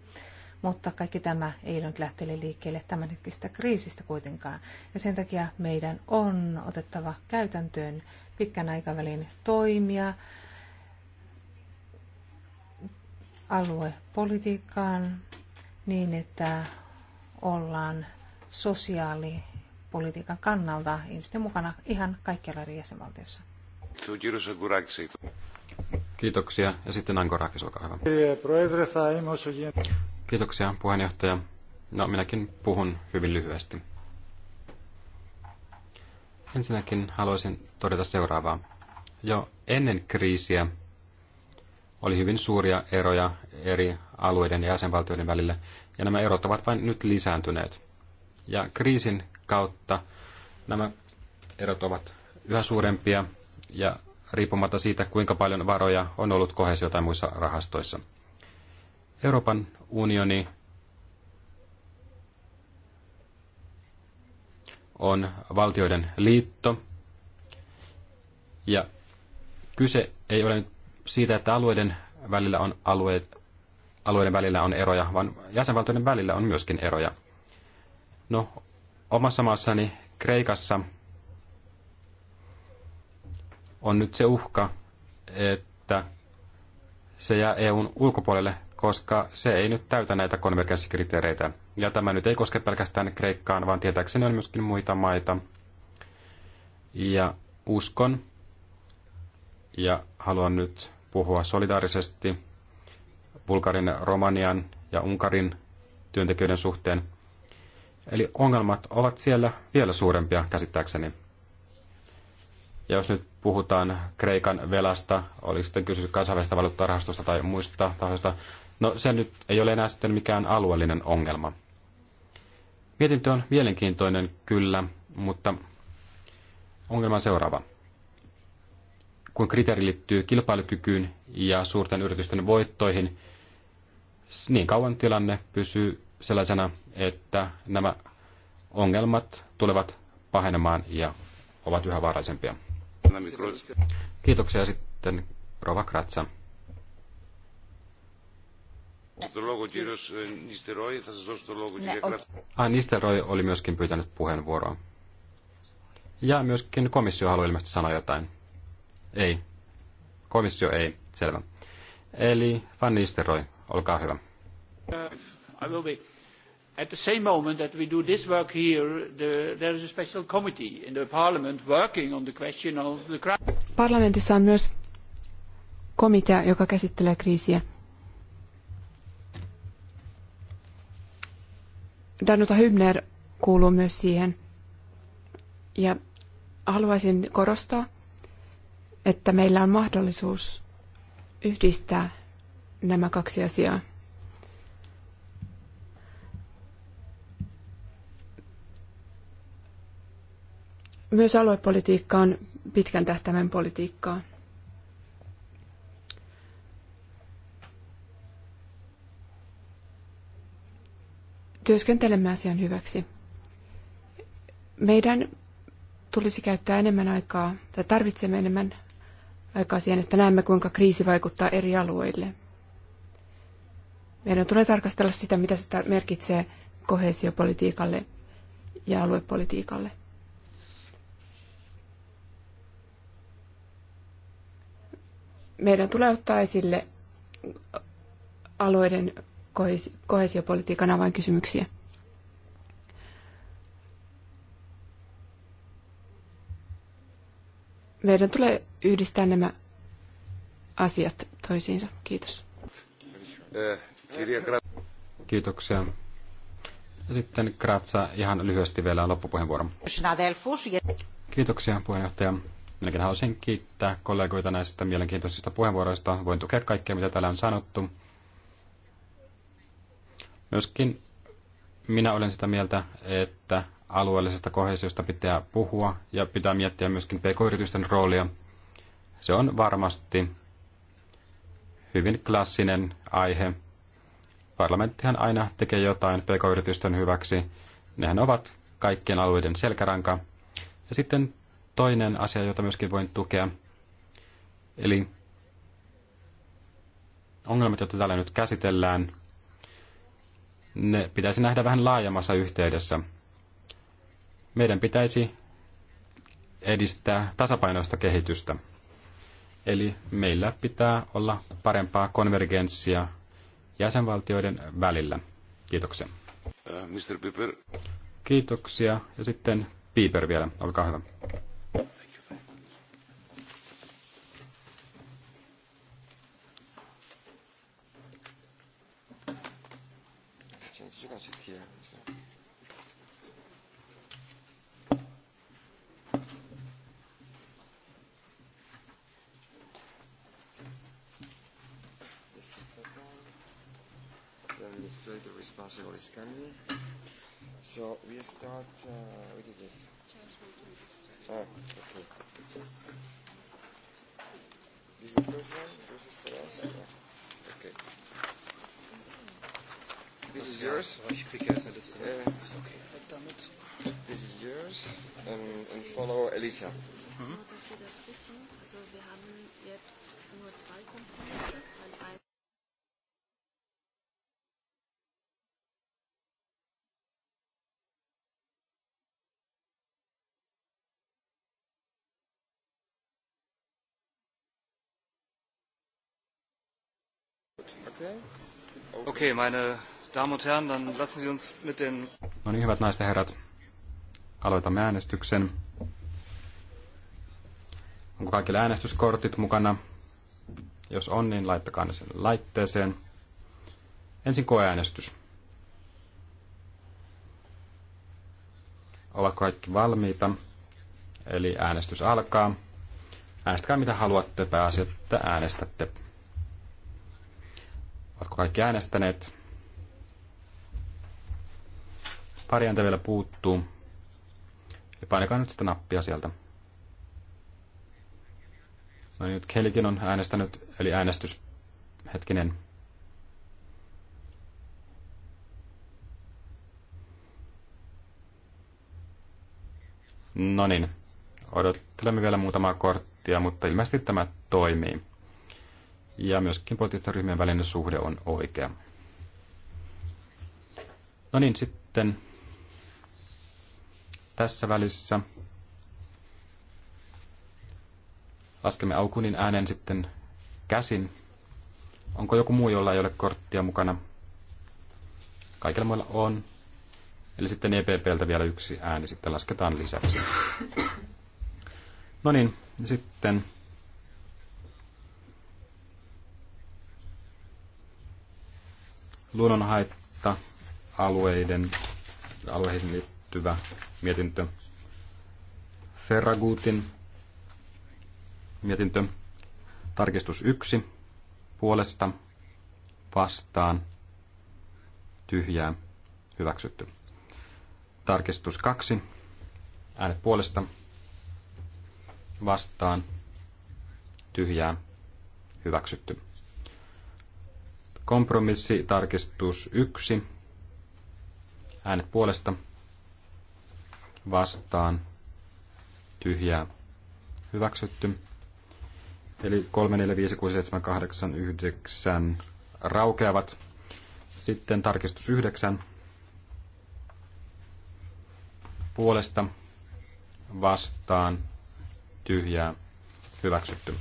Mutta kaikki tämä ei nyt lähtele liikkeelle hetkistä kriisistä kuitenkaan. Ja sen takia meidän on otettava käytäntöön pitkän aikavälin toimia aluepolitiikkaan niin, että ollaan sosiaali politiikan kannalta ihmisten mukana ihan kaikkialla eri jäsenvaltiossa. Kiitoksia. Ja sitten Ankorakis, olkaa hyvä. Kiitoksia, puheenjohtaja. No, minäkin puhun hyvin lyhyesti. Ensinnäkin haluaisin todeta seuraavaa. Jo ennen kriisiä oli hyvin suuria eroja eri alueiden ja jäsenvaltioiden välillä, ja nämä erot ovat vain nyt lisääntyneet. Ja kriisin kautta nämä erot ovat yhä suurempia ja riippumatta siitä, kuinka paljon varoja on ollut kohesio- tai muissa rahastoissa. Euroopan unioni on valtioiden liitto. Ja kyse ei ole siitä, että alueiden välillä on alueet, alueiden välillä on eroja, vaan jäsenvaltioiden välillä on myöskin eroja. No, Omassa maassani Kreikassa on nyt se uhka, että se jää EUn ulkopuolelle, koska se ei nyt täytä näitä konvergenssikriteereitä. Ja tämä nyt ei koske pelkästään Kreikkaan, vaan tietääkseni on myöskin muita maita. Ja uskon, ja haluan nyt puhua solidaarisesti Bulgarin, Romanian ja Unkarin työntekijöiden suhteen. Eli ongelmat ovat siellä vielä suurempia käsittääkseni. Ja jos nyt puhutaan Kreikan velasta, oli sitten kysymys kansainvälistä valuuttarahastosta tai muista tahoista, no se nyt ei ole enää sitten mikään alueellinen ongelma. Mietintö on mielenkiintoinen kyllä, mutta ongelma on seuraava. Kun kriteeri liittyy kilpailukykyyn ja suurten yritysten voittoihin, niin kauan tilanne pysyy sellaisena, että nämä ongelmat tulevat pahenemaan ja ovat yhä vaarallisempia. Kiitoksia sitten Rova Kratsa. Ah, Nisteroi oli myöskin pyytänyt puheenvuoroa. Ja myöskin komissio haluaa ilmeisesti sanoa jotain. Ei. Komissio ei. Selvä. Eli Van Nisteroi, olkaa hyvä. Uh, I will be at the same moment that we do this work here, the, there is a special committee in the parliament working on the question of the crisis. Parlamentissa on myös komitea, joka käsittelee kriisiä. Danuta Hübner kuuluu myös siihen. Ja haluaisin korostaa, että meillä on mahdollisuus yhdistää nämä kaksi asiaa. Myös aluepolitiikka on pitkän tähtäimen politiikkaa. Työskentelemme asian hyväksi. Meidän tulisi käyttää enemmän aikaa, tai tarvitsemme enemmän aikaa siihen, että näemme, kuinka kriisi vaikuttaa eri alueille. Meidän tulee tarkastella sitä, mitä se merkitsee kohesiopolitiikalle ja aluepolitiikalle. meidän tulee ottaa esille alueiden kohesiopolitiikan avainkysymyksiä. Meidän tulee yhdistää nämä asiat toisiinsa. Kiitos. Kiitoksia. Sitten Kratsa ihan lyhyesti vielä loppupuheenvuoron. Kiitoksia puheenjohtaja. Minäkin haluaisin kiittää kollegoita näistä mielenkiintoisista puheenvuoroista. Voin tukea kaikkea, mitä täällä on sanottu. Myöskin minä olen sitä mieltä, että alueellisesta kohesiosta pitää puhua ja pitää miettiä myöskin pk-yritysten roolia. Se on varmasti hyvin klassinen aihe. Parlamenttihan aina tekee jotain pk-yritysten hyväksi. Nehän ovat kaikkien alueiden selkäranka. Ja sitten toinen asia, jota myöskin voin tukea. Eli ongelmat, joita täällä nyt käsitellään, ne pitäisi nähdä vähän laajemmassa yhteydessä. Meidän pitäisi edistää tasapainoista kehitystä. Eli meillä pitää olla parempaa konvergenssia jäsenvaltioiden välillä. Kiitoksia. Äh, Mr. Piper. Kiitoksia. Ja sitten Piper vielä. Olkaa hyvä. possible is coming. So we start, uh, what is this? Ah, okay. This is the first one? This is the last? Yeah. Okay. This is yours? Ich klicke erst eine Liste. Yeah. Ist okay. damit. This is yours. And, and follow Elisa. Mm -hmm. dass Sie das wissen, also wir haben jetzt nur zwei Okay, meine Damen und Herren, dann lassen Sie uns mit den... No niin, hyvät naiset herrat. Aloitamme äänestyksen. Onko kaikilla äänestyskortit mukana? Jos on, niin laittakaa ne sen laitteeseen. Ensin koeäänestys. Ovatko kaikki valmiita? Eli äänestys alkaa. Äänestäkää mitä haluatte, pääasiassa äänestätte. Oletko kaikki äänestäneet? Pari ääntä vielä puuttuu. Ja painakaa nyt sitä nappia sieltä. No niin, nyt Kelikin on äänestänyt, eli äänestys hetkinen. No niin, odottelemme vielä muutamaa korttia, mutta ilmeisesti tämä toimii ja myöskin poliittisten ryhmien välinen suhde on oikea. No niin, sitten tässä välissä laskemme Aukunin äänen sitten käsin. Onko joku muu, jolla ei ole korttia mukana? Kaikilla muilla on. Eli sitten EPPltä vielä yksi ääni sitten lasketaan lisäksi. No niin, sitten luonnonhaitta alueiden alueisiin liittyvä mietintö. Ferragutin mietintö. Tarkistus 1. Puolesta vastaan tyhjää hyväksytty. Tarkistus 2. Äänet puolesta vastaan tyhjää hyväksytty. Kompromissi tarkistus 1. Äänet puolesta vastaan tyhjää hyväksytty. Eli 3, 4, 5, 6, 7, 8, 9 raukeavat. Sitten tarkistus 9 puolesta vastaan tyhjää hyväksytty.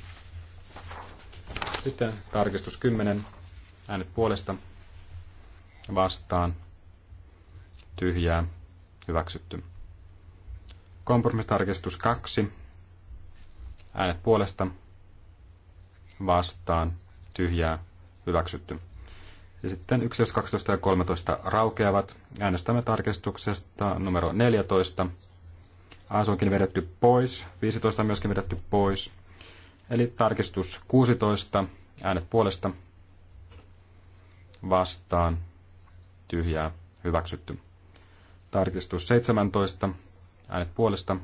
Sitten tarkistus 10 Äänet puolesta vastaan tyhjää hyväksytty. Kompromissitarkistus 2. Äänet puolesta vastaan tyhjää hyväksytty. Ja sitten 11, 12 ja 13 raukeavat. Äänestämme tarkistuksesta numero 14. Aasu onkin vedetty pois, 15 on myöskin vedetty pois. Eli tarkistus 16, äänet puolesta vastaan, tyhjää, hyväksytty. Tarkistus 17, äänet puolesta.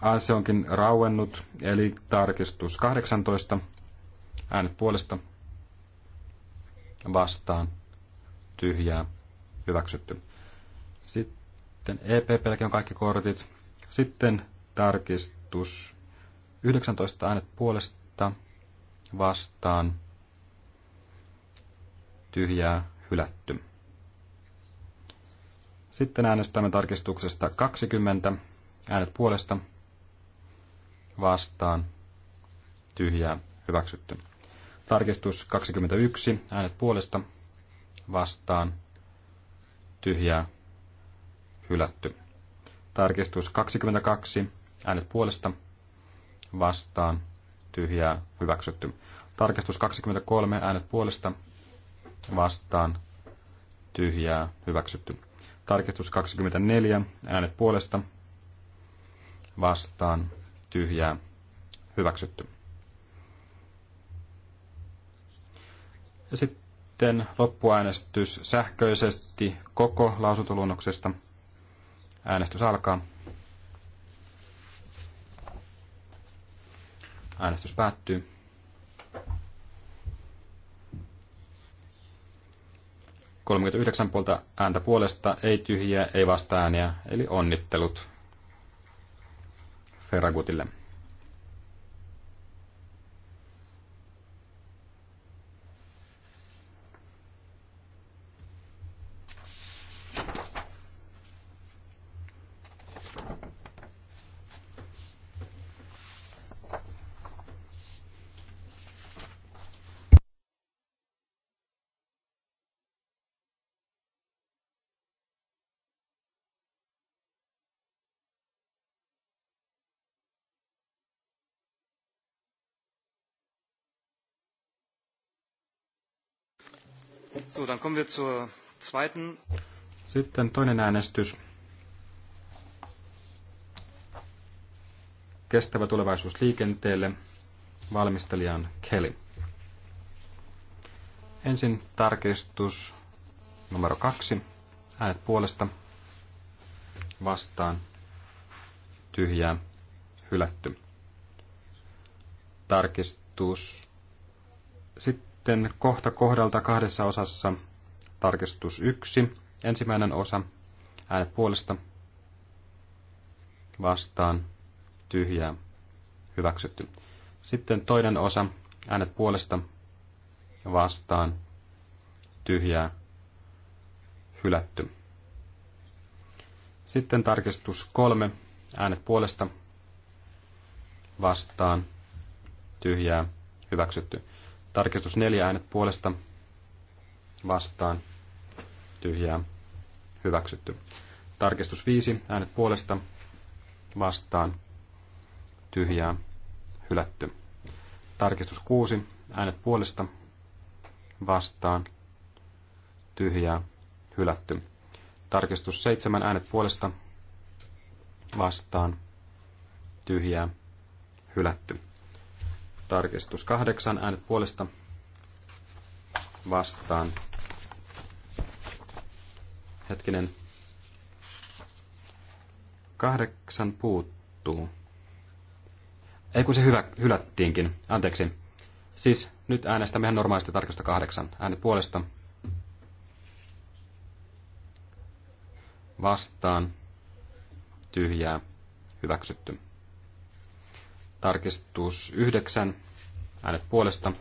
A, ah, se onkin rauennut, eli tarkistus 18, äänet puolesta, vastaan, tyhjää, hyväksytty. Sitten EPPlläkin on kaikki kortit. Sitten tarkistus 19 äänet puolesta, vastaan, tyhjää, hylätty. Sitten äänestämme tarkistuksesta 20. Äänet puolesta, vastaan, tyhjää, hyväksytty. Tarkistus 21. Äänet puolesta, vastaan, tyhjää, hylätty. Tarkistus 22. Äänet puolesta, vastaan, tyhjää, hyväksytty. Tarkistus 23. Äänet puolesta, vastaan, tyhjää, hyväksytty. Tarkistus 24, äänet puolesta, vastaan, tyhjää, hyväksytty. Ja sitten loppuäänestys sähköisesti koko lausuntoluonnoksesta. Äänestys alkaa. Äänestys päättyy. 39 puolta ääntä puolesta, ei tyhjiä, ei ääniä, eli onnittelut Ferragutille. So, dann kommen wir zur zweiten. Sitten toinen äänestys. Kestävä tulevaisuus liikenteelle. Valmistelijan Kelly. Ensin tarkistus numero kaksi. Äänet puolesta. Vastaan. Tyhjää. Hylätty. Tarkistus. Sitten sitten kohta kohdalta kahdessa osassa tarkistus yksi. Ensimmäinen osa, äänet puolesta, vastaan, tyhjää, hyväksytty. Sitten toinen osa, äänet puolesta, vastaan, tyhjää, hylätty. Sitten tarkistus kolme, äänet puolesta, vastaan, tyhjää, hyväksytty. Tarkistus neljä äänet puolesta vastaan tyhjää hyväksytty. Tarkistus viisi äänet puolesta vastaan tyhjää hylätty. Tarkistus kuusi äänet puolesta vastaan tyhjää hylätty. Tarkistus seitsemän äänet puolesta vastaan tyhjää hylätty. Tarkistus kahdeksan äänet puolesta vastaan. Hetkinen. Kahdeksan puuttuu. Ei kun se hyvä, hylättiinkin. Anteeksi. Siis nyt äänestämme ihan normaalisti tarkistusta kahdeksan. Äänet puolesta. Vastaan. Tyhjää. Hyväksytty. Tarkistus 9. Äänet puolesta.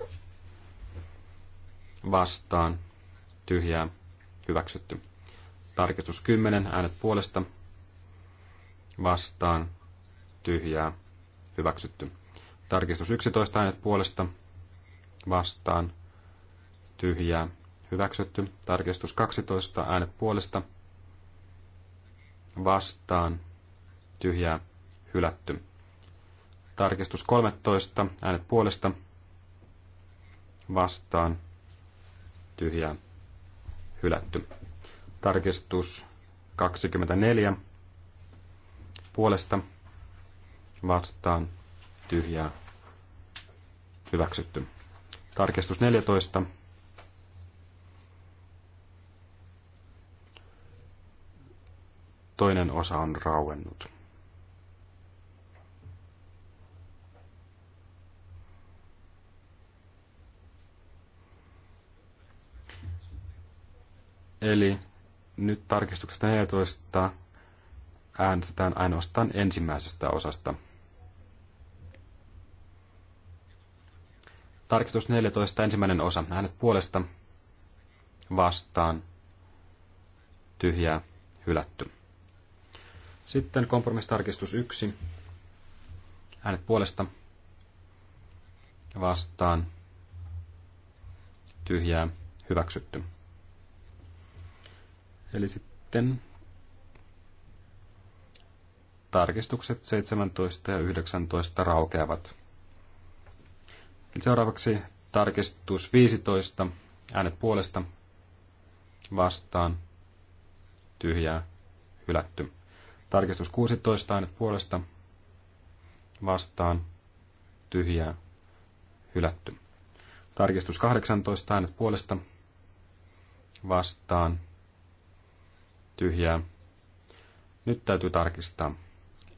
Vastaan. Tyhjää. Hyväksytty. Tarkistus 10. Äänet puolesta. Vastaan. Tyhjää. Hyväksytty. Tarkistus 11. Äänet puolesta. Vastaan. Tyhjää. Hyväksytty. Tarkistus 12. Äänet puolesta. Vastaan. Tyhjää. Hylätty Tarkistus 13, äänet puolesta, vastaan, tyhjää, hylätty. Tarkistus 24, puolesta, vastaan, tyhjää, hyväksytty. Tarkistus 14, toinen osa on rauennut. Eli nyt tarkistuksesta 14 äänestetään ainoastaan ensimmäisestä osasta. Tarkistus 14, ensimmäinen osa. Äänet puolesta, vastaan, tyhjää, hylätty. Sitten kompromistarkistus 1. Äänet puolesta, vastaan, tyhjää, hyväksytty. Eli sitten tarkistukset 17 ja 19 raukeavat. Seuraavaksi tarkistus 15, äänet puolesta, vastaan, tyhjää, hylätty. Tarkistus 16, äänet puolesta, vastaan, tyhjää, hylätty. Tarkistus 18, äänet puolesta, vastaan, tyhjää. Nyt täytyy tarkistaa.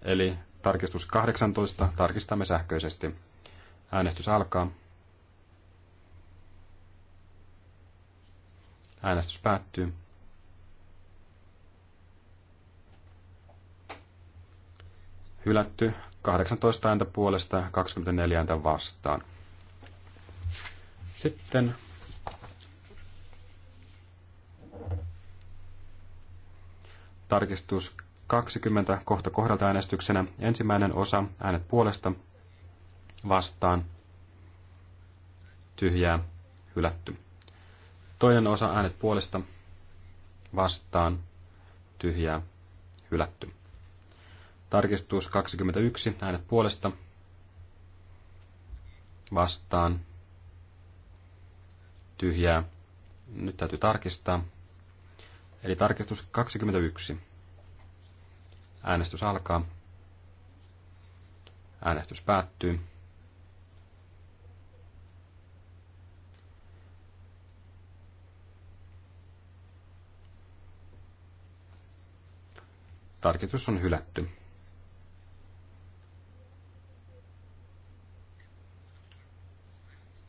Eli tarkistus 18 tarkistamme sähköisesti. Äänestys alkaa. Äänestys päättyy. Hylätty 18 ääntä puolesta 24 ääntä vastaan. Sitten Tarkistus 20 kohta kohdalta äänestyksenä. Ensimmäinen osa, äänet puolesta, vastaan, tyhjää, hylätty. Toinen osa, äänet puolesta, vastaan, tyhjää, hylätty. Tarkistus 21, äänet puolesta, vastaan, tyhjää. Nyt täytyy tarkistaa. Eli tarkistus 21. Äänestys alkaa. Äänestys päättyy. Tarkistus on hylätty.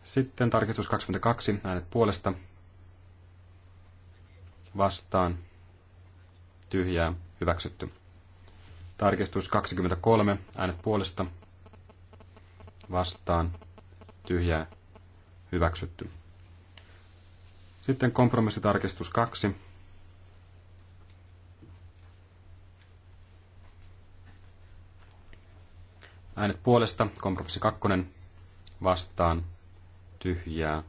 Sitten tarkistus 22, äänet puolesta, vastaan tyhjää hyväksytty. Tarkistus 23, äänet puolesta vastaan tyhjää hyväksytty. Sitten kompromissitarkistus 2. Äänet puolesta, kompromissi 2, vastaan, tyhjää,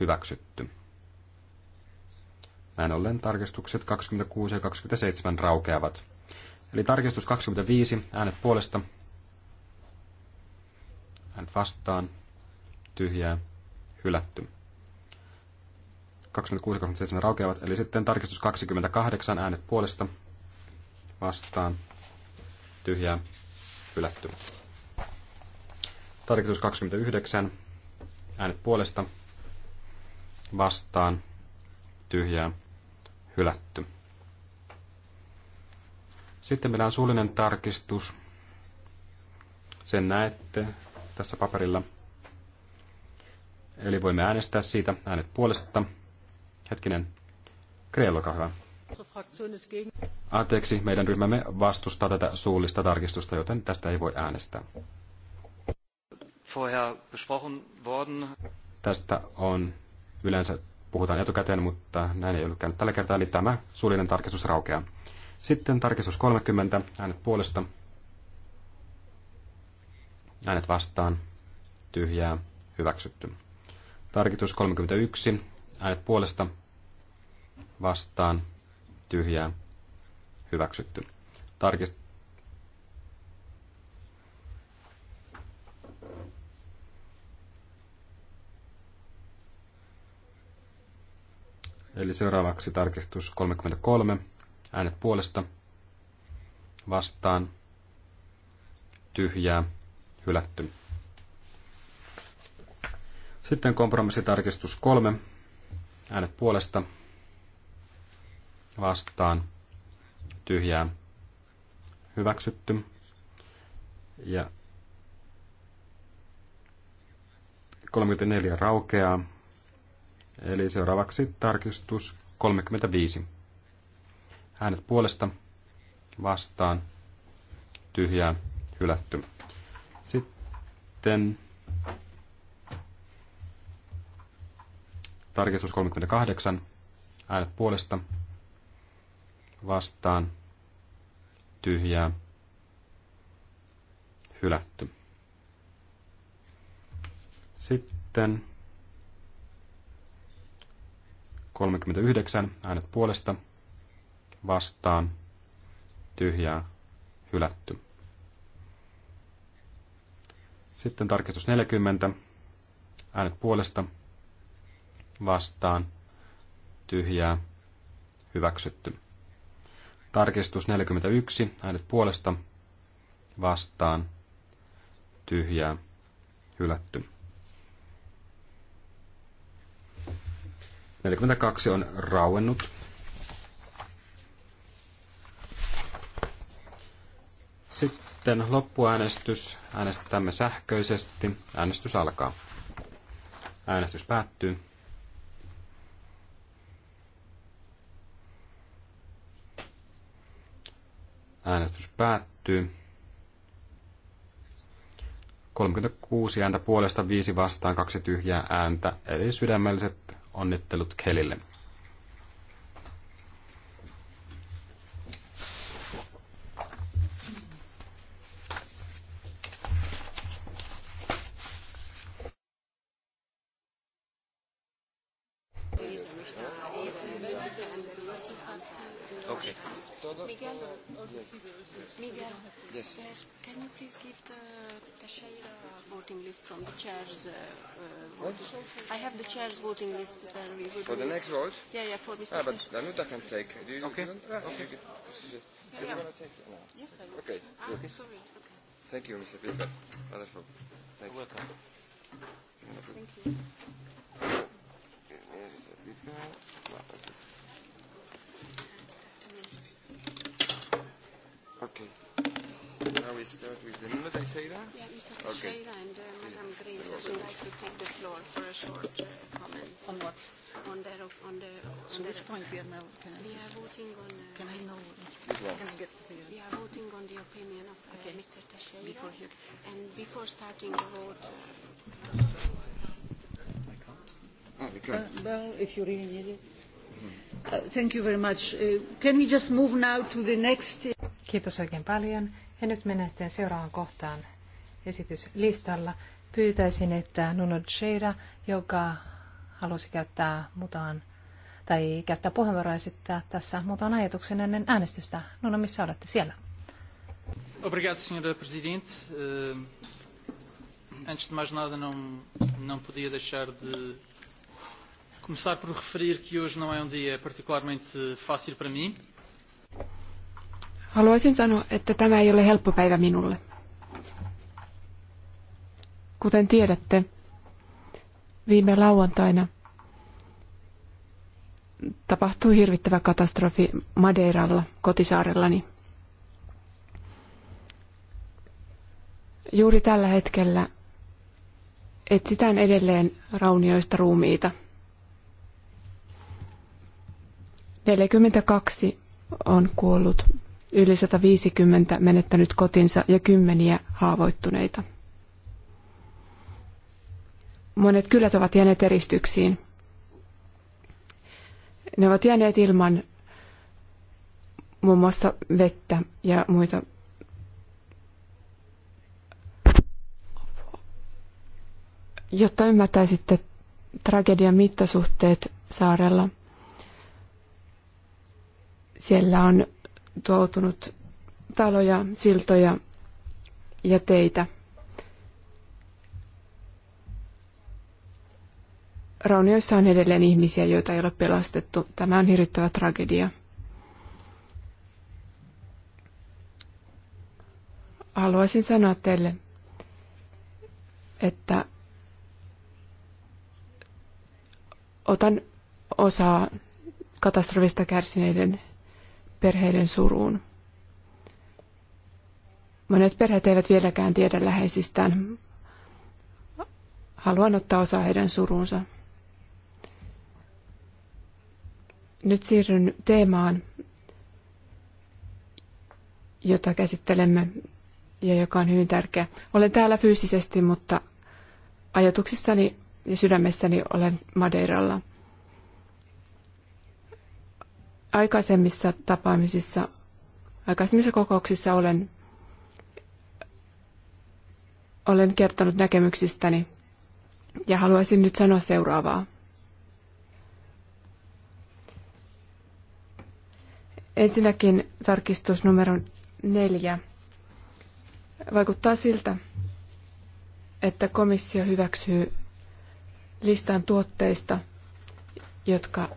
hyväksytty. Näin ollen tarkistukset 26 ja 27 raukeavat. Eli tarkistus 25, äänet puolesta, äänet vastaan, tyhjää, hylätty. 26 ja 27 raukeavat, eli sitten tarkistus 28, äänet puolesta, vastaan, tyhjää, hylätty. Tarkistus 29, äänet puolesta, vastaan, tyhjää hylätty. Sitten meillä on suullinen tarkistus. Sen näette tässä paperilla. Eli voimme äänestää siitä äänet puolesta. Hetkinen. Kreel, olkaa hyvä. Anteeksi, meidän ryhmämme vastustaa tätä suullista tarkistusta, joten tästä ei voi äänestää. Tästä on yleensä puhutaan etukäteen, mutta näin ei ollut käynyt tällä kertaa, eli tämä suullinen tarkistus raukeaa. Sitten tarkistus 30, äänet puolesta, äänet vastaan, tyhjää, hyväksytty. Tarkistus 31, äänet puolesta, vastaan, tyhjää, hyväksytty. Tarkistus Eli seuraavaksi tarkistus 33. Äänet puolesta. Vastaan. Tyhjää. Hylätty. Sitten kompromissitarkistus 3. Äänet puolesta. Vastaan. Tyhjää. Hyväksytty. Ja 34 raukeaa. Eli seuraavaksi tarkistus 35. Äänet puolesta vastaan tyhjää hylätty. Sitten tarkistus 38. Äänet puolesta vastaan tyhjää hylätty. Sitten 39, äänet puolesta, vastaan, tyhjää, hylätty. Sitten tarkistus 40, äänet puolesta, vastaan, tyhjää, hyväksytty. Tarkistus 41, äänet puolesta, vastaan, tyhjää, hylätty. 42 on rauennut. Sitten loppuäänestys. Äänestämme sähköisesti. Äänestys alkaa. Äänestys päättyy. Äänestys päättyy. 36 ääntä puolesta, 5 vastaan, 2 tyhjää ääntä, eli sydämelliset Onnittelut Kelille. like for Mr. Ah, but Danuta can take. Do you, okay. Don't, ah, okay. You, you yeah. want to take it? No. Yes, I will. Okay. Ah, Good. sorry. Okay. Thank you, Mr. Pilker. Wonderful. Thank You're welcome. Thank you. we start with the Nuno Teixeira? Yeah, Mr. Teixeira okay. and uh, Madam Grace I would like to take the floor for a short uh, comment. On what? On the... On the on so the, which point we are now? Can I we are voting on... Uh, can I know? Can I get the, uh, we are voting on the opinion of uh, okay. Mr. Teixeira. Before he... And before starting the vote... Uh, I can't. Ah, we can. Uh, well, if you really need it. Uh, thank you very much. Uh, can we just move now to the next... Kiitos oikein paljon. Ja nyt mennään sitten seuraavaan kohtaan esityslistalla. Pyytäisin, että Nuno Cheira, joka halusi käyttää mutaan tai käyttää puheenvuoroa esittää tässä muutaman ajatuksen ennen äänestystä. Nuno, missä olette siellä? Obrigado, senhora presidente. Uh, antes de mais nada, não, não podia deixar de começar por referir que hoje não é um dia particularmente fácil para mim. Haluaisin sanoa, että tämä ei ole helppo päivä minulle. Kuten tiedätte, viime lauantaina tapahtui hirvittävä katastrofi Madeiralla, kotisaarellani. Juuri tällä hetkellä etsitään edelleen raunioista ruumiita. 42 on kuollut yli 150 menettänyt kotinsa ja kymmeniä haavoittuneita. Monet kylät ovat jääneet eristyksiin. Ne ovat jääneet ilman muun muassa vettä ja muita jotta ymmärtäisitte tragedian mittasuhteet saarella. Siellä on tuoutunut taloja, siltoja ja teitä. Raunioissa on edelleen ihmisiä, joita ei ole pelastettu. Tämä on hirvittävä tragedia. Haluaisin sanoa teille, että otan osaa katastrofista kärsineiden perheiden suruun. Monet perheet eivät vieläkään tiedä läheisistään. Haluan ottaa osaa heidän suruunsa. Nyt siirryn teemaan, jota käsittelemme ja joka on hyvin tärkeä. Olen täällä fyysisesti, mutta ajatuksistani ja sydämestäni olen Madeiralla aikaisemmissa tapaamisissa, aikaisemmissa kokouksissa olen, olen kertonut näkemyksistäni ja haluaisin nyt sanoa seuraavaa. Ensinnäkin tarkistus numero neljä. Vaikuttaa siltä, että komissio hyväksyy listan tuotteista, jotka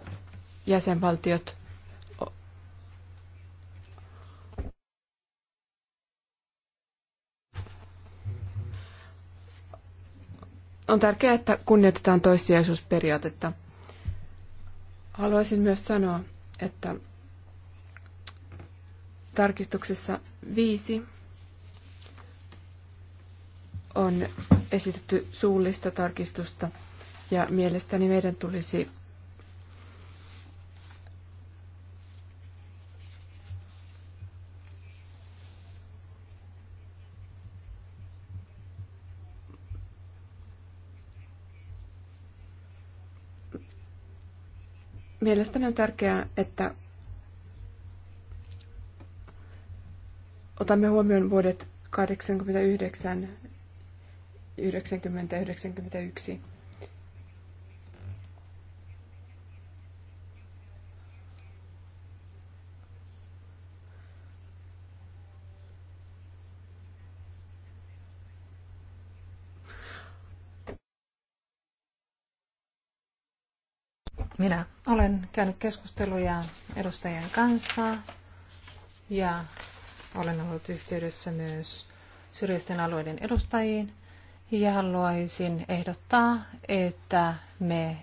jäsenvaltiot On tärkeää, että kunnioitetaan toissijaisuusperiaatetta. Haluaisin myös sanoa, että tarkistuksessa viisi on esitetty suullista tarkistusta ja mielestäni meidän tulisi Mielestäni on tärkeää, että otamme huomioon vuodet 89, 90 ja 91. Minä olen käynyt keskusteluja edustajien kanssa ja olen ollut yhteydessä myös syrjäisten alueiden edustajiin ja haluaisin ehdottaa, että me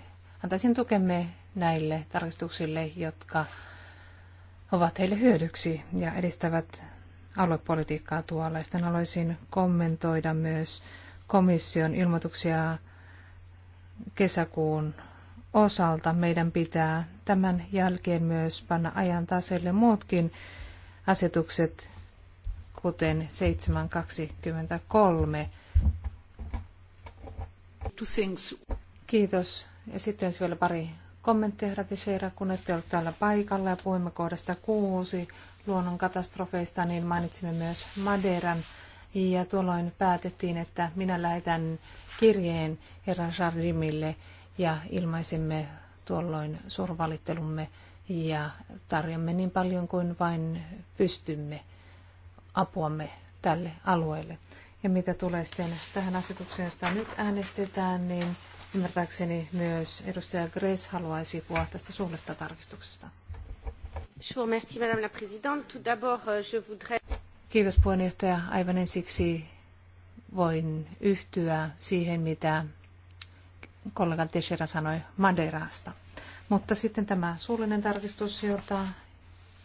antaisin tukemme näille tarkistuksille, jotka ovat heille hyödyksi ja edistävät aluepolitiikkaa tuolla. Sitten haluaisin kommentoida myös komission ilmoituksia kesäkuun osalta meidän pitää tämän jälkeen myös panna ajan taselle muutkin asetukset, kuten 723. Kiitos. Ja sitten vielä pari kommenttia, herra kun ette ole täällä paikalla ja puhuimme kohdasta kuusi luonnon katastrofeista, niin mainitsimme myös Maderan. Ja tuolloin päätettiin, että minä lähetän kirjeen herran Jardimille ja ilmaisimme tuolloin survalittelumme ja tarjomme niin paljon kuin vain pystymme apuamme tälle alueelle. Ja mitä tulee sitten tähän asetukseen, josta nyt äänestetään, niin ymmärtääkseni myös edustaja Gress haluaisi puhua tästä suullisesta tarkistuksesta. Euh, Kiitos puheenjohtaja. Aivan ensiksi voin yhtyä siihen, mitä kollega Teixeira sanoi Madeirasta. Mutta sitten tämä suullinen tarkistus, jota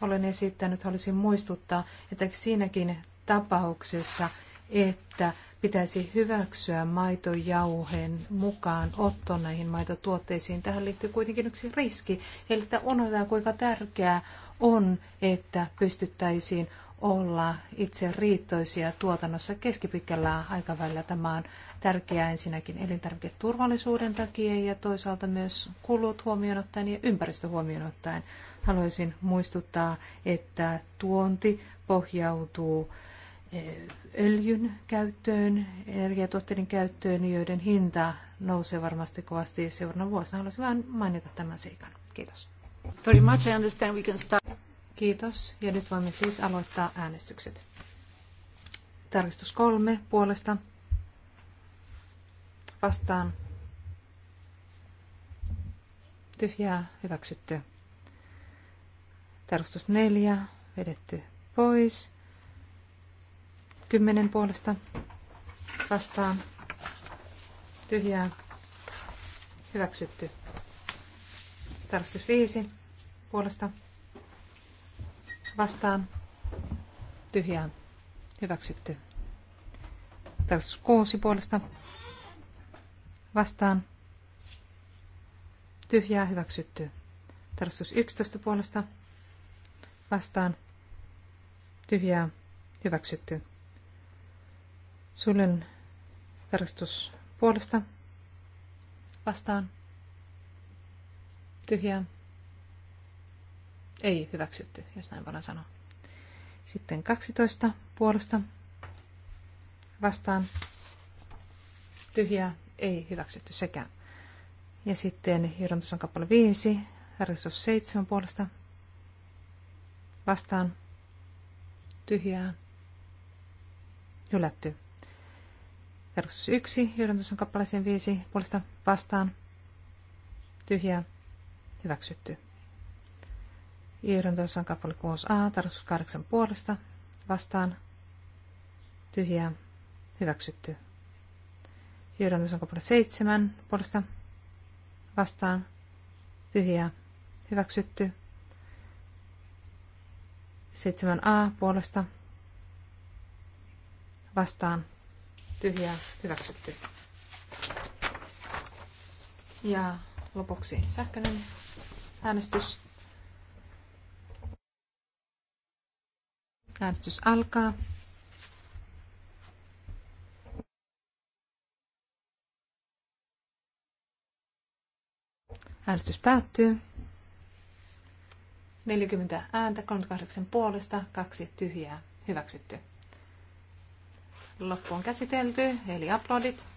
olen esittänyt, haluaisin muistuttaa, että siinäkin tapauksessa, että pitäisi hyväksyä maitojauheen mukaan otto näihin maitotuotteisiin. Tähän liittyy kuitenkin yksi riski, eli että unohdetaan kuinka tärkeää on, että pystyttäisiin olla itse riittoisia tuotannossa keskipitkällä aikavälillä. Tämä on tärkeää ensinnäkin elintarviketurvallisuuden takia ja toisaalta myös kulut huomioon ottaen ja ympäristö huomioon ottaen. Haluaisin muistuttaa, että tuonti pohjautuu eh, öljyn käyttöön, energiatuotteiden käyttöön, joiden hinta nousee varmasti kovasti seuraavana vuosina. Haluaisin vain mainita tämän seikan. Kiitos. Very much. I understand we can start. Kiitos. Ja nyt voimme siis aloittaa äänestykset. Tarkistus kolme puolesta. Vastaan. Tyhjää hyväksytty. Tarkistus neljä vedetty pois. Kymmenen puolesta vastaan. Tyhjää hyväksytty. Tarkistus viisi puolesta vastaan tyhjää hyväksytty. Tarkistus kuusi puolesta vastaan tyhjää hyväksytty. Tarkastus 11 puolesta vastaan tyhjää hyväksytty. Suljen Tarkastus puolesta vastaan tyhjää ei hyväksytty, jos näin voidaan sanoa. Sitten 12 puolesta vastaan tyhjää, ei hyväksytty sekään. Ja sitten johdantus on kappale 5, tarkistus 7 puolesta vastaan tyhjää, hylätty. Tarkistus 1, johdantus on kappaleeseen 5 puolesta vastaan tyhjää, hyväksytty tuossa on kappale 6a, tarkoitus 8 puolesta, vastaan, tyhjää, hyväksytty. tuossa on kappale 7 puolesta, vastaan, tyhjää, hyväksytty. 7a puolesta, vastaan, tyhjää, hyväksytty. Ja lopuksi sähköinen äänestys. Äänestys alkaa. Äänestys päättyy. 40 ääntä, 38 puolesta, kaksi tyhjää. Hyväksytty. Loppu on käsitelty, eli aplodit.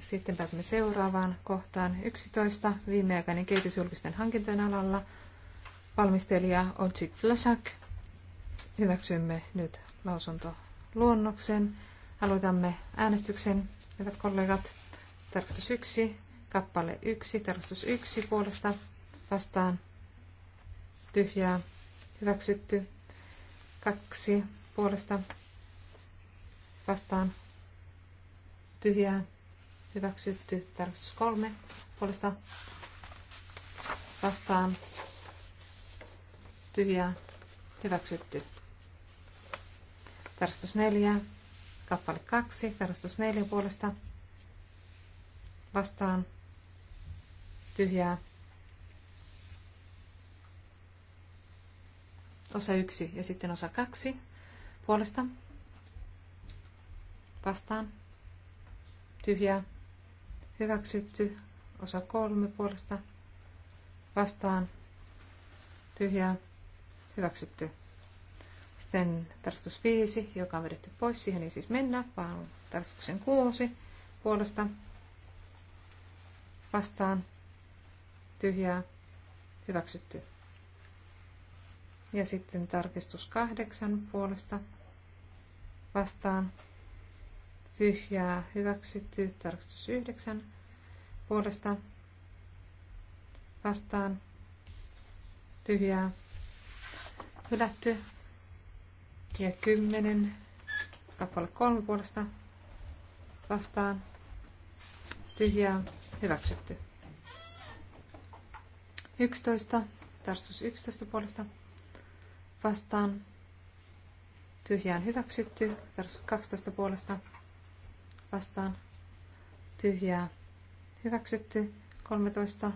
Sitten pääsemme seuraavaan kohtaan 11. Viimeaikainen kehitys julkisten hankintojen alalla. Valmistelija Otsi Vlasak. Hyväksymme nyt lausuntoluonnoksen. Aloitamme äänestyksen, hyvät kollegat. Tarkastus 1, kappale 1, tarkastus 1 puolesta vastaan tyhjää, hyväksytty. 2 puolesta vastaan tyhjää, Hyväksytty. Tarkistus kolme puolesta vastaan. Tyhjää. Hyväksytty. Tarkistus neljä. Kappale kaksi. Tarkistus neljä puolesta vastaan. Tyhjää. Osa yksi ja sitten osa kaksi puolesta vastaan. Tyhjää. Hyväksytty. Osa kolme puolesta vastaan. Tyhjää. Hyväksytty. Sitten tarkastus 5, joka on vedetty pois. Siihen ei siis mennä, vaan tarkastuksen 6 puolesta vastaan. Tyhjää. Hyväksytty. Ja sitten tarkistus kahdeksan puolesta vastaan tyhjää hyväksytty. tarkastus yhdeksän puolesta vastaan tyhjää hylätty. Ja kymmenen kappale kolme puolesta vastaan tyhjää hyväksytty. 11 tarkastus 11 puolesta vastaan tyhjään hyväksytty, tarkastus 12 puolesta vastaan tyhjää hyväksytty. 13.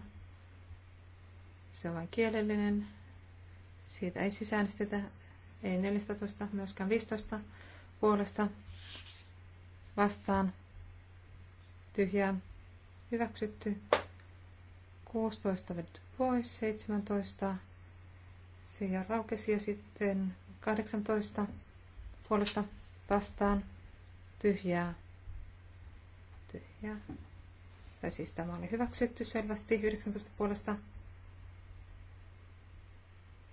Se on vain kielellinen. Siitä ei sisäänestetä. Ei 14, myöskään 15 puolesta vastaan tyhjää hyväksytty. 16 vedetty pois, 17 se ja raukesi ja sitten 18 puolesta vastaan tyhjää ja. Tai siis tämä oli hyväksytty selvästi 19 puolesta.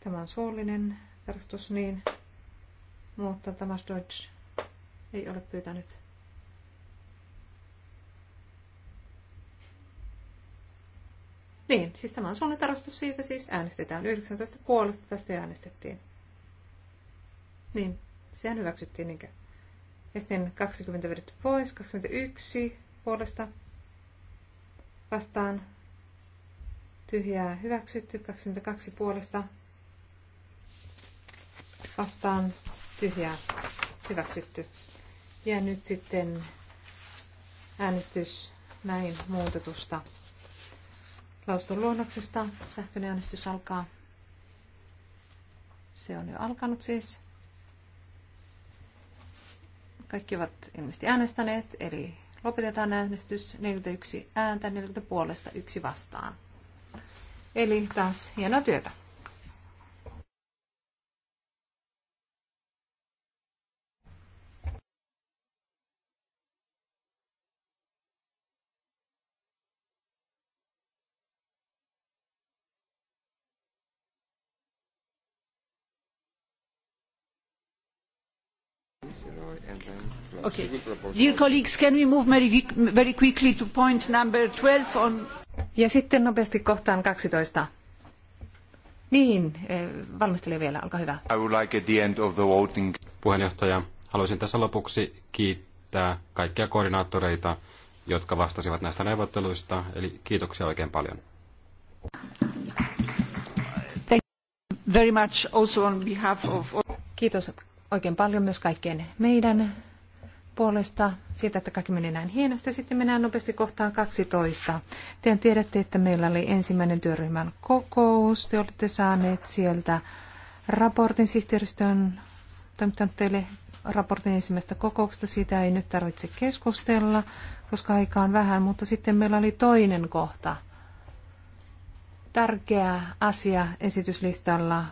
Tämä on suullinen tarkastus niin, mutta Thomas Deutsch ei ole pyytänyt. Niin, siis tämä on suullinen tarkastus siitä, siis äänestetään 19 puolesta, tästä äänestettiin. Niin, sehän hyväksyttiin niinkö? Ja sitten 20 vedetty pois, 21, puolesta vastaan tyhjää hyväksytty 22 puolesta vastaan tyhjää hyväksytty. Ja nyt sitten äänestys näin muutetusta lauston luonnoksesta. Sähköinen äänestys alkaa. Se on jo alkanut siis. Kaikki ovat ilmeisesti äänestäneet, eli Lopetetaan äänestys 41 ääntä, 40 puolesta, yksi vastaan. Eli taas hienoa työtä. Okay. Dear colleagues, can we move very quickly to point number 12 on... Ja sitten nopeasti kohtaan 12. Niin, eh, valmistelija vielä, olkaa hyvä. I would like at the end of the voting. Puheenjohtaja, haluaisin tässä lopuksi kiittää kaikkia koordinaattoreita, jotka vastasivat näistä neuvotteluista, eli kiitoksia oikein paljon. Thank you very much also on behalf of... Kiitos oikein paljon myös kaikkien meidän puolesta siitä, että kaikki meni näin hienosti. Sitten mennään nopeasti kohtaan 12. Te tiedätte, että meillä oli ensimmäinen työryhmän kokous. Te olette saaneet sieltä raportin sihteeristön toimittanut teille raportin ensimmäistä kokouksesta. Siitä ei nyt tarvitse keskustella, koska aika on vähän, mutta sitten meillä oli toinen kohta. Tärkeä asia esityslistalla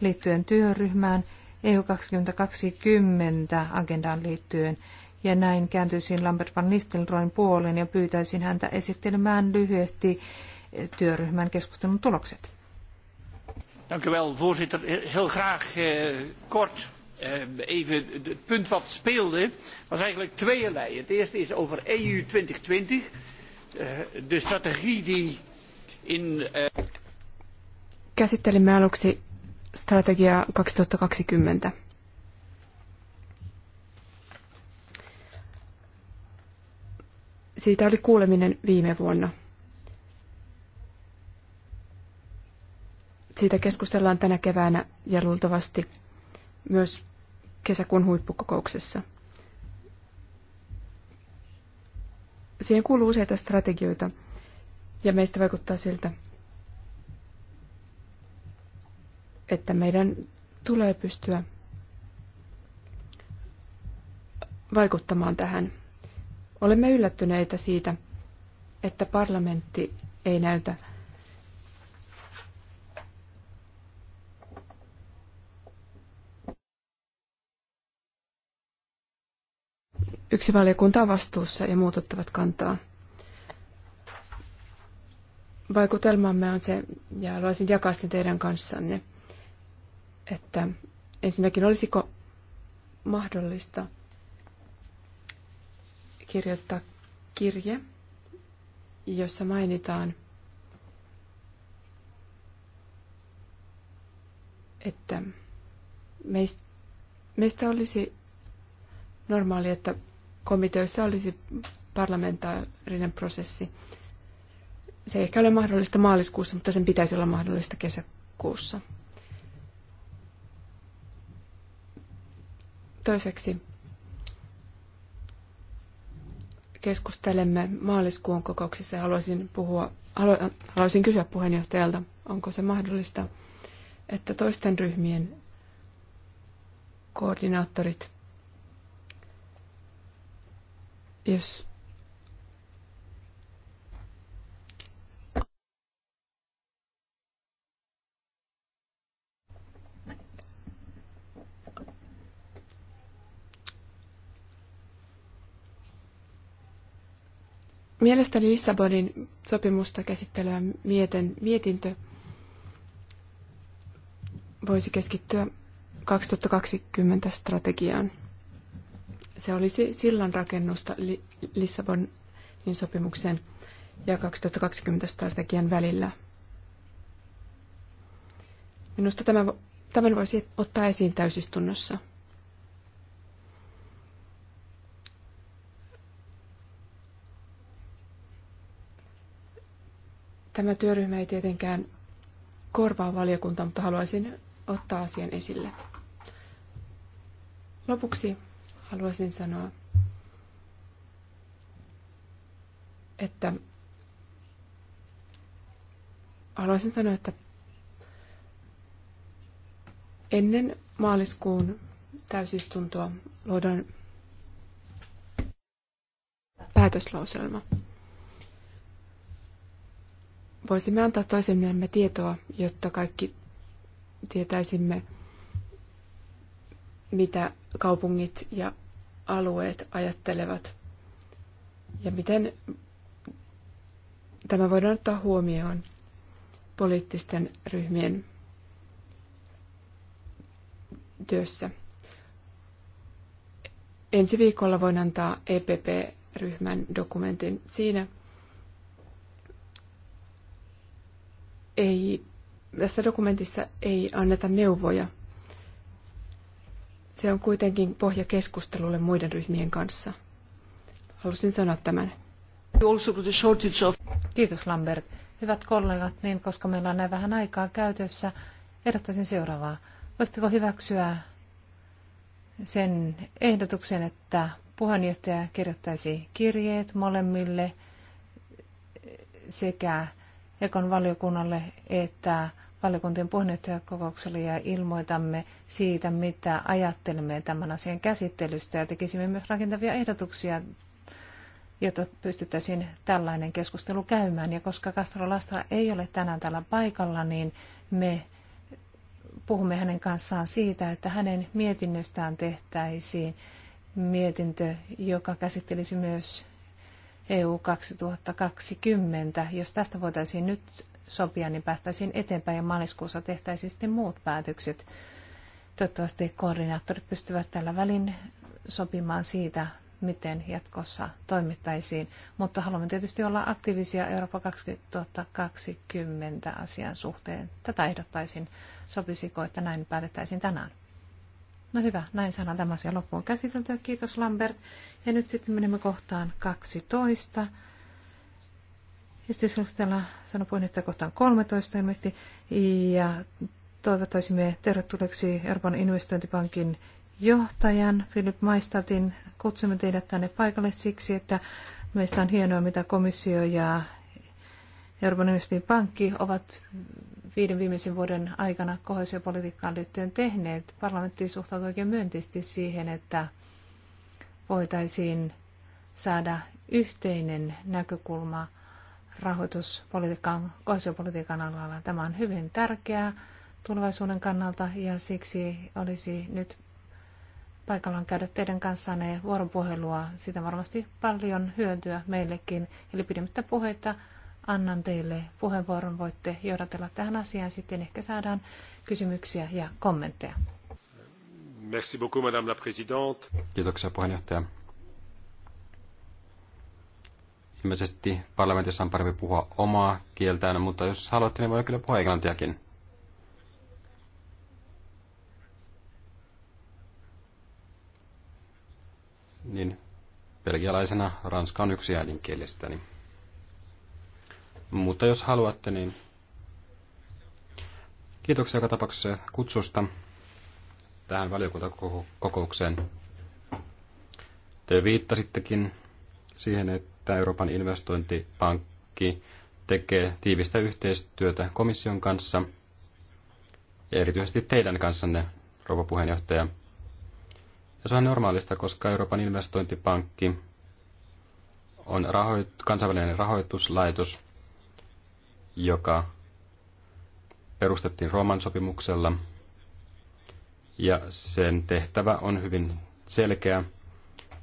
liittyen työryhmään – EU 2020 agendaan liittyen. Ja näin kääntyisin Lambert van Nistelrooyn puoleen ja pyytäisin häntä esittelemään lyhyesti työryhmän keskustelun tulokset. Dank u wel, voorzitter. Heel graag eh, kort. Eh, even het punt wat speelde was eigenlijk tweeënlei. Het eerste is over EU 2020. Eh, de strategie die in... Eh, Käsittelimme aluksi strategia 2020. Siitä oli kuuleminen viime vuonna. Siitä keskustellaan tänä keväänä ja luultavasti myös kesäkuun huippukokouksessa. Siihen kuuluu useita strategioita ja meistä vaikuttaa siltä, että meidän tulee pystyä vaikuttamaan tähän. Olemme yllättyneitä siitä, että parlamentti ei näytä Yksi valiokunta on vastuussa ja muut ottavat kantaa. Vaikutelmamme on se, ja haluaisin jakaa sen teidän kanssanne että ensinnäkin olisiko mahdollista kirjoittaa kirje, jossa mainitaan, että meistä, olisi normaali, että komiteoissa olisi parlamentaarinen prosessi. Se ei ehkä ole mahdollista maaliskuussa, mutta sen pitäisi olla mahdollista kesäkuussa. Toiseksi keskustelemme maaliskuun kokouksessa ja haluaisin, puhua, haluaisin kysyä puheenjohtajalta, onko se mahdollista, että toisten ryhmien koordinaattorit, jos Mielestäni Lissabonin sopimusta käsittelevä mietintö voisi keskittyä 2020 strategiaan. Se olisi sillan rakennusta Lissabonin sopimuksen ja 2020 strategian välillä. Minusta tämän voisi ottaa esiin täysistunnossa. Tämä työryhmä ei tietenkään korvaa valiokunta, mutta haluaisin ottaa asian esille. Lopuksi haluaisin sanoa, että haluaisin sanoa, että ennen maaliskuun täysistuntoa luodaan päätöslauselma voisimme antaa toisillemme tietoa, jotta kaikki tietäisimme, mitä kaupungit ja alueet ajattelevat ja miten tämä voidaan ottaa huomioon poliittisten ryhmien työssä. Ensi viikolla voin antaa EPP-ryhmän dokumentin. Siinä ei, tässä dokumentissa ei anneta neuvoja. Se on kuitenkin pohja keskustelulle muiden ryhmien kanssa. Halusin sanoa tämän. Kiitos Lambert. Hyvät kollegat, niin koska meillä on näin vähän aikaa käytössä, ehdottaisin seuraavaa. Voisitteko hyväksyä sen ehdotuksen, että puheenjohtaja kirjoittaisi kirjeet molemmille sekä Ekon valiokunnalle, että valiokuntien puheenjohtajakokoukselle ja ilmoitamme siitä, mitä ajattelemme tämän asian käsittelystä ja tekisimme myös rakentavia ehdotuksia, jotta pystyttäisiin tällainen keskustelu käymään. Ja koska Castro Lastra ei ole tänään täällä paikalla, niin me puhumme hänen kanssaan siitä, että hänen mietinnöstään tehtäisiin mietintö, joka käsittelisi myös EU 2020. Jos tästä voitaisiin nyt sopia, niin päästäisiin eteenpäin ja maaliskuussa tehtäisiin sitten muut päätökset. Toivottavasti koordinaattorit pystyvät tällä välin sopimaan siitä, miten jatkossa toimittaisiin, mutta haluamme tietysti olla aktiivisia Eurooppa 2020 asian suhteen. Tätä ehdottaisin, sopisiko, että näin päätettäisiin tänään. No hyvä, näin saadaan tämä asia loppuun käsiteltyä. Kiitos Lambert. Ja nyt sitten menemme kohtaan 12. Esitysjohtajalla sanoi puheenjohtaja kohtaan 13 ilmeisesti. Ja toivottaisimme tervetulleeksi Euroopan investointipankin johtajan Philip Maistatin. Kutsumme teidät tänne paikalle siksi, että meistä on hienoa, mitä komissio ja Euroopan investointipankki ovat viiden viimeisen vuoden aikana kohesiopolitiikkaan liittyen tehneet. Parlamentti suhtautui oikein myönteisesti siihen, että voitaisiin saada yhteinen näkökulma rahoituspolitiikan, kohesiopolitiikan alalla. Tämä on hyvin tärkeää tulevaisuuden kannalta ja siksi olisi nyt paikallaan käydä teidän kanssanne vuoropuhelua. Siitä varmasti paljon hyötyä meillekin. Eli pidemmittä puheita annan teille puheenvuoron. Voitte johdatella tähän asiaan, sitten ehkä saadaan kysymyksiä ja kommentteja. Merci beaucoup, Madame la Présidente. Kiitoksia puheenjohtaja. Ilmeisesti parlamentissa on parempi puhua omaa kieltään, mutta jos haluatte, niin voi kyllä puhua englantiakin. Niin, belgialaisena ranska on yksi äidinkielistäni. Niin mutta jos haluatte, niin kiitoksia joka tapauksessa kutsusta tähän valiokuntakokoukseen. Te viittasittekin siihen, että Euroopan investointipankki tekee tiivistä yhteistyötä komission kanssa ja erityisesti teidän kanssanne, rouva puheenjohtaja. Ja se on normaalista, koska Euroopan investointipankki on rahoit- kansainvälinen rahoituslaitos – joka perustettiin Rooman sopimuksella. Ja sen tehtävä on hyvin selkeä,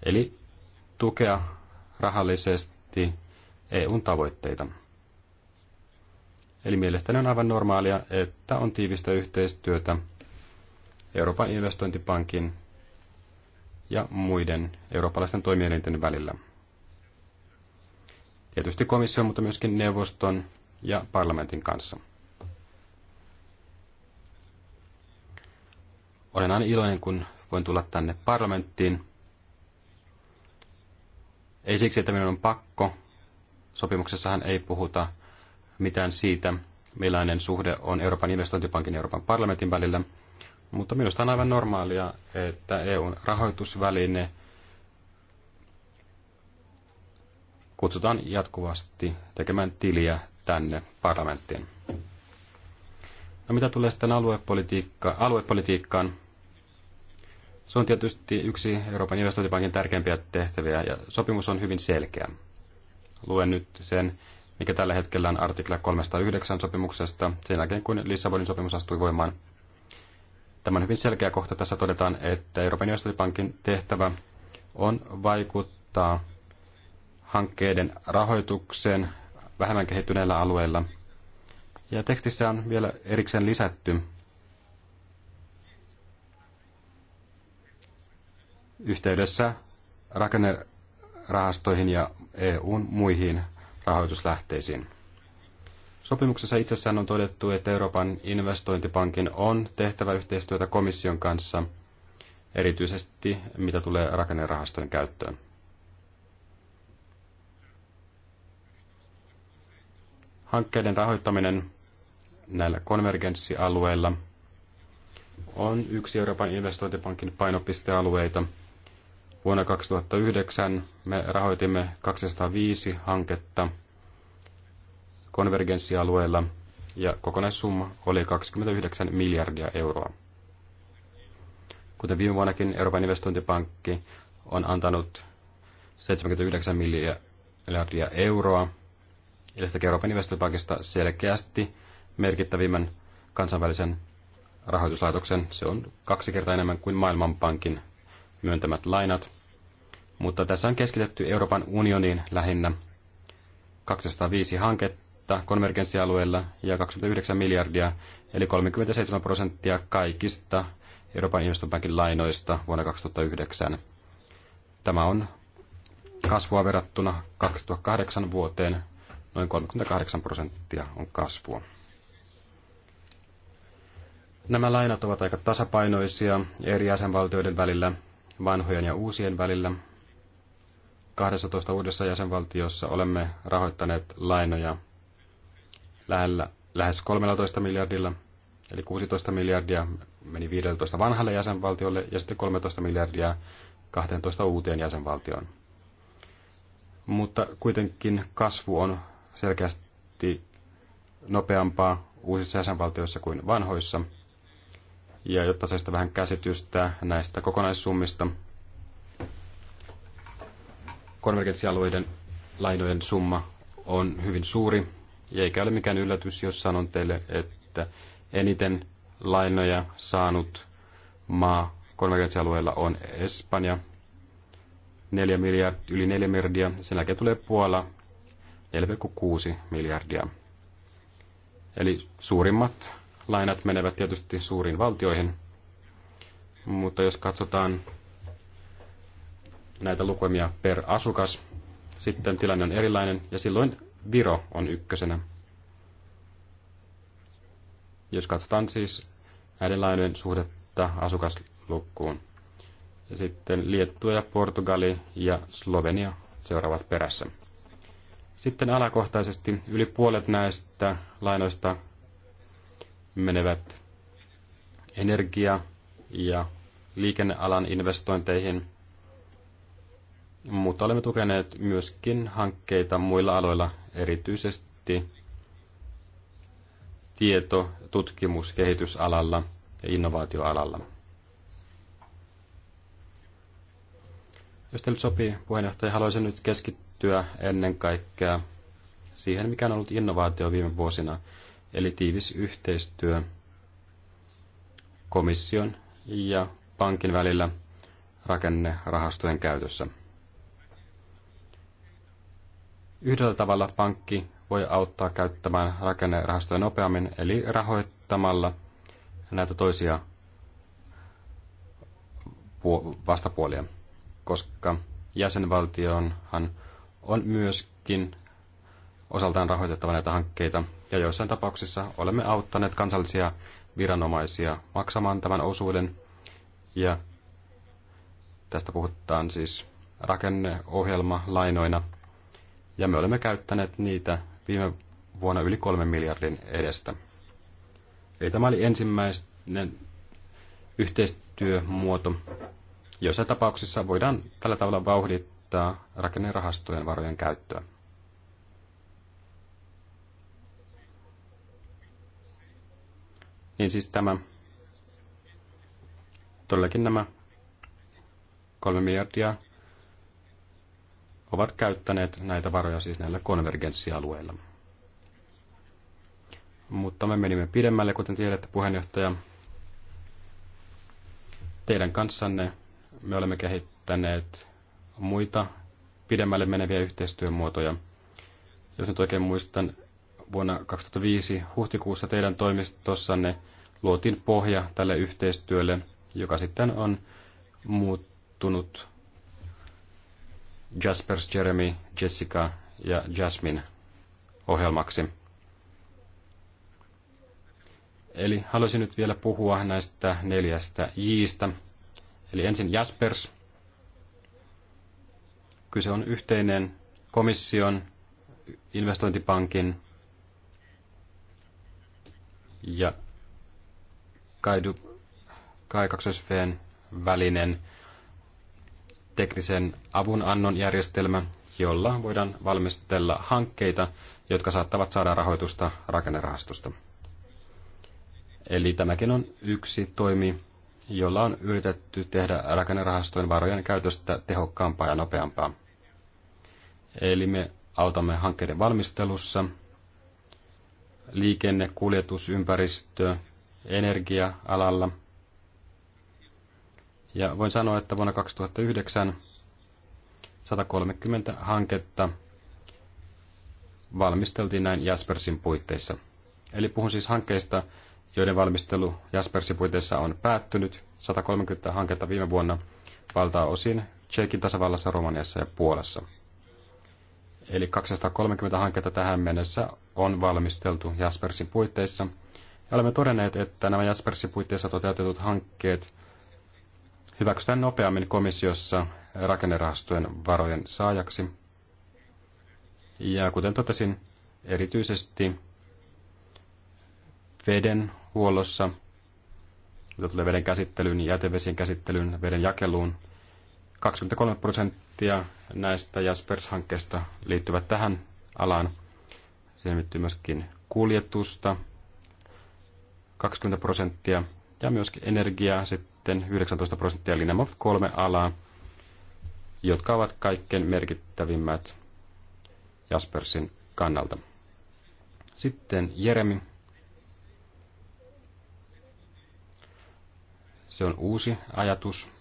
eli tukea rahallisesti EUn tavoitteita. Eli mielestäni on aivan normaalia, että on tiivistä yhteistyötä Euroopan investointipankin ja muiden eurooppalaisten toimielinten välillä. Tietysti komission, mutta myöskin neuvoston ja parlamentin kanssa. Olen aina iloinen, kun voin tulla tänne parlamenttiin. Ei siksi, että minun on pakko. Sopimuksessahan ei puhuta mitään siitä, millainen suhde on Euroopan investointipankin ja Euroopan parlamentin välillä. Mutta minusta on aivan normaalia, että EUn rahoitusväline kutsutaan jatkuvasti tekemään tiliä tänne parlamenttiin. No mitä tulee sitten aluepolitiikka, aluepolitiikkaan? Se on tietysti yksi Euroopan investointipankin tärkeimpiä tehtäviä ja sopimus on hyvin selkeä. Luen nyt sen, mikä tällä hetkellä on artikla 309 sopimuksesta, sen jälkeen kun Lissabonin sopimus astui voimaan. Tämä on hyvin selkeä kohta. Tässä todetaan, että Euroopan investointipankin tehtävä on vaikuttaa hankkeiden rahoitukseen vähemmän kehittyneillä alueilla. Ja tekstissä on vielä erikseen lisätty yhteydessä rakennerahastoihin ja EUn muihin rahoituslähteisiin. Sopimuksessa itsessään on todettu, että Euroopan investointipankin on tehtävä yhteistyötä komission kanssa, erityisesti mitä tulee rakennerahastojen käyttöön. Hankkeiden rahoittaminen näillä konvergenssialueilla on yksi Euroopan investointipankin painopistealueita. Vuonna 2009 me rahoitimme 205 hanketta konvergenssialueilla ja kokonaissumma oli 29 miljardia euroa. Kuten viime vuonnakin Euroopan investointipankki on antanut 79 miljardia euroa sitä Euroopan investointipankista selkeästi merkittävimmän kansainvälisen rahoituslaitoksen. Se on kaksi kertaa enemmän kuin Maailmanpankin myöntämät lainat. Mutta tässä on keskitetty Euroopan unioniin lähinnä 205 hanketta konvergenssialueella ja 29 miljardia, eli 37 prosenttia kaikista Euroopan investointipankin lainoista vuonna 2009. Tämä on kasvua verrattuna 2008 vuoteen, noin 38 prosenttia on kasvua. Nämä lainat ovat aika tasapainoisia eri jäsenvaltioiden välillä, vanhojen ja uusien välillä. 12 uudessa jäsenvaltiossa olemme rahoittaneet lainoja lähellä, lähes 13 miljardilla, eli 16 miljardia meni 15 vanhalle jäsenvaltiolle ja sitten 13 miljardia 12 uuteen jäsenvaltioon. Mutta kuitenkin kasvu on selkeästi nopeampaa uusissa jäsenvaltioissa kuin vanhoissa. Ja jotta saisi vähän käsitystä näistä kokonaissummista, konvergenssialueiden lainojen summa on hyvin suuri, ja eikä ole mikään yllätys, jos sanon teille, että eniten lainoja saanut maa konvergenssialueella on Espanja, 4 miljard, yli 4 miljardia, sen jälkeen tulee Puola 4,6 miljardia. Eli suurimmat lainat menevät tietysti suuriin valtioihin, mutta jos katsotaan näitä lukemia per asukas, sitten tilanne on erilainen ja silloin Viro on ykkösenä. Jos katsotaan siis näiden lainojen suhdetta asukaslukkuun. Ja sitten Liettua ja Portugali ja Slovenia seuraavat perässä. Sitten alakohtaisesti yli puolet näistä lainoista menevät energia- ja liikennealan investointeihin, mutta olemme tukeneet myöskin hankkeita muilla aloilla, erityisesti tieto-, tutkimus-, kehitysalalla ja innovaatioalalla. Jos teille sopii, puheenjohtaja, haluaisin nyt keskittyä keskittyä ennen kaikkea siihen, mikä on ollut innovaatio viime vuosina, eli tiivis yhteistyö komission ja pankin välillä rakennerahastojen käytössä. Yhdellä tavalla pankki voi auttaa käyttämään rakennerahastoja nopeammin, eli rahoittamalla näitä toisia vastapuolia, koska jäsenvaltionhan on myöskin osaltaan rahoitettava näitä hankkeita, ja joissain tapauksissa olemme auttaneet kansallisia viranomaisia maksamaan tämän osuuden, ja tästä puhutaan siis rakenneohjelma lainoina, ja me olemme käyttäneet niitä viime vuonna yli kolmen miljardin edestä. Eli tämä oli ensimmäinen yhteistyömuoto. Joissain tapauksissa voidaan tällä tavalla vauhdittaa rajoittaa rakennerahastojen varojen käyttöä. Niin siis tämä, todellakin nämä kolme miljardia ovat käyttäneet näitä varoja siis näillä konvergenssialueilla. Mutta me menimme pidemmälle, kuten tiedätte puheenjohtaja. Teidän kanssanne me olemme kehittäneet muita pidemmälle meneviä yhteistyömuotoja. Jos nyt oikein muistan, vuonna 2005 huhtikuussa teidän toimistossanne luotiin pohja tälle yhteistyölle, joka sitten on muuttunut Jaspers, Jeremy, Jessica ja Jasmine ohjelmaksi. Eli haluaisin nyt vielä puhua näistä neljästä Jistä. Eli ensin Jaspers – Kyse on yhteinen komission, investointipankin ja Kaidu, Kai välinen teknisen avunannon järjestelmä, jolla voidaan valmistella hankkeita, jotka saattavat saada rahoitusta rakennerahastosta. Eli tämäkin on yksi toimi, jolla on yritetty tehdä rakennerahastojen varojen käytöstä tehokkaampaa ja nopeampaa. Eli me autamme hankkeiden valmistelussa, liikenne, kuljetus, ympäristö, energia-alalla. Ja voin sanoa, että vuonna 2009 130 hanketta valmisteltiin näin Jaspersin puitteissa. Eli puhun siis hankkeista, joiden valmistelu Jaspersin puitteissa on päättynyt. 130 hanketta viime vuonna valtaa osin Tsekin tasavallassa, Romaniassa ja Puolassa. Eli 230 hanketta tähän mennessä on valmisteltu Jaspersin puitteissa. Ja olemme todenneet, että nämä Jaspersin puitteissa toteutetut hankkeet hyväksytään nopeammin komissiossa rakennerahastojen varojen saajaksi. Ja kuten totesin, erityisesti veden huollossa, mitä tulee veden käsittelyyn, jätevesien käsittelyyn, veden jakeluun, 23 prosenttia näistä Jaspers-hankkeista liittyvät tähän alaan. Siihen liittyy myöskin kuljetusta, 20 prosenttia, ja myöskin energiaa sitten 19 prosenttia, eli nämä ovat kolme alaa, jotka ovat kaikkein merkittävimmät Jaspersin kannalta. Sitten Jeremi. Se on uusi ajatus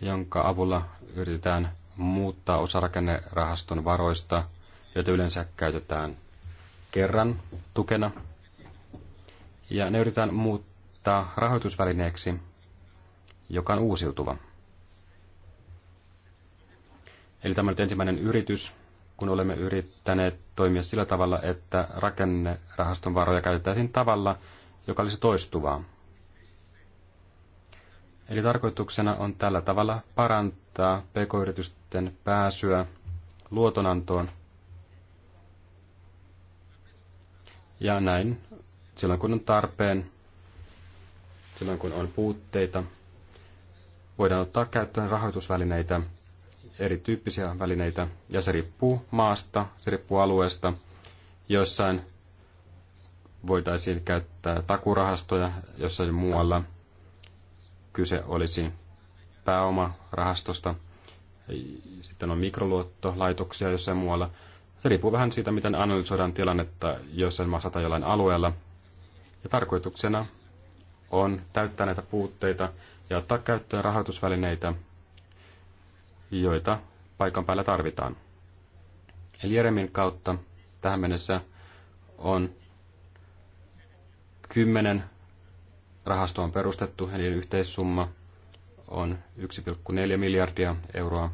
jonka avulla yritetään muuttaa osarakennerahaston varoista, joita yleensä käytetään kerran tukena. Ja ne yritetään muuttaa rahoitusvälineeksi, joka on uusiutuva. Eli tämä on nyt ensimmäinen yritys, kun olemme yrittäneet toimia sillä tavalla, että rakennerahaston varoja käytettäisiin tavalla, joka olisi toistuvaa. Eli tarkoituksena on tällä tavalla parantaa pk-yritysten pääsyä luotonantoon. Ja näin, silloin kun on tarpeen, silloin kun on puutteita, voidaan ottaa käyttöön rahoitusvälineitä, erityyppisiä välineitä, ja se riippuu maasta, se riippuu alueesta. Joissain voitaisiin käyttää takurahastoja, jossain muualla – kyse olisi pääomarahastosta, sitten on mikroluottolaitoksia jossain muualla. Se riippuu vähän siitä, miten analysoidaan tilannetta jossain maassa tai jollain alueella. Ja tarkoituksena on täyttää näitä puutteita ja ottaa käyttöön rahoitusvälineitä, joita paikan päällä tarvitaan. Eli Jeremin kautta tähän mennessä on kymmenen rahasto on perustettu ja niiden yhteissumma on 1,4 miljardia euroa.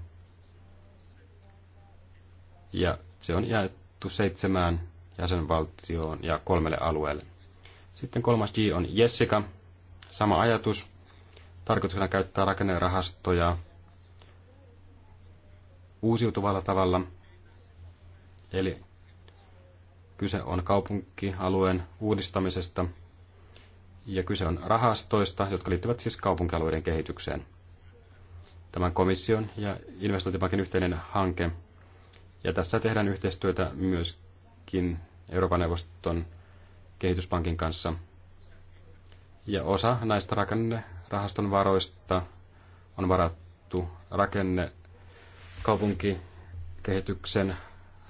Ja se on jaettu seitsemään jäsenvaltioon ja kolmelle alueelle. Sitten kolmas G on Jessica. Sama ajatus. Tarkoituksena käyttää rakennerahastoja uusiutuvalla tavalla. Eli kyse on kaupunkialueen uudistamisesta – ja kyse on rahastoista, jotka liittyvät siis kaupunkialueiden kehitykseen. Tämän komission ja investointipankin yhteinen hanke. Ja tässä tehdään yhteistyötä myöskin Euroopan neuvoston kehityspankin kanssa. Ja osa näistä rakennerahaston varoista on varattu rakenne kaupunkikehityksen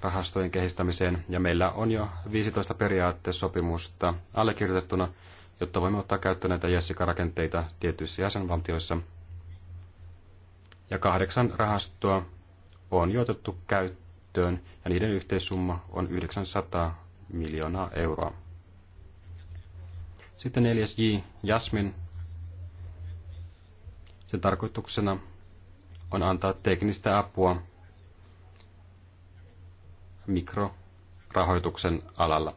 rahastojen kehittämiseen ja meillä on jo 15 periaatteessopimusta allekirjoitettuna – jotta voimme ottaa käyttöön näitä Jessica-rakenteita tietyissä jäsenvaltioissa. Ja kahdeksan rahastoa on jo otettu käyttöön ja niiden yhteissumma on 900 miljoonaa euroa. Sitten neljäs J, Jasmin. Sen tarkoituksena on antaa teknistä apua mikrorahoituksen alalla.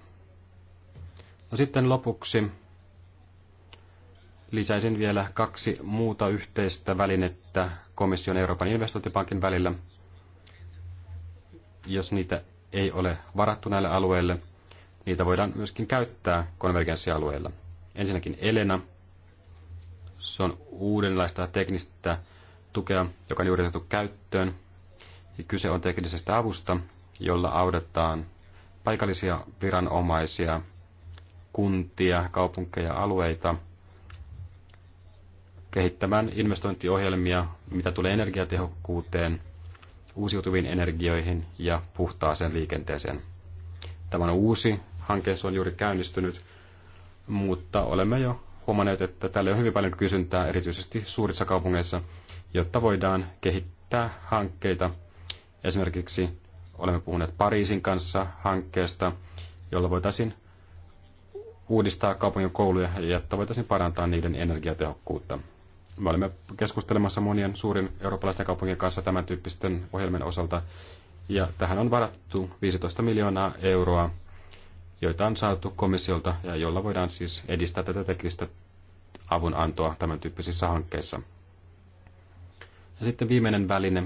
No sitten lopuksi Lisäisin vielä kaksi muuta yhteistä välinettä komission Euroopan investointipankin välillä, jos niitä ei ole varattu näille alueille. Niitä voidaan myöskin käyttää konvergenssialueilla. Ensinnäkin Elena. Se on uudenlaista teknistä tukea, joka on juuri otettu käyttöön. Kyse on teknisestä avusta, jolla autetaan paikallisia viranomaisia, kuntia, kaupunkeja, alueita – kehittämään investointiohjelmia, mitä tulee energiatehokkuuteen, uusiutuviin energioihin ja puhtaaseen liikenteeseen. Tämä on uusi hanke, se on juuri käynnistynyt, mutta olemme jo huomanneet, että tälle on hyvin paljon kysyntää, erityisesti suurissa kaupungeissa, jotta voidaan kehittää hankkeita. Esimerkiksi olemme puhuneet Pariisin kanssa hankkeesta, jolla voitaisiin uudistaa kaupungin kouluja ja jotta voitaisiin parantaa niiden energiatehokkuutta. Me olemme keskustelemassa monien suurin eurooppalaisten kaupunkien kanssa tämän tyyppisten ohjelmien osalta, ja tähän on varattu 15 miljoonaa euroa, joita on saatu komissiolta ja jolla voidaan siis edistää tätä teknistä avunantoa tämän tyyppisissä hankkeissa. Ja sitten viimeinen väline.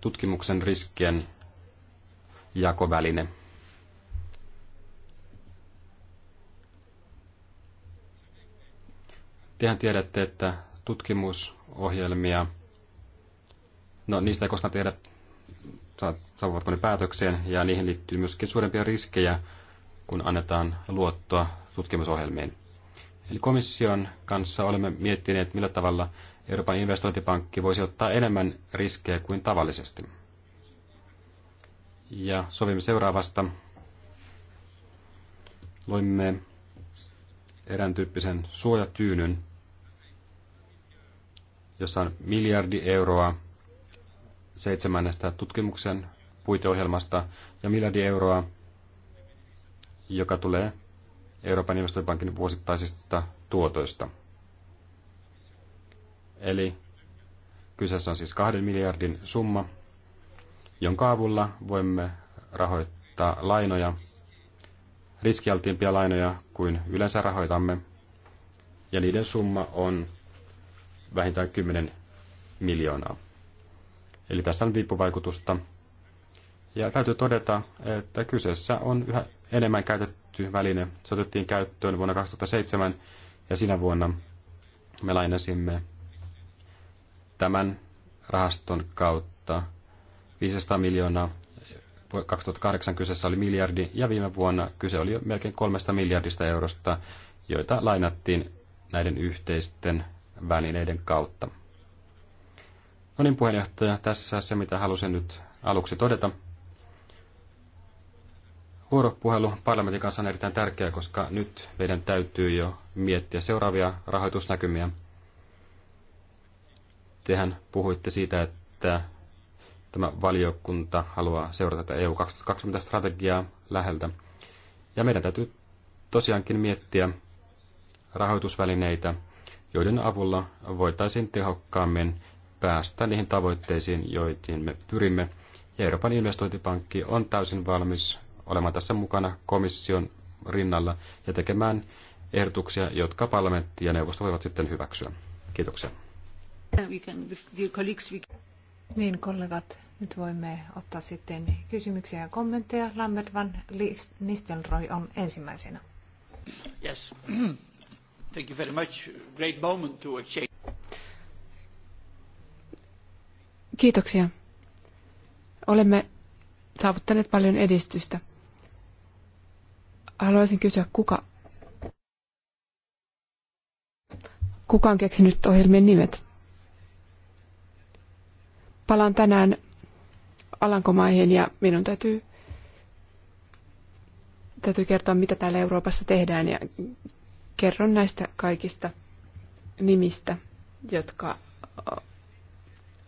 Tutkimuksen riskien jakoväline. Tehän tiedätte, että tutkimusohjelmia, no niistä ei koskaan tiedä, saavuvatko ne päätökseen, ja niihin liittyy myöskin suurempia riskejä, kun annetaan luottoa tutkimusohjelmiin. Eli komission kanssa olemme miettineet, millä tavalla Euroopan investointipankki voisi ottaa enemmän riskejä kuin tavallisesti. Ja sovimme seuraavasta. Loimme erään tyyppisen suojatyynyn jossa on miljardi euroa seitsemännestä tutkimuksen puiteohjelmasta ja miljardi euroa, joka tulee Euroopan investointipankin vuosittaisista tuotoista. Eli kyseessä on siis kahden miljardin summa, jonka avulla voimme rahoittaa lainoja, riskialtiimpia lainoja kuin yleensä rahoitamme, ja niiden summa on vähintään 10 miljoonaa. Eli tässä on viippuvaikutusta. Ja täytyy todeta, että kyseessä on yhä enemmän käytetty väline. Se otettiin käyttöön vuonna 2007 ja sinä vuonna me lainasimme tämän rahaston kautta 500 miljoonaa. 2008 kyseessä oli miljardi ja viime vuonna kyse oli melkein kolmesta miljardista eurosta, joita lainattiin näiden yhteisten välineiden kautta. No niin, puheenjohtaja, tässä se, mitä halusin nyt aluksi todeta. Vuoropuhelu parlamentin kanssa on erittäin tärkeää, koska nyt meidän täytyy jo miettiä seuraavia rahoitusnäkymiä. Tehän puhuitte siitä, että tämä valiokunta haluaa seurata tätä EU 2020-strategiaa läheltä. Ja meidän täytyy tosiaankin miettiä rahoitusvälineitä, joiden avulla voitaisiin tehokkaammin päästä niihin tavoitteisiin, joihin me pyrimme. Ja Euroopan investointipankki on täysin valmis olemaan tässä mukana komission rinnalla ja tekemään ehdotuksia, jotka parlamentti ja neuvosto voivat sitten hyväksyä. Kiitoksia. Niin kollegat, nyt voimme ottaa sitten kysymyksiä ja kommentteja. Lambert van Nistelrooy on ensimmäisenä. Yes. Thank you very much. Great moment to exchange. Kiitoksia. Olemme saavuttaneet paljon edistystä. Haluaisin kysyä, kuka, kuka on keksinyt ohjelmien nimet? Palaan tänään Alankomaihin ja minun täytyy, täytyy kertoa, mitä täällä Euroopassa tehdään ja kerron näistä kaikista nimistä, jotka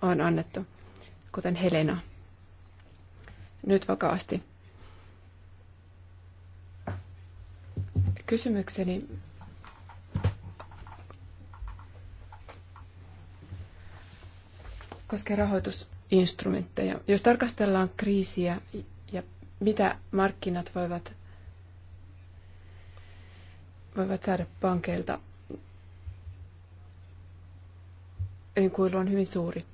on annettu, kuten Helena. Nyt vakaasti. Kysymykseni koskee rahoitusinstrumentteja. Jos tarkastellaan kriisiä ja mitä markkinat voivat voivat saada pankeilta. Niin kuilu on hyvin suuri.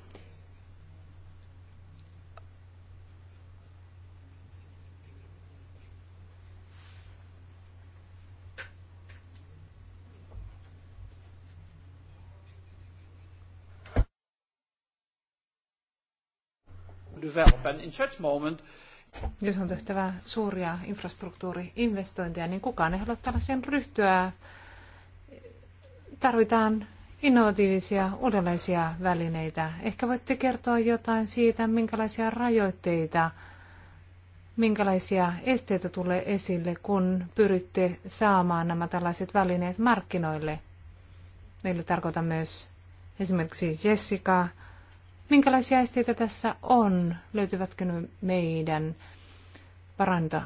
develop. And in such moment, jos on tehtävä suuria infrastruktuuriinvestointeja, niin kukaan ei halua tällaisen ryhtyä. Tarvitaan innovatiivisia uudenlaisia välineitä. Ehkä voitte kertoa jotain siitä, minkälaisia rajoitteita, minkälaisia esteitä tulee esille, kun pyritte saamaan nämä tällaiset välineet markkinoille. Niille tarkoitan myös esimerkiksi Jessica Minkälaisia esteitä tässä on? Löytyvätkö ne meidän paranta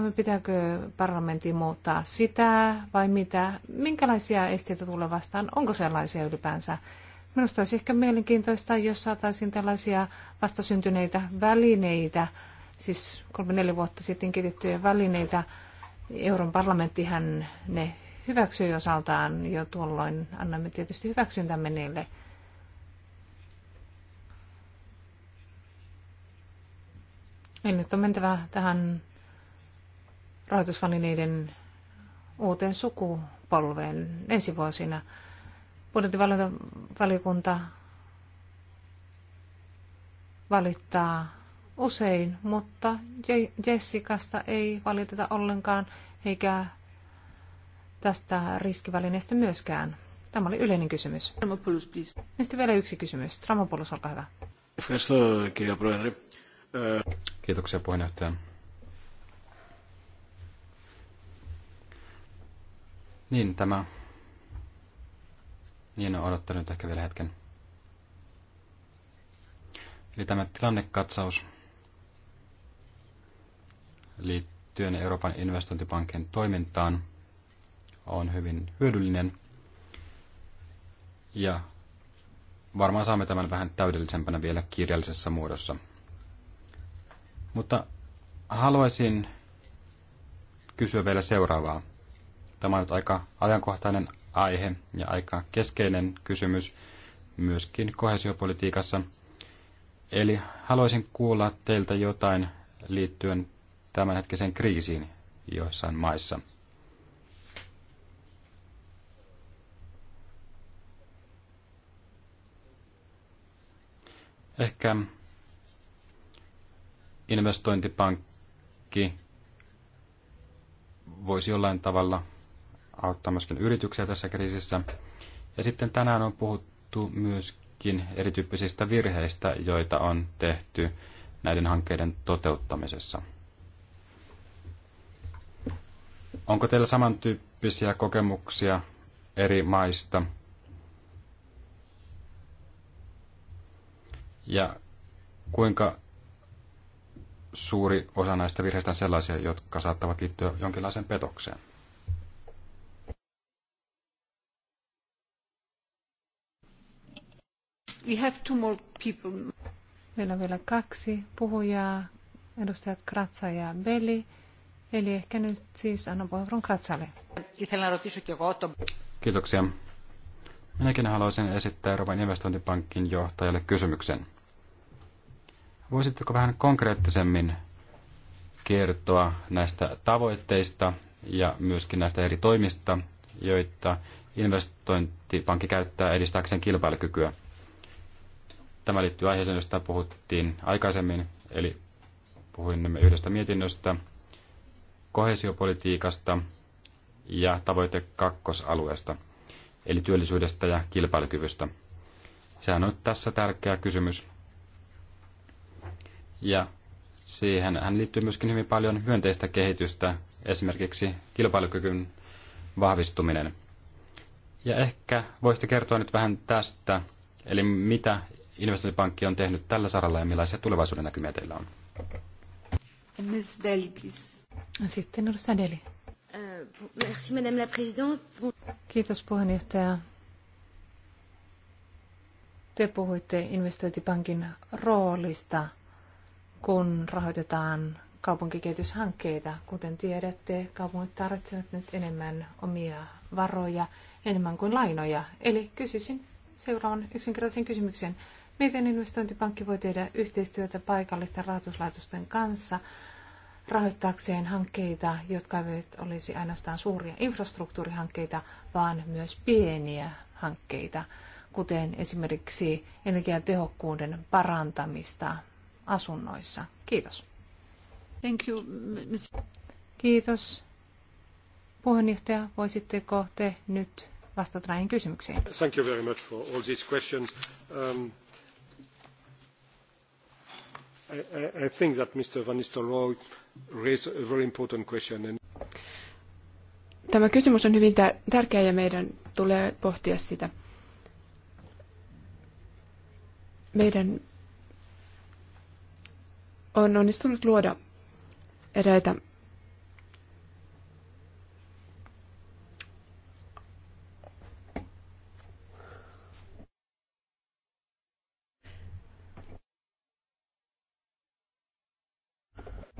Me Pitääkö parlamentti muuttaa sitä vai mitä? Minkälaisia esteitä tulee vastaan? Onko sellaisia ylipäänsä? Minusta olisi ehkä mielenkiintoista, jos saataisiin tällaisia vastasyntyneitä välineitä, siis kolme-neljä vuotta sitten kirjattuja välineitä. Euron parlamenttihan ne hyväksyi osaltaan jo tuolloin. Annamme tietysti hyväksyntämme niille Eli nyt on mentävä tähän rahoitusvälineiden uuteen sukupolveen ensi vuosina. Budjettivaliokunta valittaa usein, mutta Jessikasta ei valiteta ollenkaan, eikä tästä riskivälineestä myöskään. Tämä oli yleinen kysymys. please. Ja sitten vielä yksi kysymys. Tramopoulos, olkaa hyvä. Ευχαριστώ, κυρία Kiitoksia puheenjohtaja. Niin, tämä... Niin, on odottanut ehkä vielä hetken. Eli tämä tilannekatsaus liittyen Euroopan investointipankin toimintaan on hyvin hyödyllinen. Ja varmaan saamme tämän vähän täydellisempänä vielä kirjallisessa muodossa. Mutta haluaisin kysyä vielä seuraavaa. Tämä on nyt aika ajankohtainen aihe ja aika keskeinen kysymys myöskin kohesiopolitiikassa. Eli haluaisin kuulla teiltä jotain liittyen tämänhetkiseen kriisiin joissain maissa. Ehkä investointipankki voisi jollain tavalla auttaa myöskin yrityksiä tässä kriisissä. Ja sitten tänään on puhuttu myöskin erityyppisistä virheistä, joita on tehty näiden hankkeiden toteuttamisessa. Onko teillä samantyyppisiä kokemuksia eri maista? Ja kuinka suuri osa näistä virheistä on sellaisia, jotka saattavat liittyä jonkinlaiseen petokseen. We have two more people. Meillä on vielä kaksi puhujaa, edustajat Kratsa ja Beli. Eli ehkä nyt siis annan puheenvuoron Kratsalle. Kiitoksia. Minäkin haluaisin esittää Euroopan investointipankin johtajalle kysymyksen. Voisitteko vähän konkreettisemmin kertoa näistä tavoitteista ja myöskin näistä eri toimista, joita investointipankki käyttää edistääkseen kilpailukykyä? Tämä liittyy aiheeseen, josta puhuttiin aikaisemmin, eli puhuin yhdestä mietinnöstä, kohesiopolitiikasta ja tavoite kakkosalueesta, eli työllisyydestä ja kilpailukyvystä. Sehän on tässä tärkeä kysymys. Ja siihen hän liittyy myöskin hyvin paljon myönteistä kehitystä, esimerkiksi kilpailukyvyn vahvistuminen. Ja ehkä voisitte kertoa nyt vähän tästä, eli mitä investointipankki on tehnyt tällä saralla ja millaisia tulevaisuuden näkymiä teillä on? Ms. Deli, please. Sitten Ursa Deli. Uh, merci, Madame la Présidente. Kiitos puheenjohtaja. Te puhuitte investointipankin roolista – kun rahoitetaan kaupunkikehityshankkeita. Kuten tiedätte, kaupungit tarvitsevat nyt enemmän omia varoja, enemmän kuin lainoja. Eli kysyisin seuraavan yksinkertaisen kysymyksen. Miten investointipankki voi tehdä yhteistyötä paikallisten rahoituslaitosten kanssa rahoittaakseen hankkeita, jotka eivät olisi ainoastaan suuria infrastruktuurihankkeita, vaan myös pieniä hankkeita, kuten esimerkiksi energiatehokkuuden parantamista asunnoissa. Kiitos. Thank you, miss. Kiitos. Puheenjohtaja, voisitteko te nyt vastata näihin kysymyksiin? Thank you very much for all these questions. Um, I, I think that Mr. Van Nistelrooy raised a very important question. And... Tämä kysymys on hyvin tärkeä ja meidän tulee pohtia sitä. Meidän on onnistunut luoda eräitä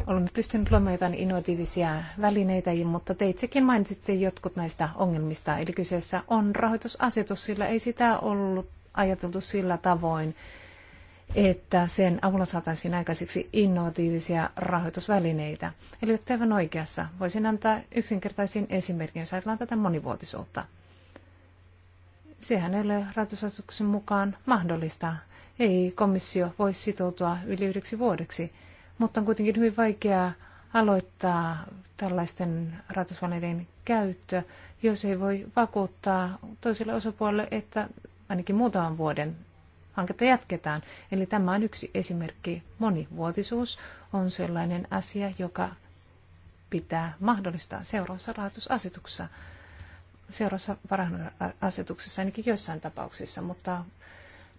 olemme pystyneet luomaan jotain innovatiivisia välineitä, mutta te itsekin mainitsitte jotkut näistä ongelmista. Eli kyseessä on rahoitusasetus, sillä ei sitä ollut ajateltu sillä tavoin, että sen avulla saataisiin aikaiseksi innovatiivisia rahoitusvälineitä. Eli olette aivan oikeassa. Voisin antaa yksinkertaisin esimerkin, jos ajatellaan tätä monivuotisuutta. Sehän ei ole rahoitusasetuksen mukaan mahdollista. Ei komissio voi sitoutua yli yhdeksi vuodeksi, mutta on kuitenkin hyvin vaikeaa aloittaa tällaisten rahoitusvälineiden käyttö, jos ei voi vakuuttaa toiselle osapuolelle, että ainakin muutaman vuoden hanketta jatketaan. Eli tämä on yksi esimerkki. Monivuotisuus on sellainen asia, joka pitää mahdollistaa seuraavassa rahoitusasetuksessa. Seuraavassa varainhoitoasetuksessa ainakin joissain tapauksissa, mutta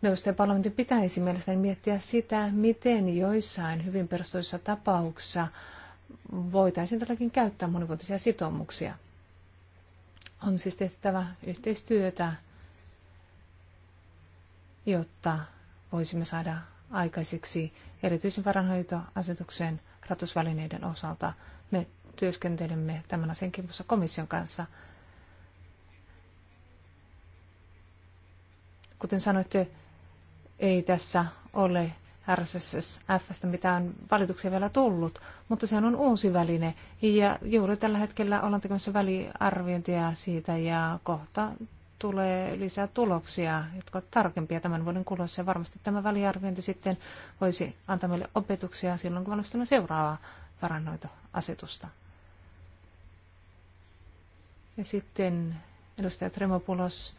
Neuvoston parlamentin pitäisi mielestäni miettiä sitä, miten joissain hyvin perustuissa tapauksissa voitaisiin todellakin käyttää monivuotisia sitoumuksia. On siis tehtävä yhteistyötä jotta voisimme saada aikaiseksi erityisen varanhoitoasetuksen ratusvälineiden osalta. Me työskentelemme tämän asian kimpussa komission kanssa. Kuten sanoitte, ei tässä ole RSSFstä mitään valituksia vielä tullut, mutta se on uusi väline ja juuri tällä hetkellä ollaan tekemässä väliarviointia siitä ja kohta tulee lisää tuloksia, jotka ovat tarkempia tämän vuoden kuluessa. Ja varmasti tämä väliarviointi sitten voisi antaa meille opetuksia silloin, kun valmistelemme seuraavaa varannoitoasetusta. Ja sitten edustaja Tremopulos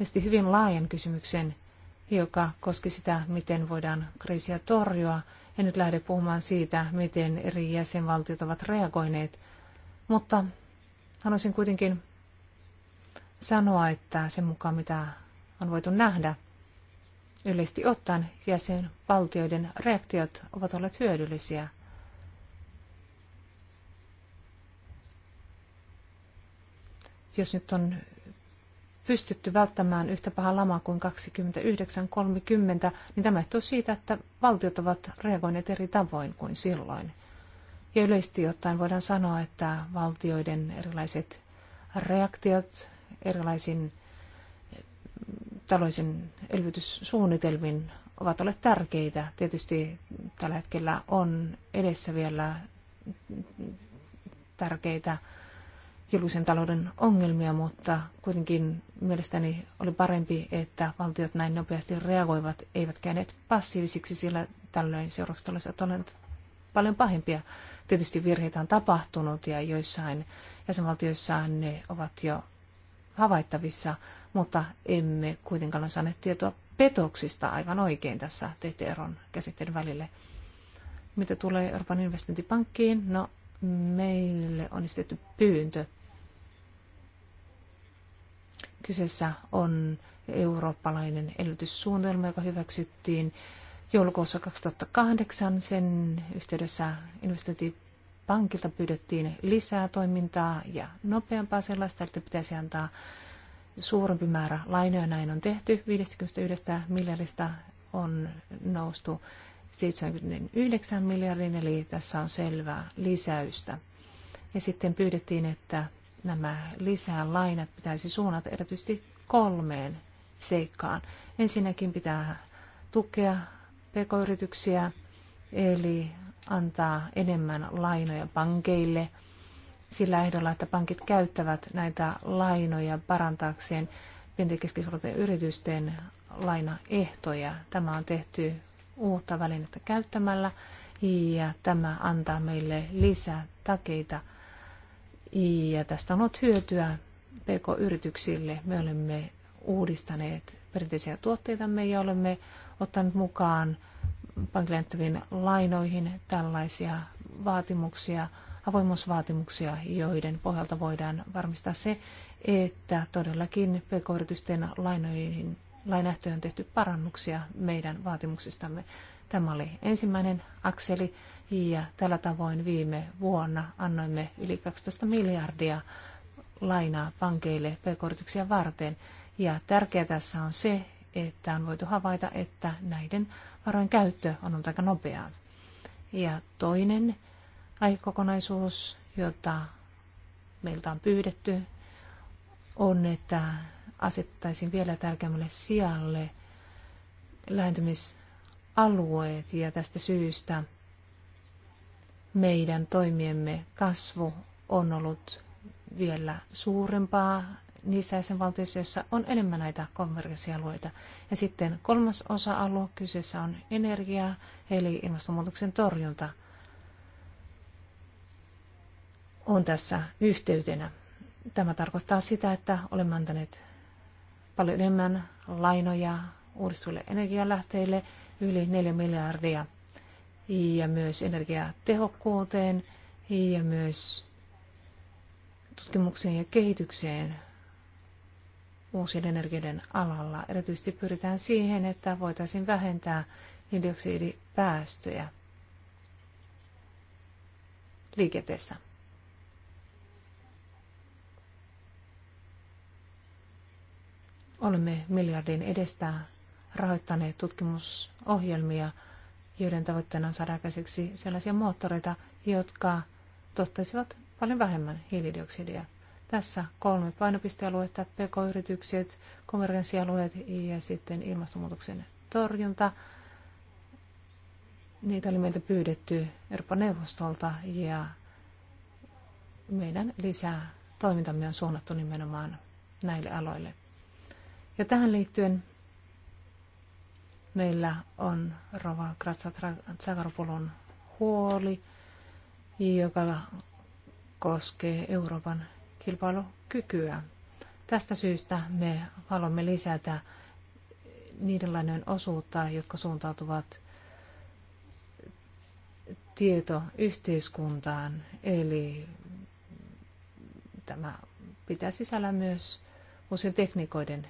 esti hyvin laajan kysymyksen, joka koski sitä, miten voidaan kriisiä torjua. En nyt lähde puhumaan siitä, miten eri jäsenvaltiot ovat reagoineet, mutta haluaisin kuitenkin sanoa, että sen mukaan mitä on voitu nähdä, yleisesti ottaen jäsenvaltioiden reaktiot ovat olleet hyödyllisiä. Jos nyt on pystytty välttämään yhtä paha lama kuin 29-30, niin tämä johtuu siitä, että valtiot ovat reagoineet eri tavoin kuin silloin. Ja yleisesti ottaen voidaan sanoa, että valtioiden erilaiset reaktiot erilaisin taloisin elvytyssuunnitelmin ovat olleet tärkeitä. Tietysti tällä hetkellä on edessä vielä tärkeitä julkisen talouden ongelmia, mutta kuitenkin mielestäni oli parempi, että valtiot näin nopeasti reagoivat, eivät käyneet passiivisiksi, sillä tällöin seuraukset olisivat olleet paljon pahempia. Tietysti virheitä on tapahtunut ja joissain jäsenvaltioissa ne ovat jo havaittavissa, mutta emme kuitenkaan ole saaneet tietoa petoksista aivan oikein tässä TTRon käsitteen välille. Mitä tulee Euroopan investointipankkiin? No, meille on esitetty pyyntö. Kyseessä on eurooppalainen elvytyssuunnitelma, joka hyväksyttiin joulukuussa 2008. Sen yhteydessä investointipankki pankilta pyydettiin lisää toimintaa ja nopeampaa sellaista, että pitäisi antaa suurempi määrä lainoja. Näin on tehty. 51 miljardista on noustu 79 miljardin, eli tässä on selvää lisäystä. Ja sitten pyydettiin, että nämä lisää lainat pitäisi suunnata erityisesti kolmeen seikkaan. Ensinnäkin pitää tukea pk-yrityksiä, eli antaa enemmän lainoja pankeille sillä ehdolla, että pankit käyttävät näitä lainoja parantaakseen pienten yritysten lainaehtoja. Tämä on tehty uutta välinettä käyttämällä ja tämä antaa meille lisää takeita ja tästä on ollut hyötyä PK-yrityksille. Me olemme uudistaneet perinteisiä tuotteitamme ja olemme ottaneet mukaan pankille lainoihin tällaisia vaatimuksia, avoimuusvaatimuksia, joiden pohjalta voidaan varmistaa se, että todellakin pk-yritysten lainoihin lainähtöön on tehty parannuksia meidän vaatimuksistamme. Tämä oli ensimmäinen akseli ja tällä tavoin viime vuonna annoimme yli 12 miljardia lainaa pankeille pk varten. Ja tärkeää tässä on se, että on voitu havaita, että näiden varojen käyttö on ollut aika nopeaa. Ja toinen aikakokonaisuus, jota meiltä on pyydetty, on, että asettaisin vielä tärkeämmälle sijalle lähentymisalueet ja tästä syystä meidän toimiemme kasvu on ollut vielä suurempaa niissä jäsenvaltioissa, joissa on enemmän näitä konvergenssialueita. Ja sitten kolmas osa-alue kyseessä on energia, eli ilmastonmuutoksen torjunta on tässä yhteytenä. Tämä tarkoittaa sitä, että olemme antaneet paljon enemmän lainoja uudistuville energialähteille, yli 4 miljardia, ja myös energiatehokkuuteen ja myös tutkimukseen ja kehitykseen uusien energioiden alalla. Erityisesti pyritään siihen, että voitaisiin vähentää hiilidioksidipäästöjä liikenteessä. Olemme miljardin edestä rahoittaneet tutkimusohjelmia, joiden tavoitteena on saada käsiksi sellaisia moottoreita, jotka tuottaisivat paljon vähemmän hiilidioksidia tässä kolme painopistealuetta, pk-yritykset, konvergenssialueet ja sitten ilmastonmuutoksen torjunta. Niitä oli meiltä pyydetty Euroopan neuvostolta ja meidän lisää toimintamme on suunnattu nimenomaan näille aloille. Ja tähän liittyen meillä on Rova Kratsa-Tsakaropulun huoli, joka koskee Euroopan kilpailukykyä. Tästä syystä me haluamme lisätä niiden lainojen osuutta, jotka suuntautuvat tietoyhteiskuntaan, eli tämä pitää sisällä myös uusien tekniikoiden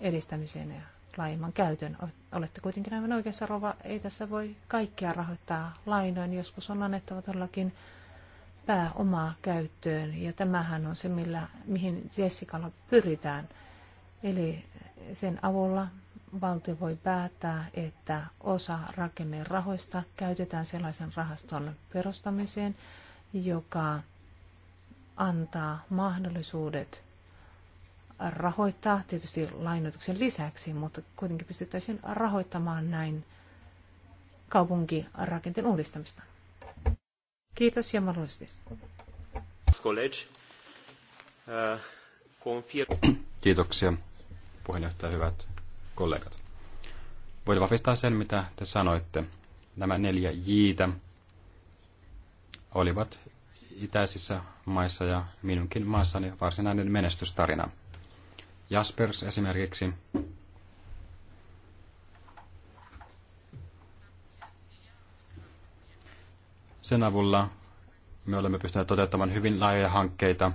edistämiseen ja laajemman käytön. Olette kuitenkin aivan oikeassa, Rova. Ei tässä voi kaikkia rahoittaa lainoin. Joskus on annettava todellakin pääomaa käyttöön. Ja tämähän on se, millä, mihin Jessicalla pyritään. Eli sen avulla valtio voi päättää, että osa rakennerahoista käytetään sellaisen rahaston perustamiseen, joka antaa mahdollisuudet rahoittaa, tietysti lainoituksen lisäksi, mutta kuitenkin pystyttäisiin rahoittamaan näin kaupunkirakenteen uudistamista. Kiitos ja morjestes. Äh, Kiitoksia, puheenjohtaja, hyvät kollegat. Voit vahvistaa sen, mitä te sanoitte. Nämä neljä jiitä olivat itäisissä maissa ja minunkin maassani varsinainen menestystarina. Jaspers esimerkiksi Sen avulla me olemme pystyneet toteuttamaan hyvin laajoja hankkeita,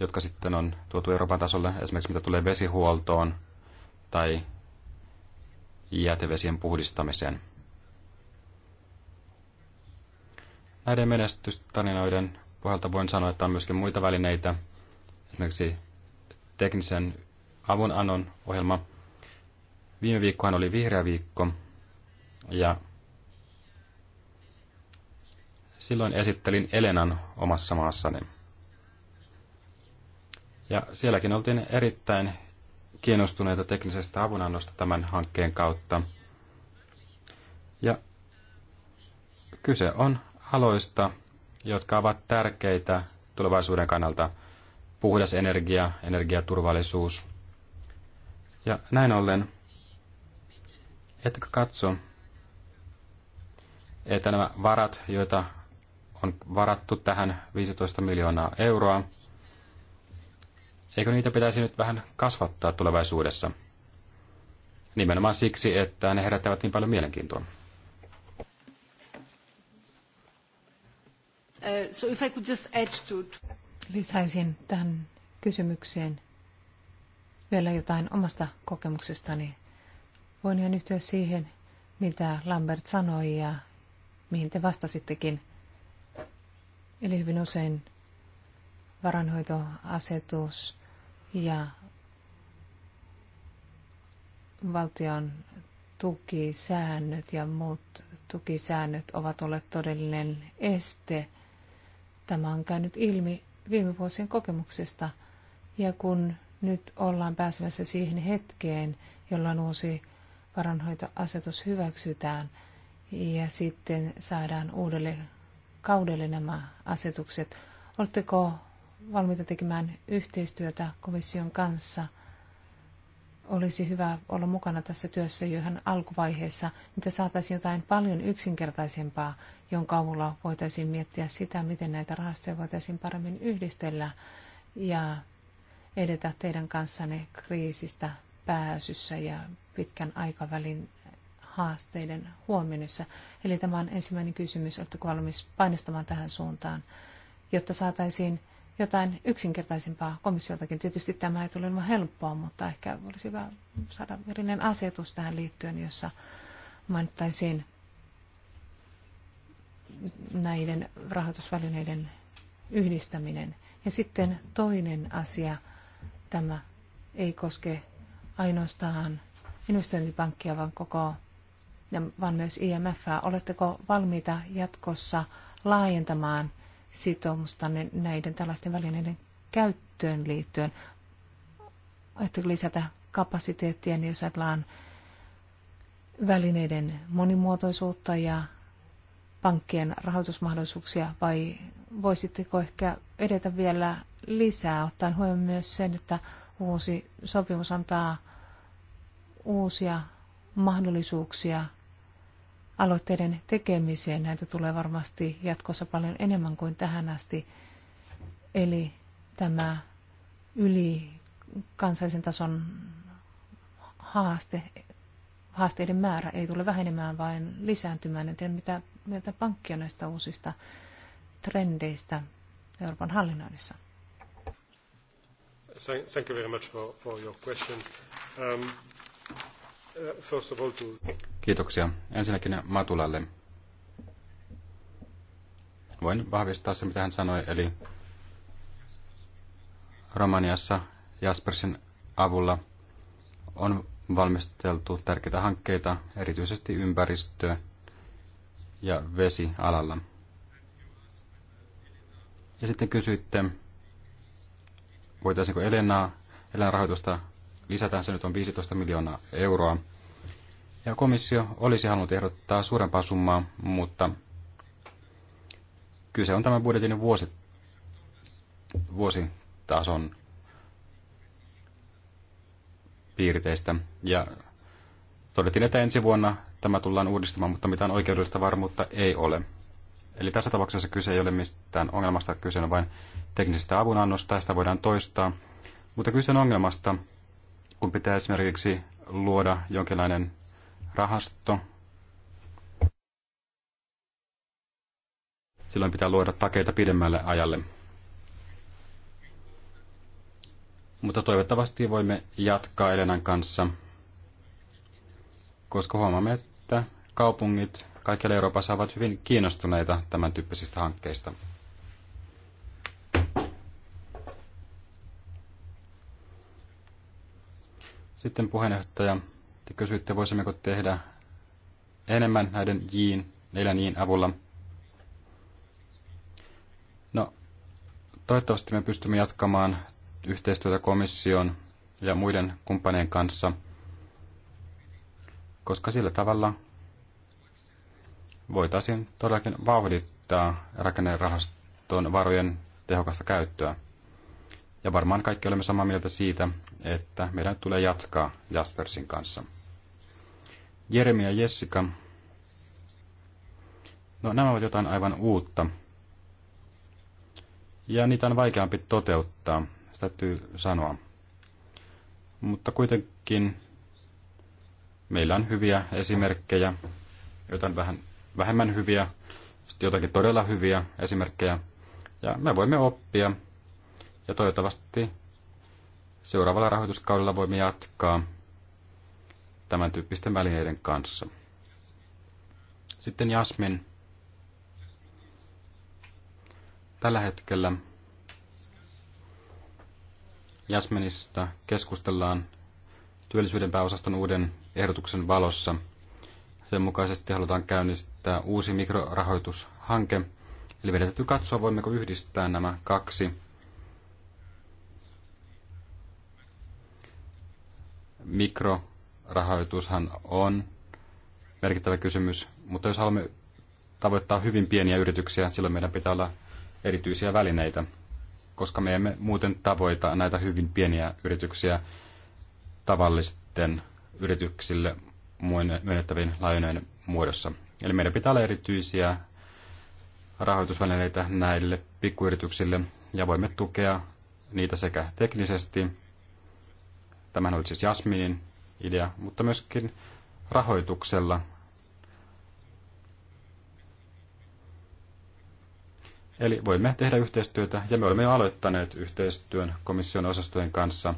jotka sitten on tuotu Euroopan tasolle, esimerkiksi mitä tulee vesihuoltoon tai jätevesien puhdistamiseen. Näiden menestystarinoiden pohjalta voin sanoa, että on myöskin muita välineitä, esimerkiksi teknisen avunannon ohjelma. Viime viikkohan oli vihreä viikko, ja Silloin esittelin Elenan omassa maassani. Ja sielläkin oltiin erittäin kiinnostuneita teknisestä avunannosta tämän hankkeen kautta. Ja kyse on aloista, jotka ovat tärkeitä tulevaisuuden kannalta. Puhdas energia, energiaturvallisuus. Ja näin ollen, etkö katso, että nämä varat, joita on varattu tähän 15 miljoonaa euroa. Eikö niitä pitäisi nyt vähän kasvattaa tulevaisuudessa? Nimenomaan siksi, että ne herättävät niin paljon mielenkiintoa. Uh, so if I could just add to... Lisäisin tähän kysymykseen vielä jotain omasta kokemuksestani. Voin ihan yhtyä siihen, mitä Lambert sanoi ja mihin te vastasittekin. Eli hyvin usein varanhoitoasetus ja valtion tukisäännöt ja muut tukisäännöt ovat olleet todellinen este. Tämä on käynyt ilmi viime vuosien kokemuksesta. Ja kun nyt ollaan pääsemässä siihen hetkeen, jolloin uusi varanhoitoasetus hyväksytään ja sitten saadaan uudelle kaudelle nämä asetukset. Oletteko valmiita tekemään yhteistyötä komission kanssa? Olisi hyvä olla mukana tässä työssä jo ihan alkuvaiheessa, että saataisiin jotain paljon yksinkertaisempaa, jonka avulla voitaisiin miettiä sitä, miten näitä rahastoja voitaisiin paremmin yhdistellä ja edetä teidän kanssanne kriisistä pääsyssä ja pitkän aikavälin haasteiden huomioinnissa. Eli tämä on ensimmäinen kysymys, oletteko valmis painostamaan tähän suuntaan, jotta saataisiin jotain yksinkertaisempaa komissioltakin. Tietysti tämä ei tule ilman helppoa, mutta ehkä olisi hyvä saada erillinen asetus tähän liittyen, jossa mainittaisiin näiden rahoitusvälineiden yhdistäminen. Ja sitten toinen asia, tämä ei koske ainoastaan investointipankkia, vaan koko vaan myös IMF. Oletteko valmiita jatkossa laajentamaan sitoumusta näiden tällaisten välineiden käyttöön liittyen? Oletteko lisätä kapasiteettia, niin jos ajatellaan välineiden monimuotoisuutta ja pankkien rahoitusmahdollisuuksia, vai voisitteko ehkä edetä vielä lisää, ottaen huomioon myös sen, että uusi sopimus antaa uusia mahdollisuuksia aloitteiden tekemiseen. Näitä tulee varmasti jatkossa paljon enemmän kuin tähän asti. Eli tämä yli kansallisen tason haaste, haasteiden määrä ei tule vähenemään, vaan lisääntymään. En tiedä, mitä mieltä pankki on näistä uusista trendeistä Euroopan hallinnoinnissa. Thank you very much for, for your question. Um, uh, first of all to... Kiitoksia. Ensinnäkin Matulalle. Voin vahvistaa se, mitä hän sanoi, eli Romaniassa Jaspersin avulla on valmisteltu tärkeitä hankkeita, erityisesti ympäristö- ja vesialalla. Ja sitten kysyitte, voitaisiinko Elenaa, Elenan rahoitusta lisätään, se nyt on 15 miljoonaa euroa ja komissio olisi halunnut ehdottaa suurempaa summaa, mutta kyse on tämän budjetin vuosi, vuositason piirteistä. Ja todettiin, että ensi vuonna tämä tullaan uudistamaan, mutta mitään oikeudellista varmuutta ei ole. Eli tässä tapauksessa kyse ei ole mistään ongelmasta, kyse on vain teknisestä avunannosta, sitä voidaan toistaa. Mutta kyse on ongelmasta, kun pitää esimerkiksi luoda jonkinlainen rahasto. Silloin pitää luoda takeita pidemmälle ajalle. Mutta toivottavasti voimme jatkaa Elenan kanssa, koska huomaamme, että kaupungit kaikkialla Euroopassa ovat hyvin kiinnostuneita tämän tyyppisistä hankkeista. Sitten puheenjohtaja te kysyitte, voisimmeko tehdä enemmän näiden jiin, neljän jiin avulla. No, toivottavasti me pystymme jatkamaan yhteistyötä komission ja muiden kumppaneiden kanssa, koska sillä tavalla voitaisiin todellakin vauhdittaa rakennerahaston varojen tehokasta käyttöä. Ja varmaan kaikki olemme samaa mieltä siitä, että meidän tulee jatkaa Jaspersin kanssa. Jeremia ja Jessica. No nämä ovat jotain aivan uutta. Ja niitä on vaikeampi toteuttaa, sitä täytyy sanoa. Mutta kuitenkin meillä on hyviä esimerkkejä, jotain vähän vähemmän hyviä, sitten jotakin todella hyviä esimerkkejä. Ja me voimme oppia ja toivottavasti seuraavalla rahoituskaudella voimme jatkaa tämän tyyppisten välineiden kanssa. Sitten Jasmin. Tällä hetkellä Jasminista keskustellaan työllisyyden pääosaston uuden ehdotuksen valossa. Sen mukaisesti halutaan käynnistää uusi mikrorahoitushanke. Eli meidän täytyy katsoa, voimmeko yhdistää nämä kaksi mikrorahoitushan on merkittävä kysymys, mutta jos haluamme tavoittaa hyvin pieniä yrityksiä, silloin meidän pitää olla erityisiä välineitä, koska me emme muuten tavoita näitä hyvin pieniä yrityksiä tavallisten yrityksille myönnettävin lainojen muodossa. Eli meidän pitää olla erityisiä rahoitusvälineitä näille pikkuyrityksille ja voimme tukea niitä sekä teknisesti Tämähän oli siis Jasminin idea, mutta myöskin rahoituksella. Eli voimme tehdä yhteistyötä ja me olemme jo aloittaneet yhteistyön komission osastojen kanssa,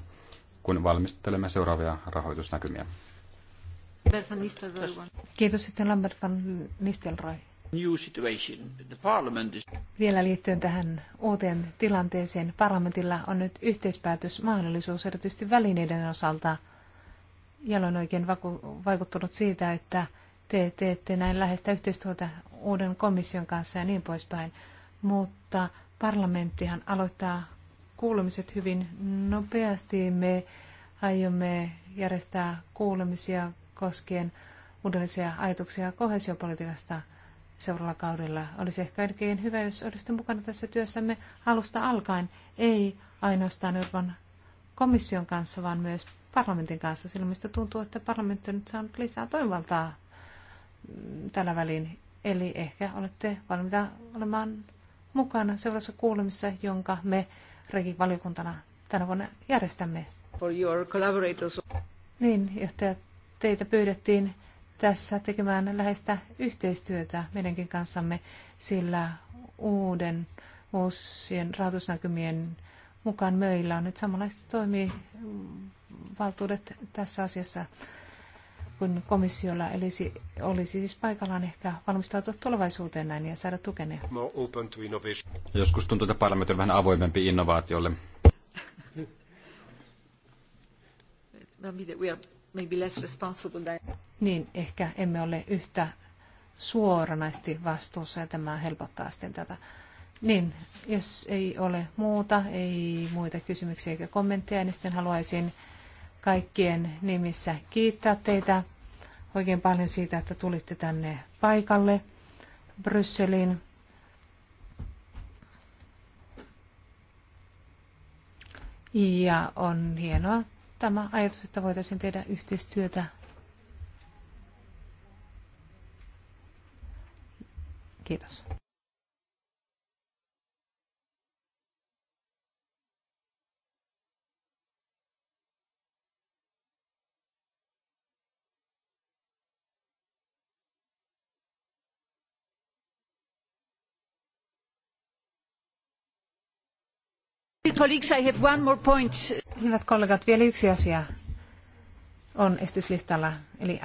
kun valmistelemme seuraavia rahoitusnäkymiä. Kiitos sitten Lambert van Nistelrooy. Vielä liittyen tähän uuteen tilanteeseen, parlamentilla on nyt yhteispäätösmahdollisuus erityisesti välineiden osalta. Ja olen oikein vaikuttunut siitä, että te teette näin läheistä yhteistyötä uuden komission kanssa ja niin poispäin. Mutta parlamenttihan aloittaa kuulemiset hyvin nopeasti. Me aiomme järjestää kuulemisia koskien uudellisia ajatuksia kohesiopolitiikasta – seuraavalla kaudella. Olisi ehkä oikein hyvä, jos olisitte mukana tässä työssämme alusta alkaen, ei ainoastaan Euroopan komission kanssa, vaan myös parlamentin kanssa. Sillä mistä tuntuu, että parlamentti on nyt saanut lisää toimivaltaa tällä välin. Eli ehkä olette valmiita olemaan mukana seuraavassa kuulemisessa, jonka me regivaliokuntana tänä vuonna järjestämme. For your collaborators. Niin, johtaja, teitä pyydettiin tässä tekemään läheistä yhteistyötä meidänkin kanssamme, sillä uuden uusien rahoitusnäkymien mukaan meillä on nyt samanlaiset toimivaltuudet tässä asiassa kuin komissiolla, eli olisi siis paikallaan ehkä valmistautua tulevaisuuteen näin ja saada tukene. Joskus tuntuu, että parlamentti on vähän avoimempi innovaatiolle maybe less responsible than... Niin, ehkä emme ole yhtä suoranaisesti vastuussa ja tämä helpottaa sitten tätä. Niin, jos ei ole muuta, ei muita kysymyksiä eikä kommentteja, niin sitten haluaisin kaikkien nimissä kiittää teitä oikein paljon siitä, että tulitte tänne paikalle Brysselin. Ja on hienoa tämä ajatus, että voitaisiin tehdä yhteistyötä Kiitos. Hyvät kollegat, vielä yksi asia on esityslistalla, eli